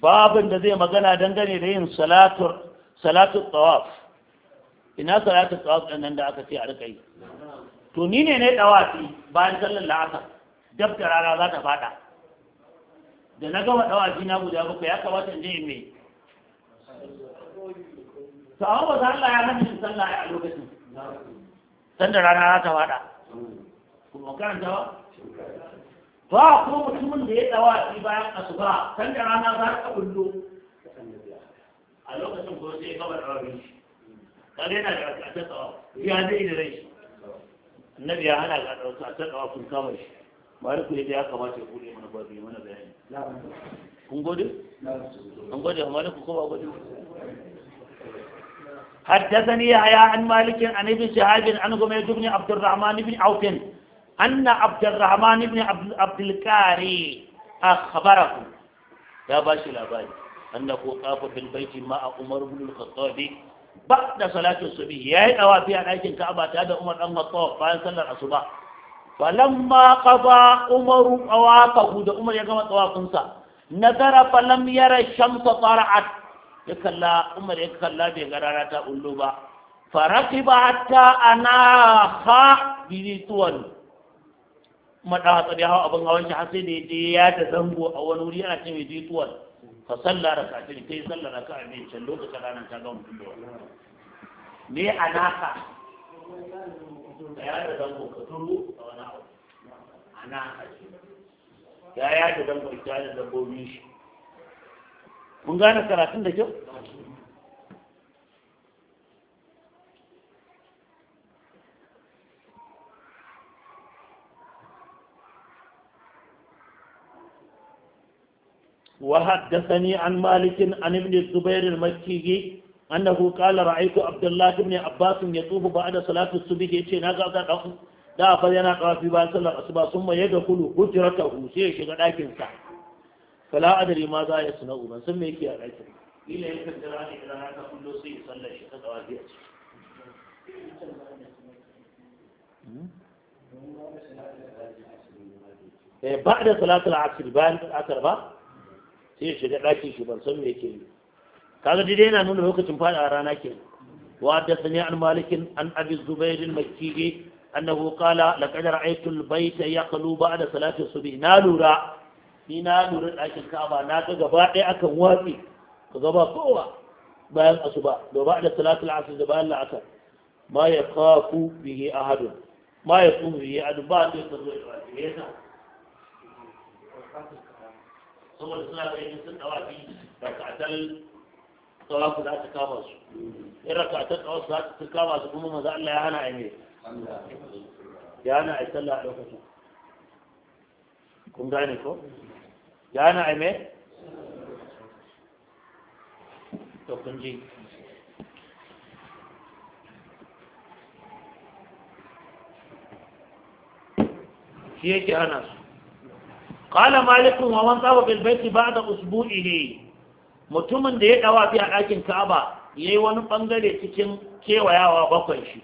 babin da zai magana dangane da yin salatu tawaf ina salatu tawaf ɗan nan da aka ce a rika yi to ni ne na yi ɗawafi bayan sallar la'asar dab da rana za ta faɗa da na gama ɗawafi na guda bakwai ya kamata ne me mai to amma ba ya hannun sallah a lokacin sanda rana za ta faɗa kuma karanta ba ba ko mutumin da ya dawa shi bayan asuba kan da rana za ta bullo a lokacin ko sai kawai da rabin shi kaga yana da rakata tsawa ya dai da rai annabi ya hana ga rakata tsawa kun kama shi bari ku yadda ya kamata ya bude mana mana bayani kun gode kun gode amma ku ko ba gode حدثني يحيى عن مالك عن ابن شهاب عن بن عبد الرحمن بن عوف أن عبد الرحمن بن عبد الكاري أخبره يا باشا الأباد أنه طاف بالبيت مع عمر بن الخطاب بعد صلاة الصبح يا أوافي عن أيش كعبة هذا عمر أم الطاف بعد صلاة الصبح فلما قضى عمر طوافه ده عمر يقام طوافنسا نظر فلم ير الشمس طلعت يكلا عمر يكلا بغرارة أولوبا فركب حتى أناخ بذي maɗawa tsabi hawa abin hawan shi har sai da ya ya da zango a wani wuri yana ce zai tuwa fa sallar da ne kai sallar da ka'ar mai can lokacin ranar ta gama mutum da wani ne a naka ya da zango ka turu a wani abu a naka ya ya da zango ya da zango shi mun gane karatun da kyau وحدثني عن مالك عن ابن الزبير المكي أنه قال رأيت عبد الله بن عباس يطوف بعد صلاة الصبح يتشي ناقا تقف da fa yana kafi ba sallar asuba sun mai yadda kulu hujrata hu ya shiga ɗakin sa fala adri ma za ya suna uban sun me yake a ɗakin ila ya kaddara ne idan haka kullu sai ya sallar ta tsawafi a ciki ba da salatul asr bayan asar ba sai ya shiga ɗakin shi ban san me yake yi kaga dai yana nuna lokacin fada rana ke wa da sani an malikin an abi zubairin makkiye annahu qala laqad ra'aytu al-bayta yaqlu ba'da salati subhi na lura ni na lura ɗakin kaba na ga gaba ɗaya akan watsi ka gaba kowa bayan asuba da ba'da salati al-asr da bayan la'asar ma ya yakhafu bihi ahadun ma ya yaqumu bihi ahadun ba da tsaro ya yasa saboda suna da yin sun dawafi raka'atal tawafu za ta kama su in raka'atal tawafu za ta kama su kuma maza Allah ya hana a ne ya hana a sallah a lokacin kun gane ko ya hana a mai to kun ji shi yake hana su قال مالك ومن طاب بالبيت بعد اسبوعه متوم من ده دعوا في اكن كعبه yayi wani ɓangare cikin kewayawa bakwai shi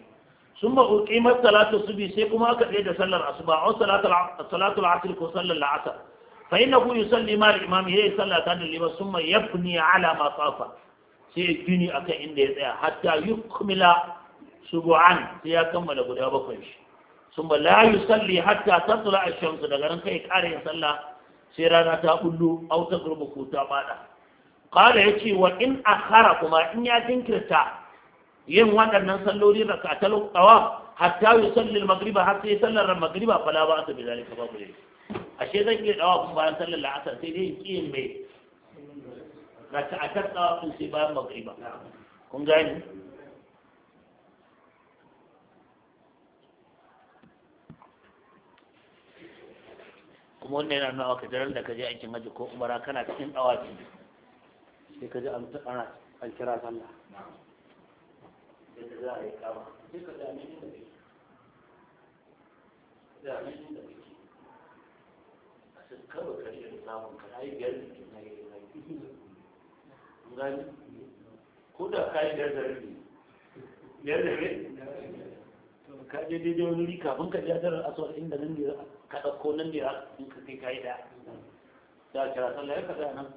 sun maƙoƙimar salatu su sai kuma aka ɗaya da sallar asuba a wasu salatu al'asir ko sallar la'asar fa yi na ku yi salli ma imam yayi salla ta dalli ba sun ma ala ma tsafa sai gini a inda ya tsaya hatta yukmila subu'an sai ya kammala guda bakwai shi sun ba layu salli hatta tattula a shamsu daga nan kai ƙara yin sallah sai rana ta bullo a ta gurbu ko ta bada ƙara ya ce wa in akhara kuma in ya jinkirta yin waɗannan salloli raka ta lukawa hatta yi sallin magriba har sai sallar magriba fala ba su bi zalika ba mu ashe zan iya dawa kuma bayan sallar la'asar sai dai kiyin mai raka a tattawa sun sai bayan magriba kun gani kuma wannan yana nuna maka daren da ka je aikin hajji ko umara kana cikin dawafi sai ka ji an kira sallah ka za a yi kama sai ka dame ni da kake dame ni da kake yadda ne kawai ka je daidai wani rika kafin ka je a daren aswar inda nan ne za a ka ɗauko nan da in ka kai kayi ɗaya da kira sallah ka tsaya nan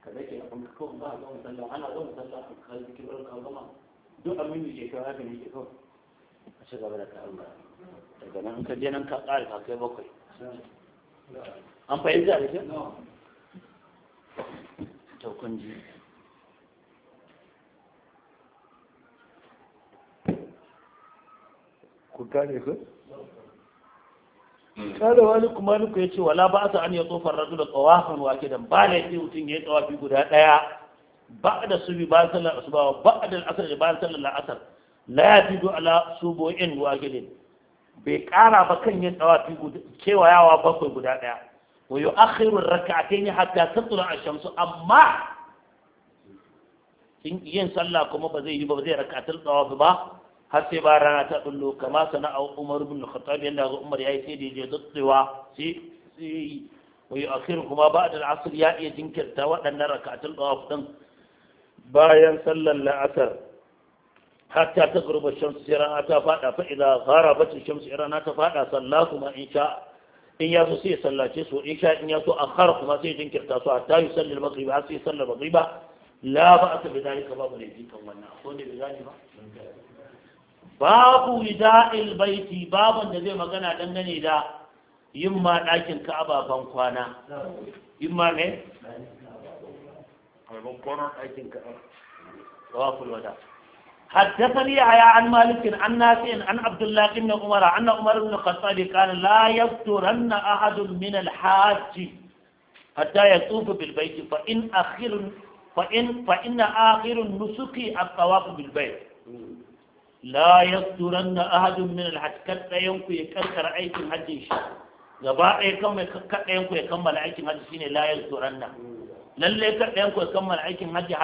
ka dake na kuma kawai ba a zama sallah ana zama sallah a kan zikirar ka gama duk abin da ke kawai haka ne ke kawai a ci gaba da kayan ba daga nan ka je nan ka ƙara ka kai bakwai an fahimta da ke? to kun ji ku gane ku? kada wani kuma nuku ya ce wala ba sa an ya tsofar rajul da tsawafin wake dan ba da yake mutum ya yi tsawafi guda ɗaya ba da su bi bayan sallar asuba ba da asar da bayan sallar la'asar la ya fi ala subo'in wake ne bai kara ba kan yin tsawafi kewayawa bakwai guda ɗaya wa yi akhirun raka'atai ne hatta tattura a shamsu amma in yin sallah kuma ba zai yi ba zai rakatar tsawafi ba har sai ba rana ta bullo kama sana'a Umar bin Khattab yanda ga Umar ya yi sai da je datsewa sai sai wa yu'akhiru kuma ba'da al-asr ya iya jinkirta waɗannan rak'atul dawaf din bayan sallar la'asar hatta ta gurba shamsu sai rana ta faɗa, fa idan gharabat shamsu rana ta faɗa, sallah kuma in sha in ya so sai sallace su in sha in ya so akhar kuma sai jinkirta su hatta yusalli al-maghrib har sai sallar maghrib la ba'sa bi dalika babu ne jikan wannan ko ne bi zani ba babu rida ilbaiti babu da zai magana dangane da yin ma ka ababen kwana kwana ɗakin ka ya an malikin an nasin an abdullahi na umara an na umar da kasa da kanin la ya turan na ahadun min alhaji hatta ya tsufa bilbaiti fa in akhirun fa in nusuki a tsawafu bilbaiti hmm. la yasturanna ahadun min ɗayan ku ya karkara aikin hajjin shi gaba ɗaya kan mai kaɗayan ku ya kammala aikin hajji shine la yasturanna lalle kaɗayan ku ya kammala aikin hajji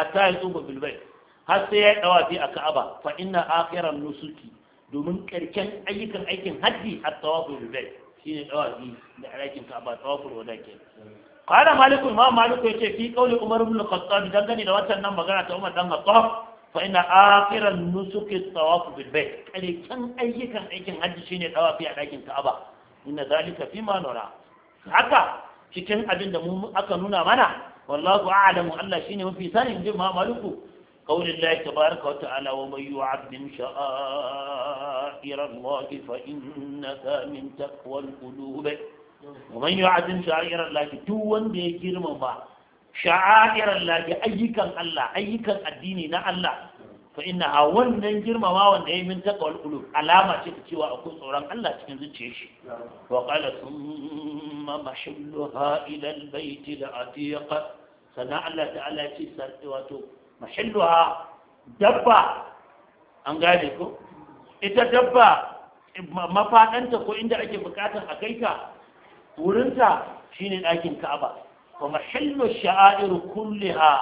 bilbai har sai ya yi a ka'aba fa inna akhiran nusuki domin karken ayyukan aikin hajji a tawafu bilbai shine da aikin ka'aba wada ke qala malikul ma maliku yace fi umar khattab dangane da wannan magana ta umar dan khattab fa ina akhiran nusuki tawaf bil bayt kare kan ayyukan aikin hajji shine tawafi a dakin Ka'aba inna zalika fima nura haka cikin abin da mu aka nuna mana wallahu a'lamu Allah shine mafi sanin jin ma maluku قول الله تبارك وتعالى ومن يعظم شعائر الله فإنها من تقوى القلوب ومن يعظم شعائر الله تو wanda ya girmama Allah ya ayyukan Allah ayyukan addini na Allah fa inna a wannan girmama wanda ya min taqwal qulub alama ce ta cewa akwai tsoron Allah cikin zuciyar shi wa qala thumma mashalluha ila al alatiq sana Allah ta'ala ce sai wato mashalluha dabba an gane ko ita dabba mafadanta ko inda ake bukatar a kai ka wurinta shine ɗakin Ka'aba kuma hillu sha'air kulliha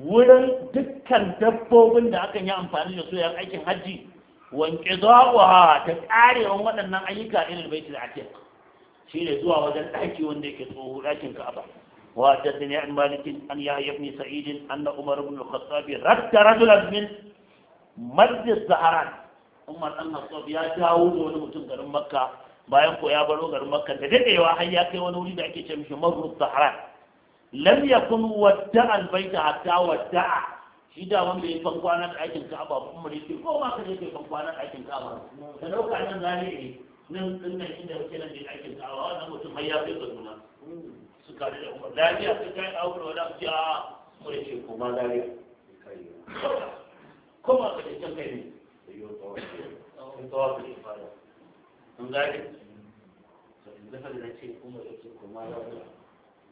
wurin dukkan dabbobin da aka yi amfani da su yan aikin hajji wanke zawuha ta karewan waɗannan ayyuka irin baitul shi shine zuwa wajen ɗaki wanda yake tsohu ɗakin ka'aba وحدثني عن مالك an يحيى بن سعيد ان عمر بن الخطاب رد رجلا من Umar الزهران عمر بن الخطاب يا wani mutum garin makka bayan ko ya baro garin makka da dadewa har ya kai wani wuri da ake ce mishi marru sahara lam yakun wadda albaita hatta wadda shi da wanda ya ban kwana ka ba kuma ne yake ko ma ka je kai da kwana ka ba da lokacin nan zane ne nan din nan inda yake nan da ka ba wannan mutum har ya kai ga su ka da umar lafiya su kai aure wala ji a mure ce ko ma lafiya ko ma ka je kai ne an gane da kan na ce kuma ya ce kuma ya wani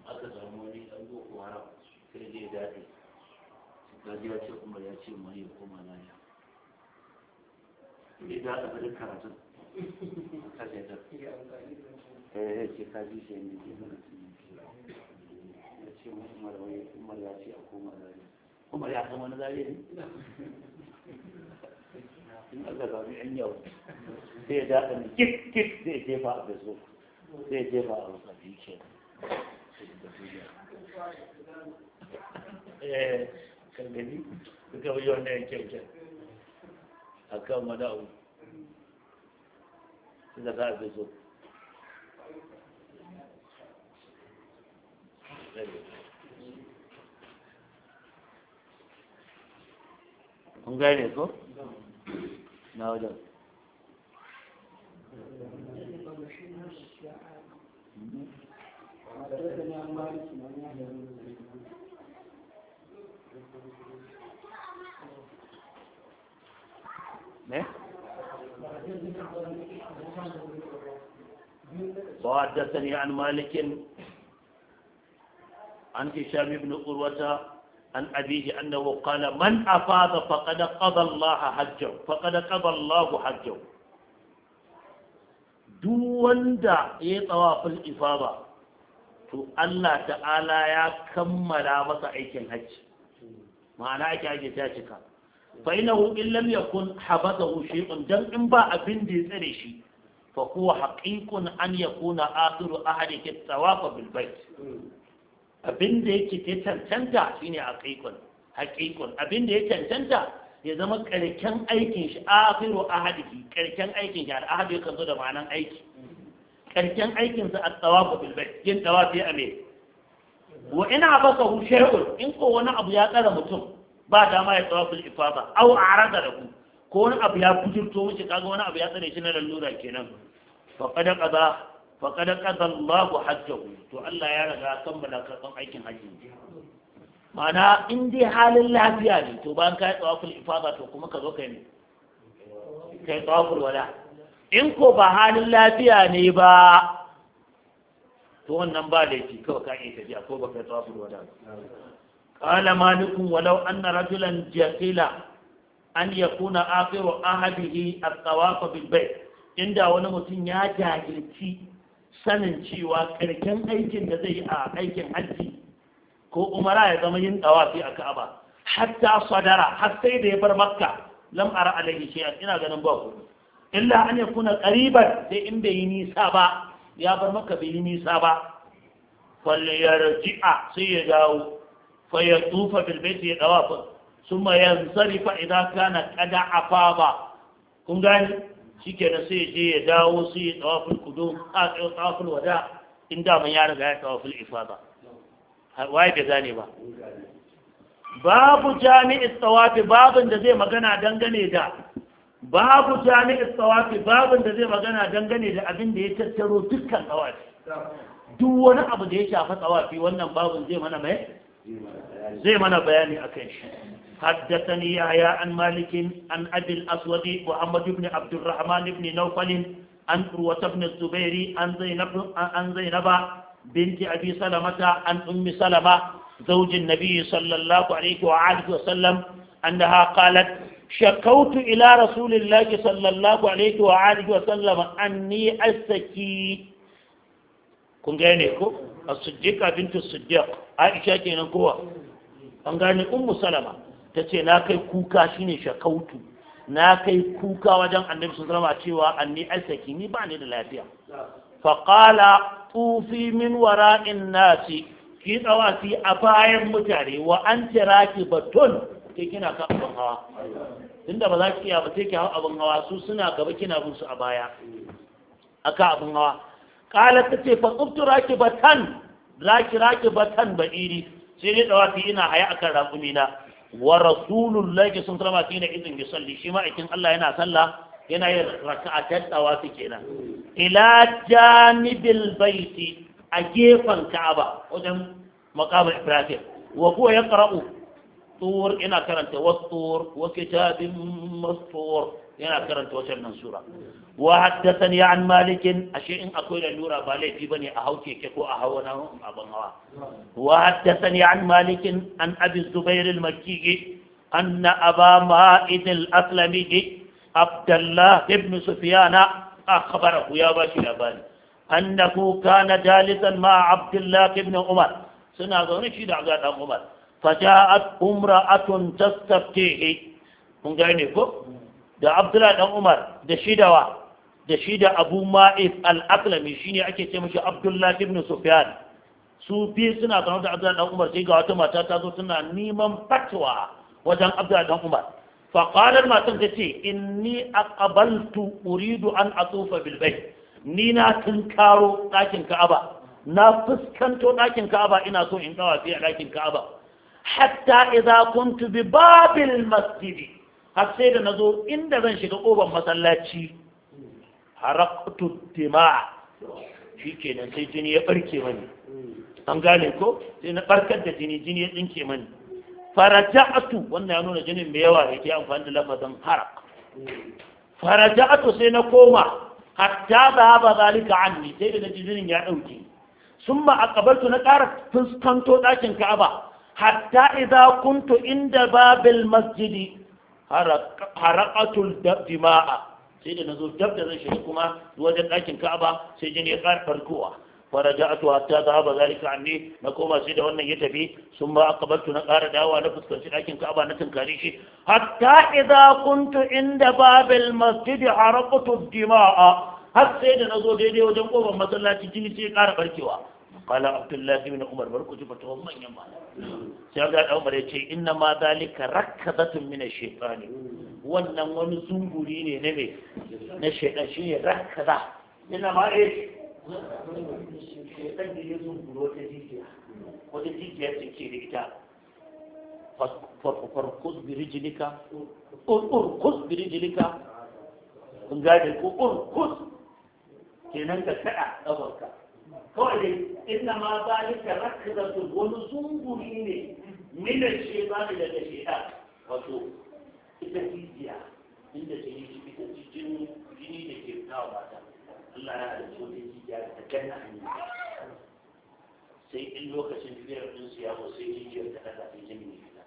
aka samu wani ɗan boko haram sai zai daɗe gaji ya ce kuma ya ce mai ya koma na ya ne da aka fi karatun ka ce ta eh ce eh, ka ji shi ne ke mana ya ce kuma ya ce a koma na ya kuma ya kama na zariya ne in aka sami yan yau sai ya daɗa ne kit kit sai ya jefa a bezo sai ya jefa a rufa biyu ke kan eh, gani duka wajen wannan yankin kyan a kan wani sai da a bezo kun gane ko? ما وجد إيه؟ وحدثني عن مالك عن هشام بن قروة an abihi annahu qala man afada faqad qada Allah hajjahu faqad qada Allah hajjahu duk wanda ya tsawafin ifada to Allah ta'ala ya kammala masa aikin hajji ma'ana ake ake ta cika fa inahu in lam yakun habatahu shay'un dan in ba abin da ya shi fa huwa haqiqun asiru yakuna akhiru ahadika tawafa bil bait abin da yake ta cancanta shine haqiqun haqiqun abin da ya cancanta ya zama karken aikin shi akhiru ahadihi karken aikin shi a ahad yakan zo da ma'anan aiki karken aikin sa at-tawafu bil bayt yin tawafi a me wa ina basahu shay'un in ko wani abu ya tsara mutum ba dama ya tsawa fil ifada aw arada ku. ko wani abu ya kujirto mishi kaga wani abu ya tsare shi na lallura kenan fa qad qada faqad qada Allahu hajjahu to Allah ya riga kammala karban aikin hajji Mana in dai halin lafiya ne to bayan yi tsawaful ifada to kuma ka zo kai ne kai tsawaful wada in ko ba halin lafiya ne ba to wannan ba laifi kawai ka iya tafiya ko ba kai tsawaful wada qala malikun walau anna rajulan jahila an yakuna akhiru ahadihi at-tawaf bil bayt inda wani mutum ya jahilci sanin cewa karken aikin da zai yi a aikin hajji ko umara ya zama yin dawafi a ka'aba hatta sadara har sai da ya bar makka lam ara alaihi shay'an ina ganin ba ku illa an yakuna qariban sai in bai yi nisa ba ya bar makka bai yi nisa ba fal sai ya dawo fa ya tufa bil baiti ya dawafa summa yansarifa idan kana qada afaba kun gani shi kenan sai je ya dawo sai ya tsawafin kudu a tsawafin wada in daman ya riga ya tsawafin ba waye bai gane ba babu jami'in tsawafi babin da zai magana dangane da babu jami'in tsawafi babin da zai magana dangane da abin da ya tattaro dukkan tsawafi duk wani abu da ya shafa tsawafi wannan babin zai mana mai zai mana bayani a shi حدثني يحيى عن مالك عن أبي الأسود محمد بن عبد الرحمن بن نوفل عن عروة بن الزبير عن زينب عن زينب بنت أبي سلمة عن أم سلمة زوج النبي صلى الله عليه وآله وسلم أنها قالت شكوت إلى رسول الله صلى الله عليه وآله وسلم أني أستكي kun gane ko as-siddiqa bintu as-siddiq Aisha kenan kowa an gane ummu salama ta ce na kai kuka shi ne shakautu na kai kuka wajen annabi su zama cewa anni asaki ni ba ne da lafiya faƙala tufi min wara'in nasi ki tsawasi a bayan mutane wa an tira ki baton ke kina ka abin hawa tunda ba za ki iya ba sai ki hau abin hawa su suna gaba kina bin su a baya aka abin hawa kala ta ce fa tsuftu raki batan raki raki batan ba iri sai dai tsawasi ina haya akan na. wa rasulullahi sun alaihi wasallam kina idin salli, shi ma Allah yana sallah yana yin raka'atan tawafi kenan ila janibil baiti a gefen Ka'aba wajen makamar Ibrahim wa huwa yaqra'u tur ina karanta wastur wa kitabin mastur yana karanta wannan sura wa haddathani an malik ashe in akwai lalura ba laifi bane a hau keke ko a hawa na abin hawa wa haddathani an malik an abi zubair al-makki anna aba ma'id al-aslami abdullah ibn sufyana akhbarahu ya bashi labari annahu kana jalisan ma abdullah ibn umar suna zaune da ga dan umar da abdullah dan umar da shidawa da shi da abu ma'is al shi ne ake ce mashi abdullahi ibn sufyan su biyu suna zaune da abdullahi dan umar sai ga wata mata ta zo tana neman fatwa wajen abdullahi dan umar fa qalat matan ta ce inni aqbaltu uridu an atufa bil bayt ni na tunkaro dakin ka'aba na fuskanto dakin ka'aba ina so in dawa fi dakin ka'aba hatta idza kuntu bi babil masjidi har sai da nazo inda zan shiga koban masallaci haraktu tima'a shi ke nan sai jini ya barke mani an gane ko sai na barkar da jini jini ya tsinke mani faraja'atu wannan ya nuna jinin mai yawa yake amfani da lafazan harak faraja'atu sai na koma hatta ba zalika anni sai da ji jinin ya dauke a aqabaltu na ƙara fuskanto ɗakin Ka'aba hatta idza kuntu inda babil masjidi haraqatul dima'a sai da nazo dab da zan shiga kuma wajen ɗakin Ka'aba sai jini ya ƙara farkowa faraja'atu hatta zahaba zalika anni na koma sai da wannan ya tafi sun ba aqbaltu na ƙara dawa na fuskanci ɗakin Ka'aba na tunkare shi hatta idza kuntu inda babil masjid haraqtu dima'a har sai da nazo daidai wajen kofar masallaci jini sai ya ƙara barkewa qala abdullah ibn umar barku ji fata wannan manyan malamai sai ga umar ya ce inna ma zalika rakkazatun min ash-shaytani wannan wani zunguri ne na me na shaytan shi ne rakkaza inna ma eh shaytan ne ya zunguro ta jijiya ita farkus ko ka kawai ni, inna ma da su wani zunguri ne min ni daga shaytan wato ita jijiya inda ta yi shi ita cikin jini da ke kawo mata Allah ya halittu da jijiya da ganna hanya sai in lokacin tafiyar din su ko sai jijiyar ta daga ta jini ne fita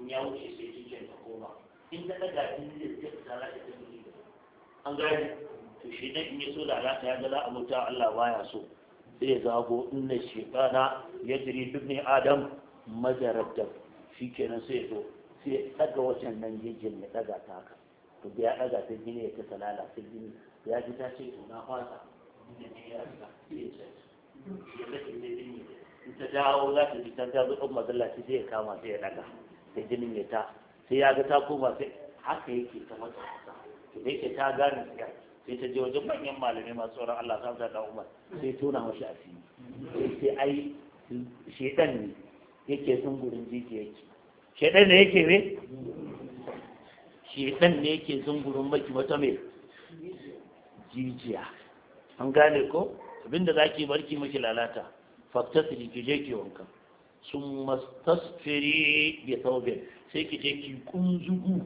in ya wuce sai jijiyar ta koma in ta daga jijiyar ta da ta jini an gani. to shi dan in yi so da za ta yaga za a mutu Allah baya so sai zago na inna shaytana yajri ibn adam majarar da shikenan sai zo sai daga wajen nan jijin ya daga ta haka to da ya daga ta gini ya ta salala ta gini ya ji ta ce to na fasa da ne ya riga sai ya ce ya rage ne ne in ta dawo za ta ji ta ta zo ɗan masallaci sai ya kama sai ya ɗaga sai gini ya ta sai ya ga ta koma sai haka yake ta mata to da yake ta gane su sai ta je wajen manyan malamai masu tsoron Allah sa ta dawo Umar sai tona mashi asiri sai sai ai shedan ne yake sun gurin yake shedan ne yake ne shedan ne yake sun gurin maki wata mai jijiya an gane ko abinda zaki barki miki lalata faktasiri ki je ki wanka sun mastasfiri bi taubin sai ki je ki kunzugu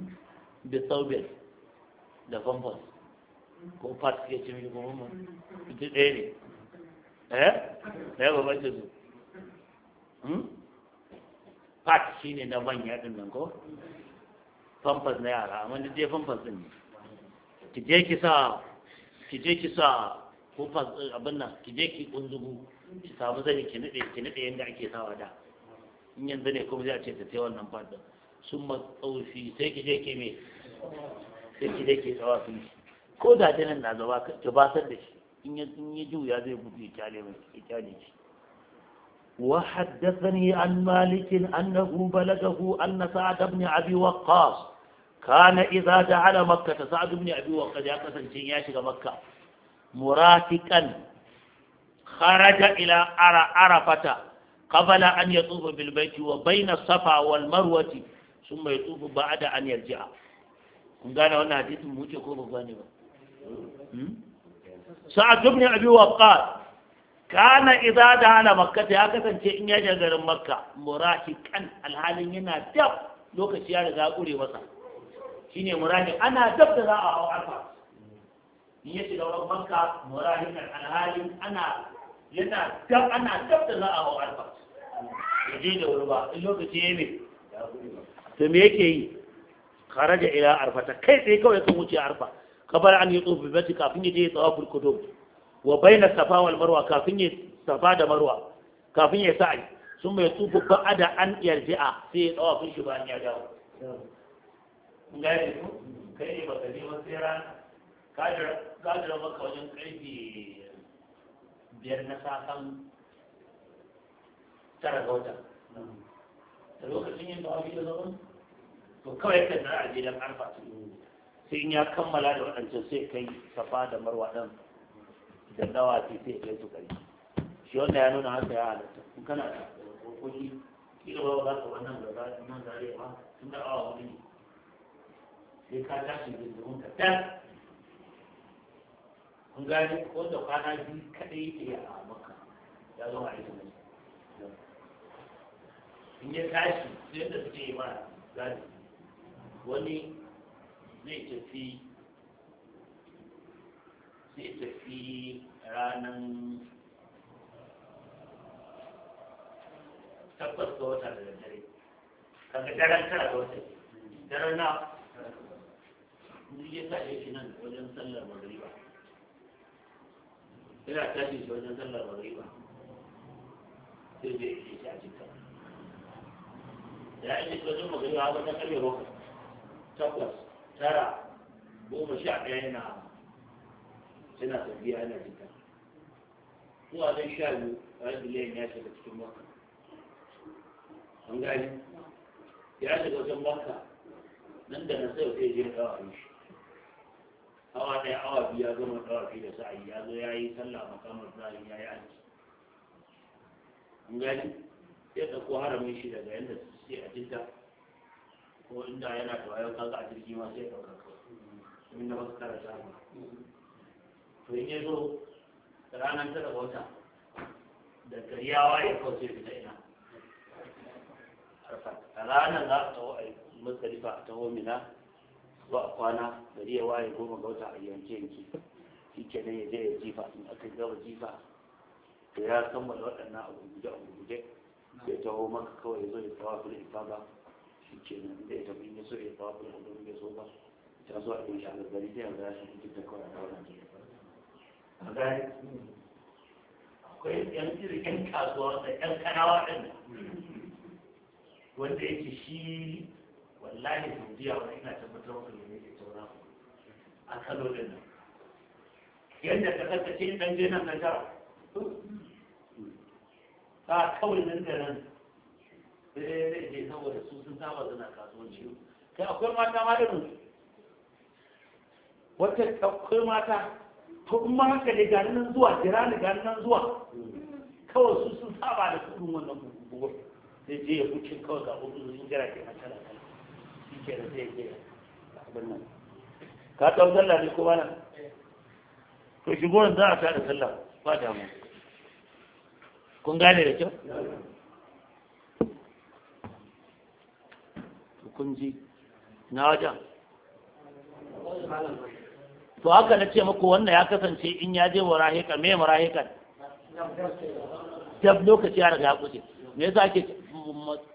bi taubin da famfas ko fat ya ce miki kuma mun ita ɗaya ne eh ɗaya ba bace su hmm? fat shi ne na manya ɗin nan ko famfas na yara amma duk dai famfas din ne ki je ki sa ki je ki sa ko fas eh, abin nan ki je ki kunzugu ki samu zani ki nade ki nade yanda ake sawa da in yanzu ne kuma zai a ce ta sai wannan fat din sun matsaufi sai ki je ke me sai ki je ki tsawa sun ki ko da janin na zaba ka da shi in ya ya mai وحدثني عن مالك أنه بلغه أن سعد بن أبي وقاص كان إذا دعا مكة سعد بن أبي وقاص يقصد جياش مكة مرافقا خرج إلى عرفة قبل أن يطوف بالبيت وبين الصفا والمروة ثم يطوف بعد أن يرجع kun أنا حديث hadisin mu ce Hmm? sa'ad ibn abi waqqas kana idza dahana makka ya kasance in ya garin makka murahiqan alhalin yana dab lokaci ya riga kure masa shine murahi ana dab da za a hau arfa in ya shiga makka murahiqan alhalin ana yana dab ana dab da za a hau arfa ya je da wani ba in lokaci ya yi to me yake yi kharaja ila arfa ta kai tsaye kawai kan wuce arfa kabar an yi tsofi bai kafin ya je ya tsawa furkudu wa bayna safa wal marwa kafin ya safa da marwa kafin ya sa'i sun mai tsufu ba'ada an yarji'a sai ya tsawa fun shi bayan ya dawo gane kai ne baka je wasu yara kajira maka wajen karfe biyar na sakan tara ga wata da lokacin yin da wafi da zaun to kawai kan na a gidan arfa sai in ya kammala da wadancan sai kai safa da marwa ɗan da dawa sai sai kai su kai shi wanda ya nuna haka ya halatta in kana da kokoki kila ba za ka wannan da za nan zare ba tun da awa hudu ne sai ka tashi gindimin ka tan kun gani da kwana biyu kaɗai yake a maka ya zo a yi in ya tashi sai da suke yi ma gani wani zai tafi zai tafi ranar takwas ga wata da dare kaga daren tara ga wata daren na duk ya sa shi nan wajen sallar magariba yana tashi shi wajen sallar magariba sai zai yi shi a cikin da ya yi wajen magariba wajen karfe bakwai takwas tara goma sha ɗaya yana suna tafiya yana jita zuwa zai sha biyu bayan biliyan ya shiga cikin maka an gani ya shiga wajen maka nan da na sai sai a yi shi awa ɗaya awa biyu ya gama dawa fi da sa'ayi ya zo ya yi sallah makamar zari ya yi aiki an gani ya ɗauko haramin shi daga yadda su a jidda ko inda yana da wayo kaga a jirgi ma sai ɗauka inda ba su karanta ba to in ya zo ranar tara wata da karyawa ya kawo sai fita ina a ranar za a tawo a yi musarifa a tawo mina ba a kwana gari ya waye goma ga wata a yanke yanke shi kenan ya je ya jifa in aka gaba jifa to ya kammala waɗannan a gurguje a gurguje ya taho maka kawai ya zo ya tawa fili ifada shi da ya tafi ya ya so ba ta gari da shi duk da kawai akwai yan irin kasuwa da yan kanawa ɗin wanda yake shi wallahi saudiya wani ina tabbatar maka da ne ke taura kano kalolin nan yadda ka tsakace ɗan jenan na jara ta kawai nan da nan sai zai je saboda su sun saba suna kasuwanci kai akwai mata ma da mutu wata akwai mata to in ma haka ne gani nan zuwa jira ne gani nan zuwa kawai su sun saba da kudin wannan bugu zai je ya huce kawai ga hudu sun jira ke mace da kan shi ke da zai je abin nan ka ɗau sallah ne ko ba nan to shigo za a ta sallah ba damu kun gane da kyau kunji na wajen to haka na ce muku wannan ya kasance in ya je murahika me murahikan dab lokaci ya riga ya kuce me yasa ake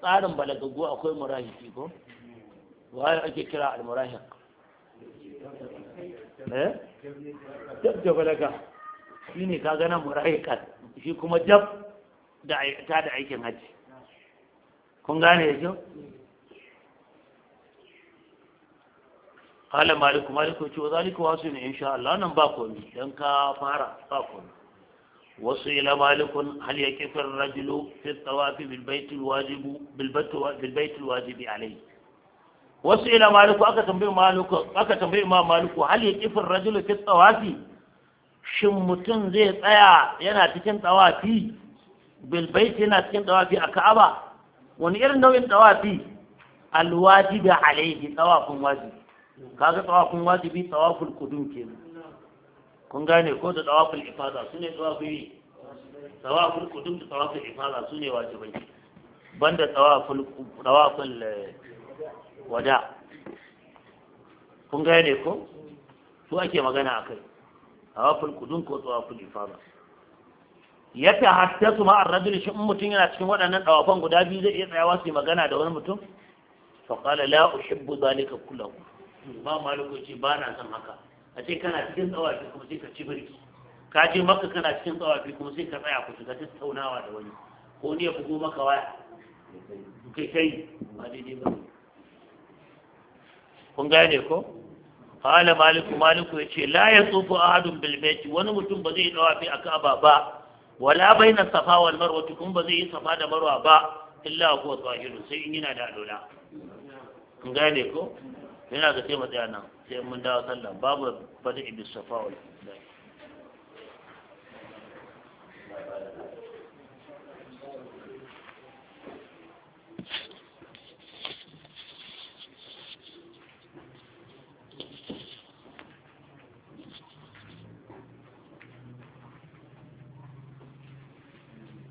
tsarin balagagu akwai murahiki ko waye ake kira al-murahik eh dab da balaga shi ne ka gana nan shi kuma dab da ta da aikin haji kun gane yau kala maliku maliku ce wa zalika wasu ne insha Allah nan ba komi dan ka fara ba komi wasu ila malikun hal yaqifu ar-rajulu fi tawafi tawaf bil bayt al-wajib bil bayt al-wajib alayhi wasu ila maliku aka tambayi maliku aka tambaye ma maliku hal yaqifu rajulu fi tawafi shin mutum zai tsaya yana cikin tawafi bil bayt yana cikin tawafi a Ka'aba wani irin nau'in tawafi al-wajib alayhi tawafin wajibi kaga tsawafin wajibi tsawafin kudum ke kun gane ko da tsawafin ifada su ne tsawafin tsawafin kudum da tsawafin ifada su ne wajibai banda tsawafin eh, wada kun gane ko su ake magana a kai tsawafin kudum ko tsawafin ifada ya fi hatta kuma ma'ar rajul shi mutum yana cikin waɗannan tsawafan guda biyu zai iya tsayawa su magana da wani mutum qala la uhibbu zalika kullahu ba malikoci ba na son haka a ce kana cikin tsawafi kuma sai ka ci birki ka je maka kana cikin tsawafi kuma sai ka tsaya ku shiga tattaunawa da wani ko ne ya bugo maka waya kai kai ba daidai ba kun gane ko qala maliku maliku yace la yatufu ahadun bil bayt wani mutum ba zai tsawafi a Ka'aba ba wala baina safa wal marwa kun ba zai yi safa da marwa ba illa huwa zahirun sai in yana da alola kun gane ko yana ga sai matsaya nan sai mun dawo sallah babu fadi ibi safa wal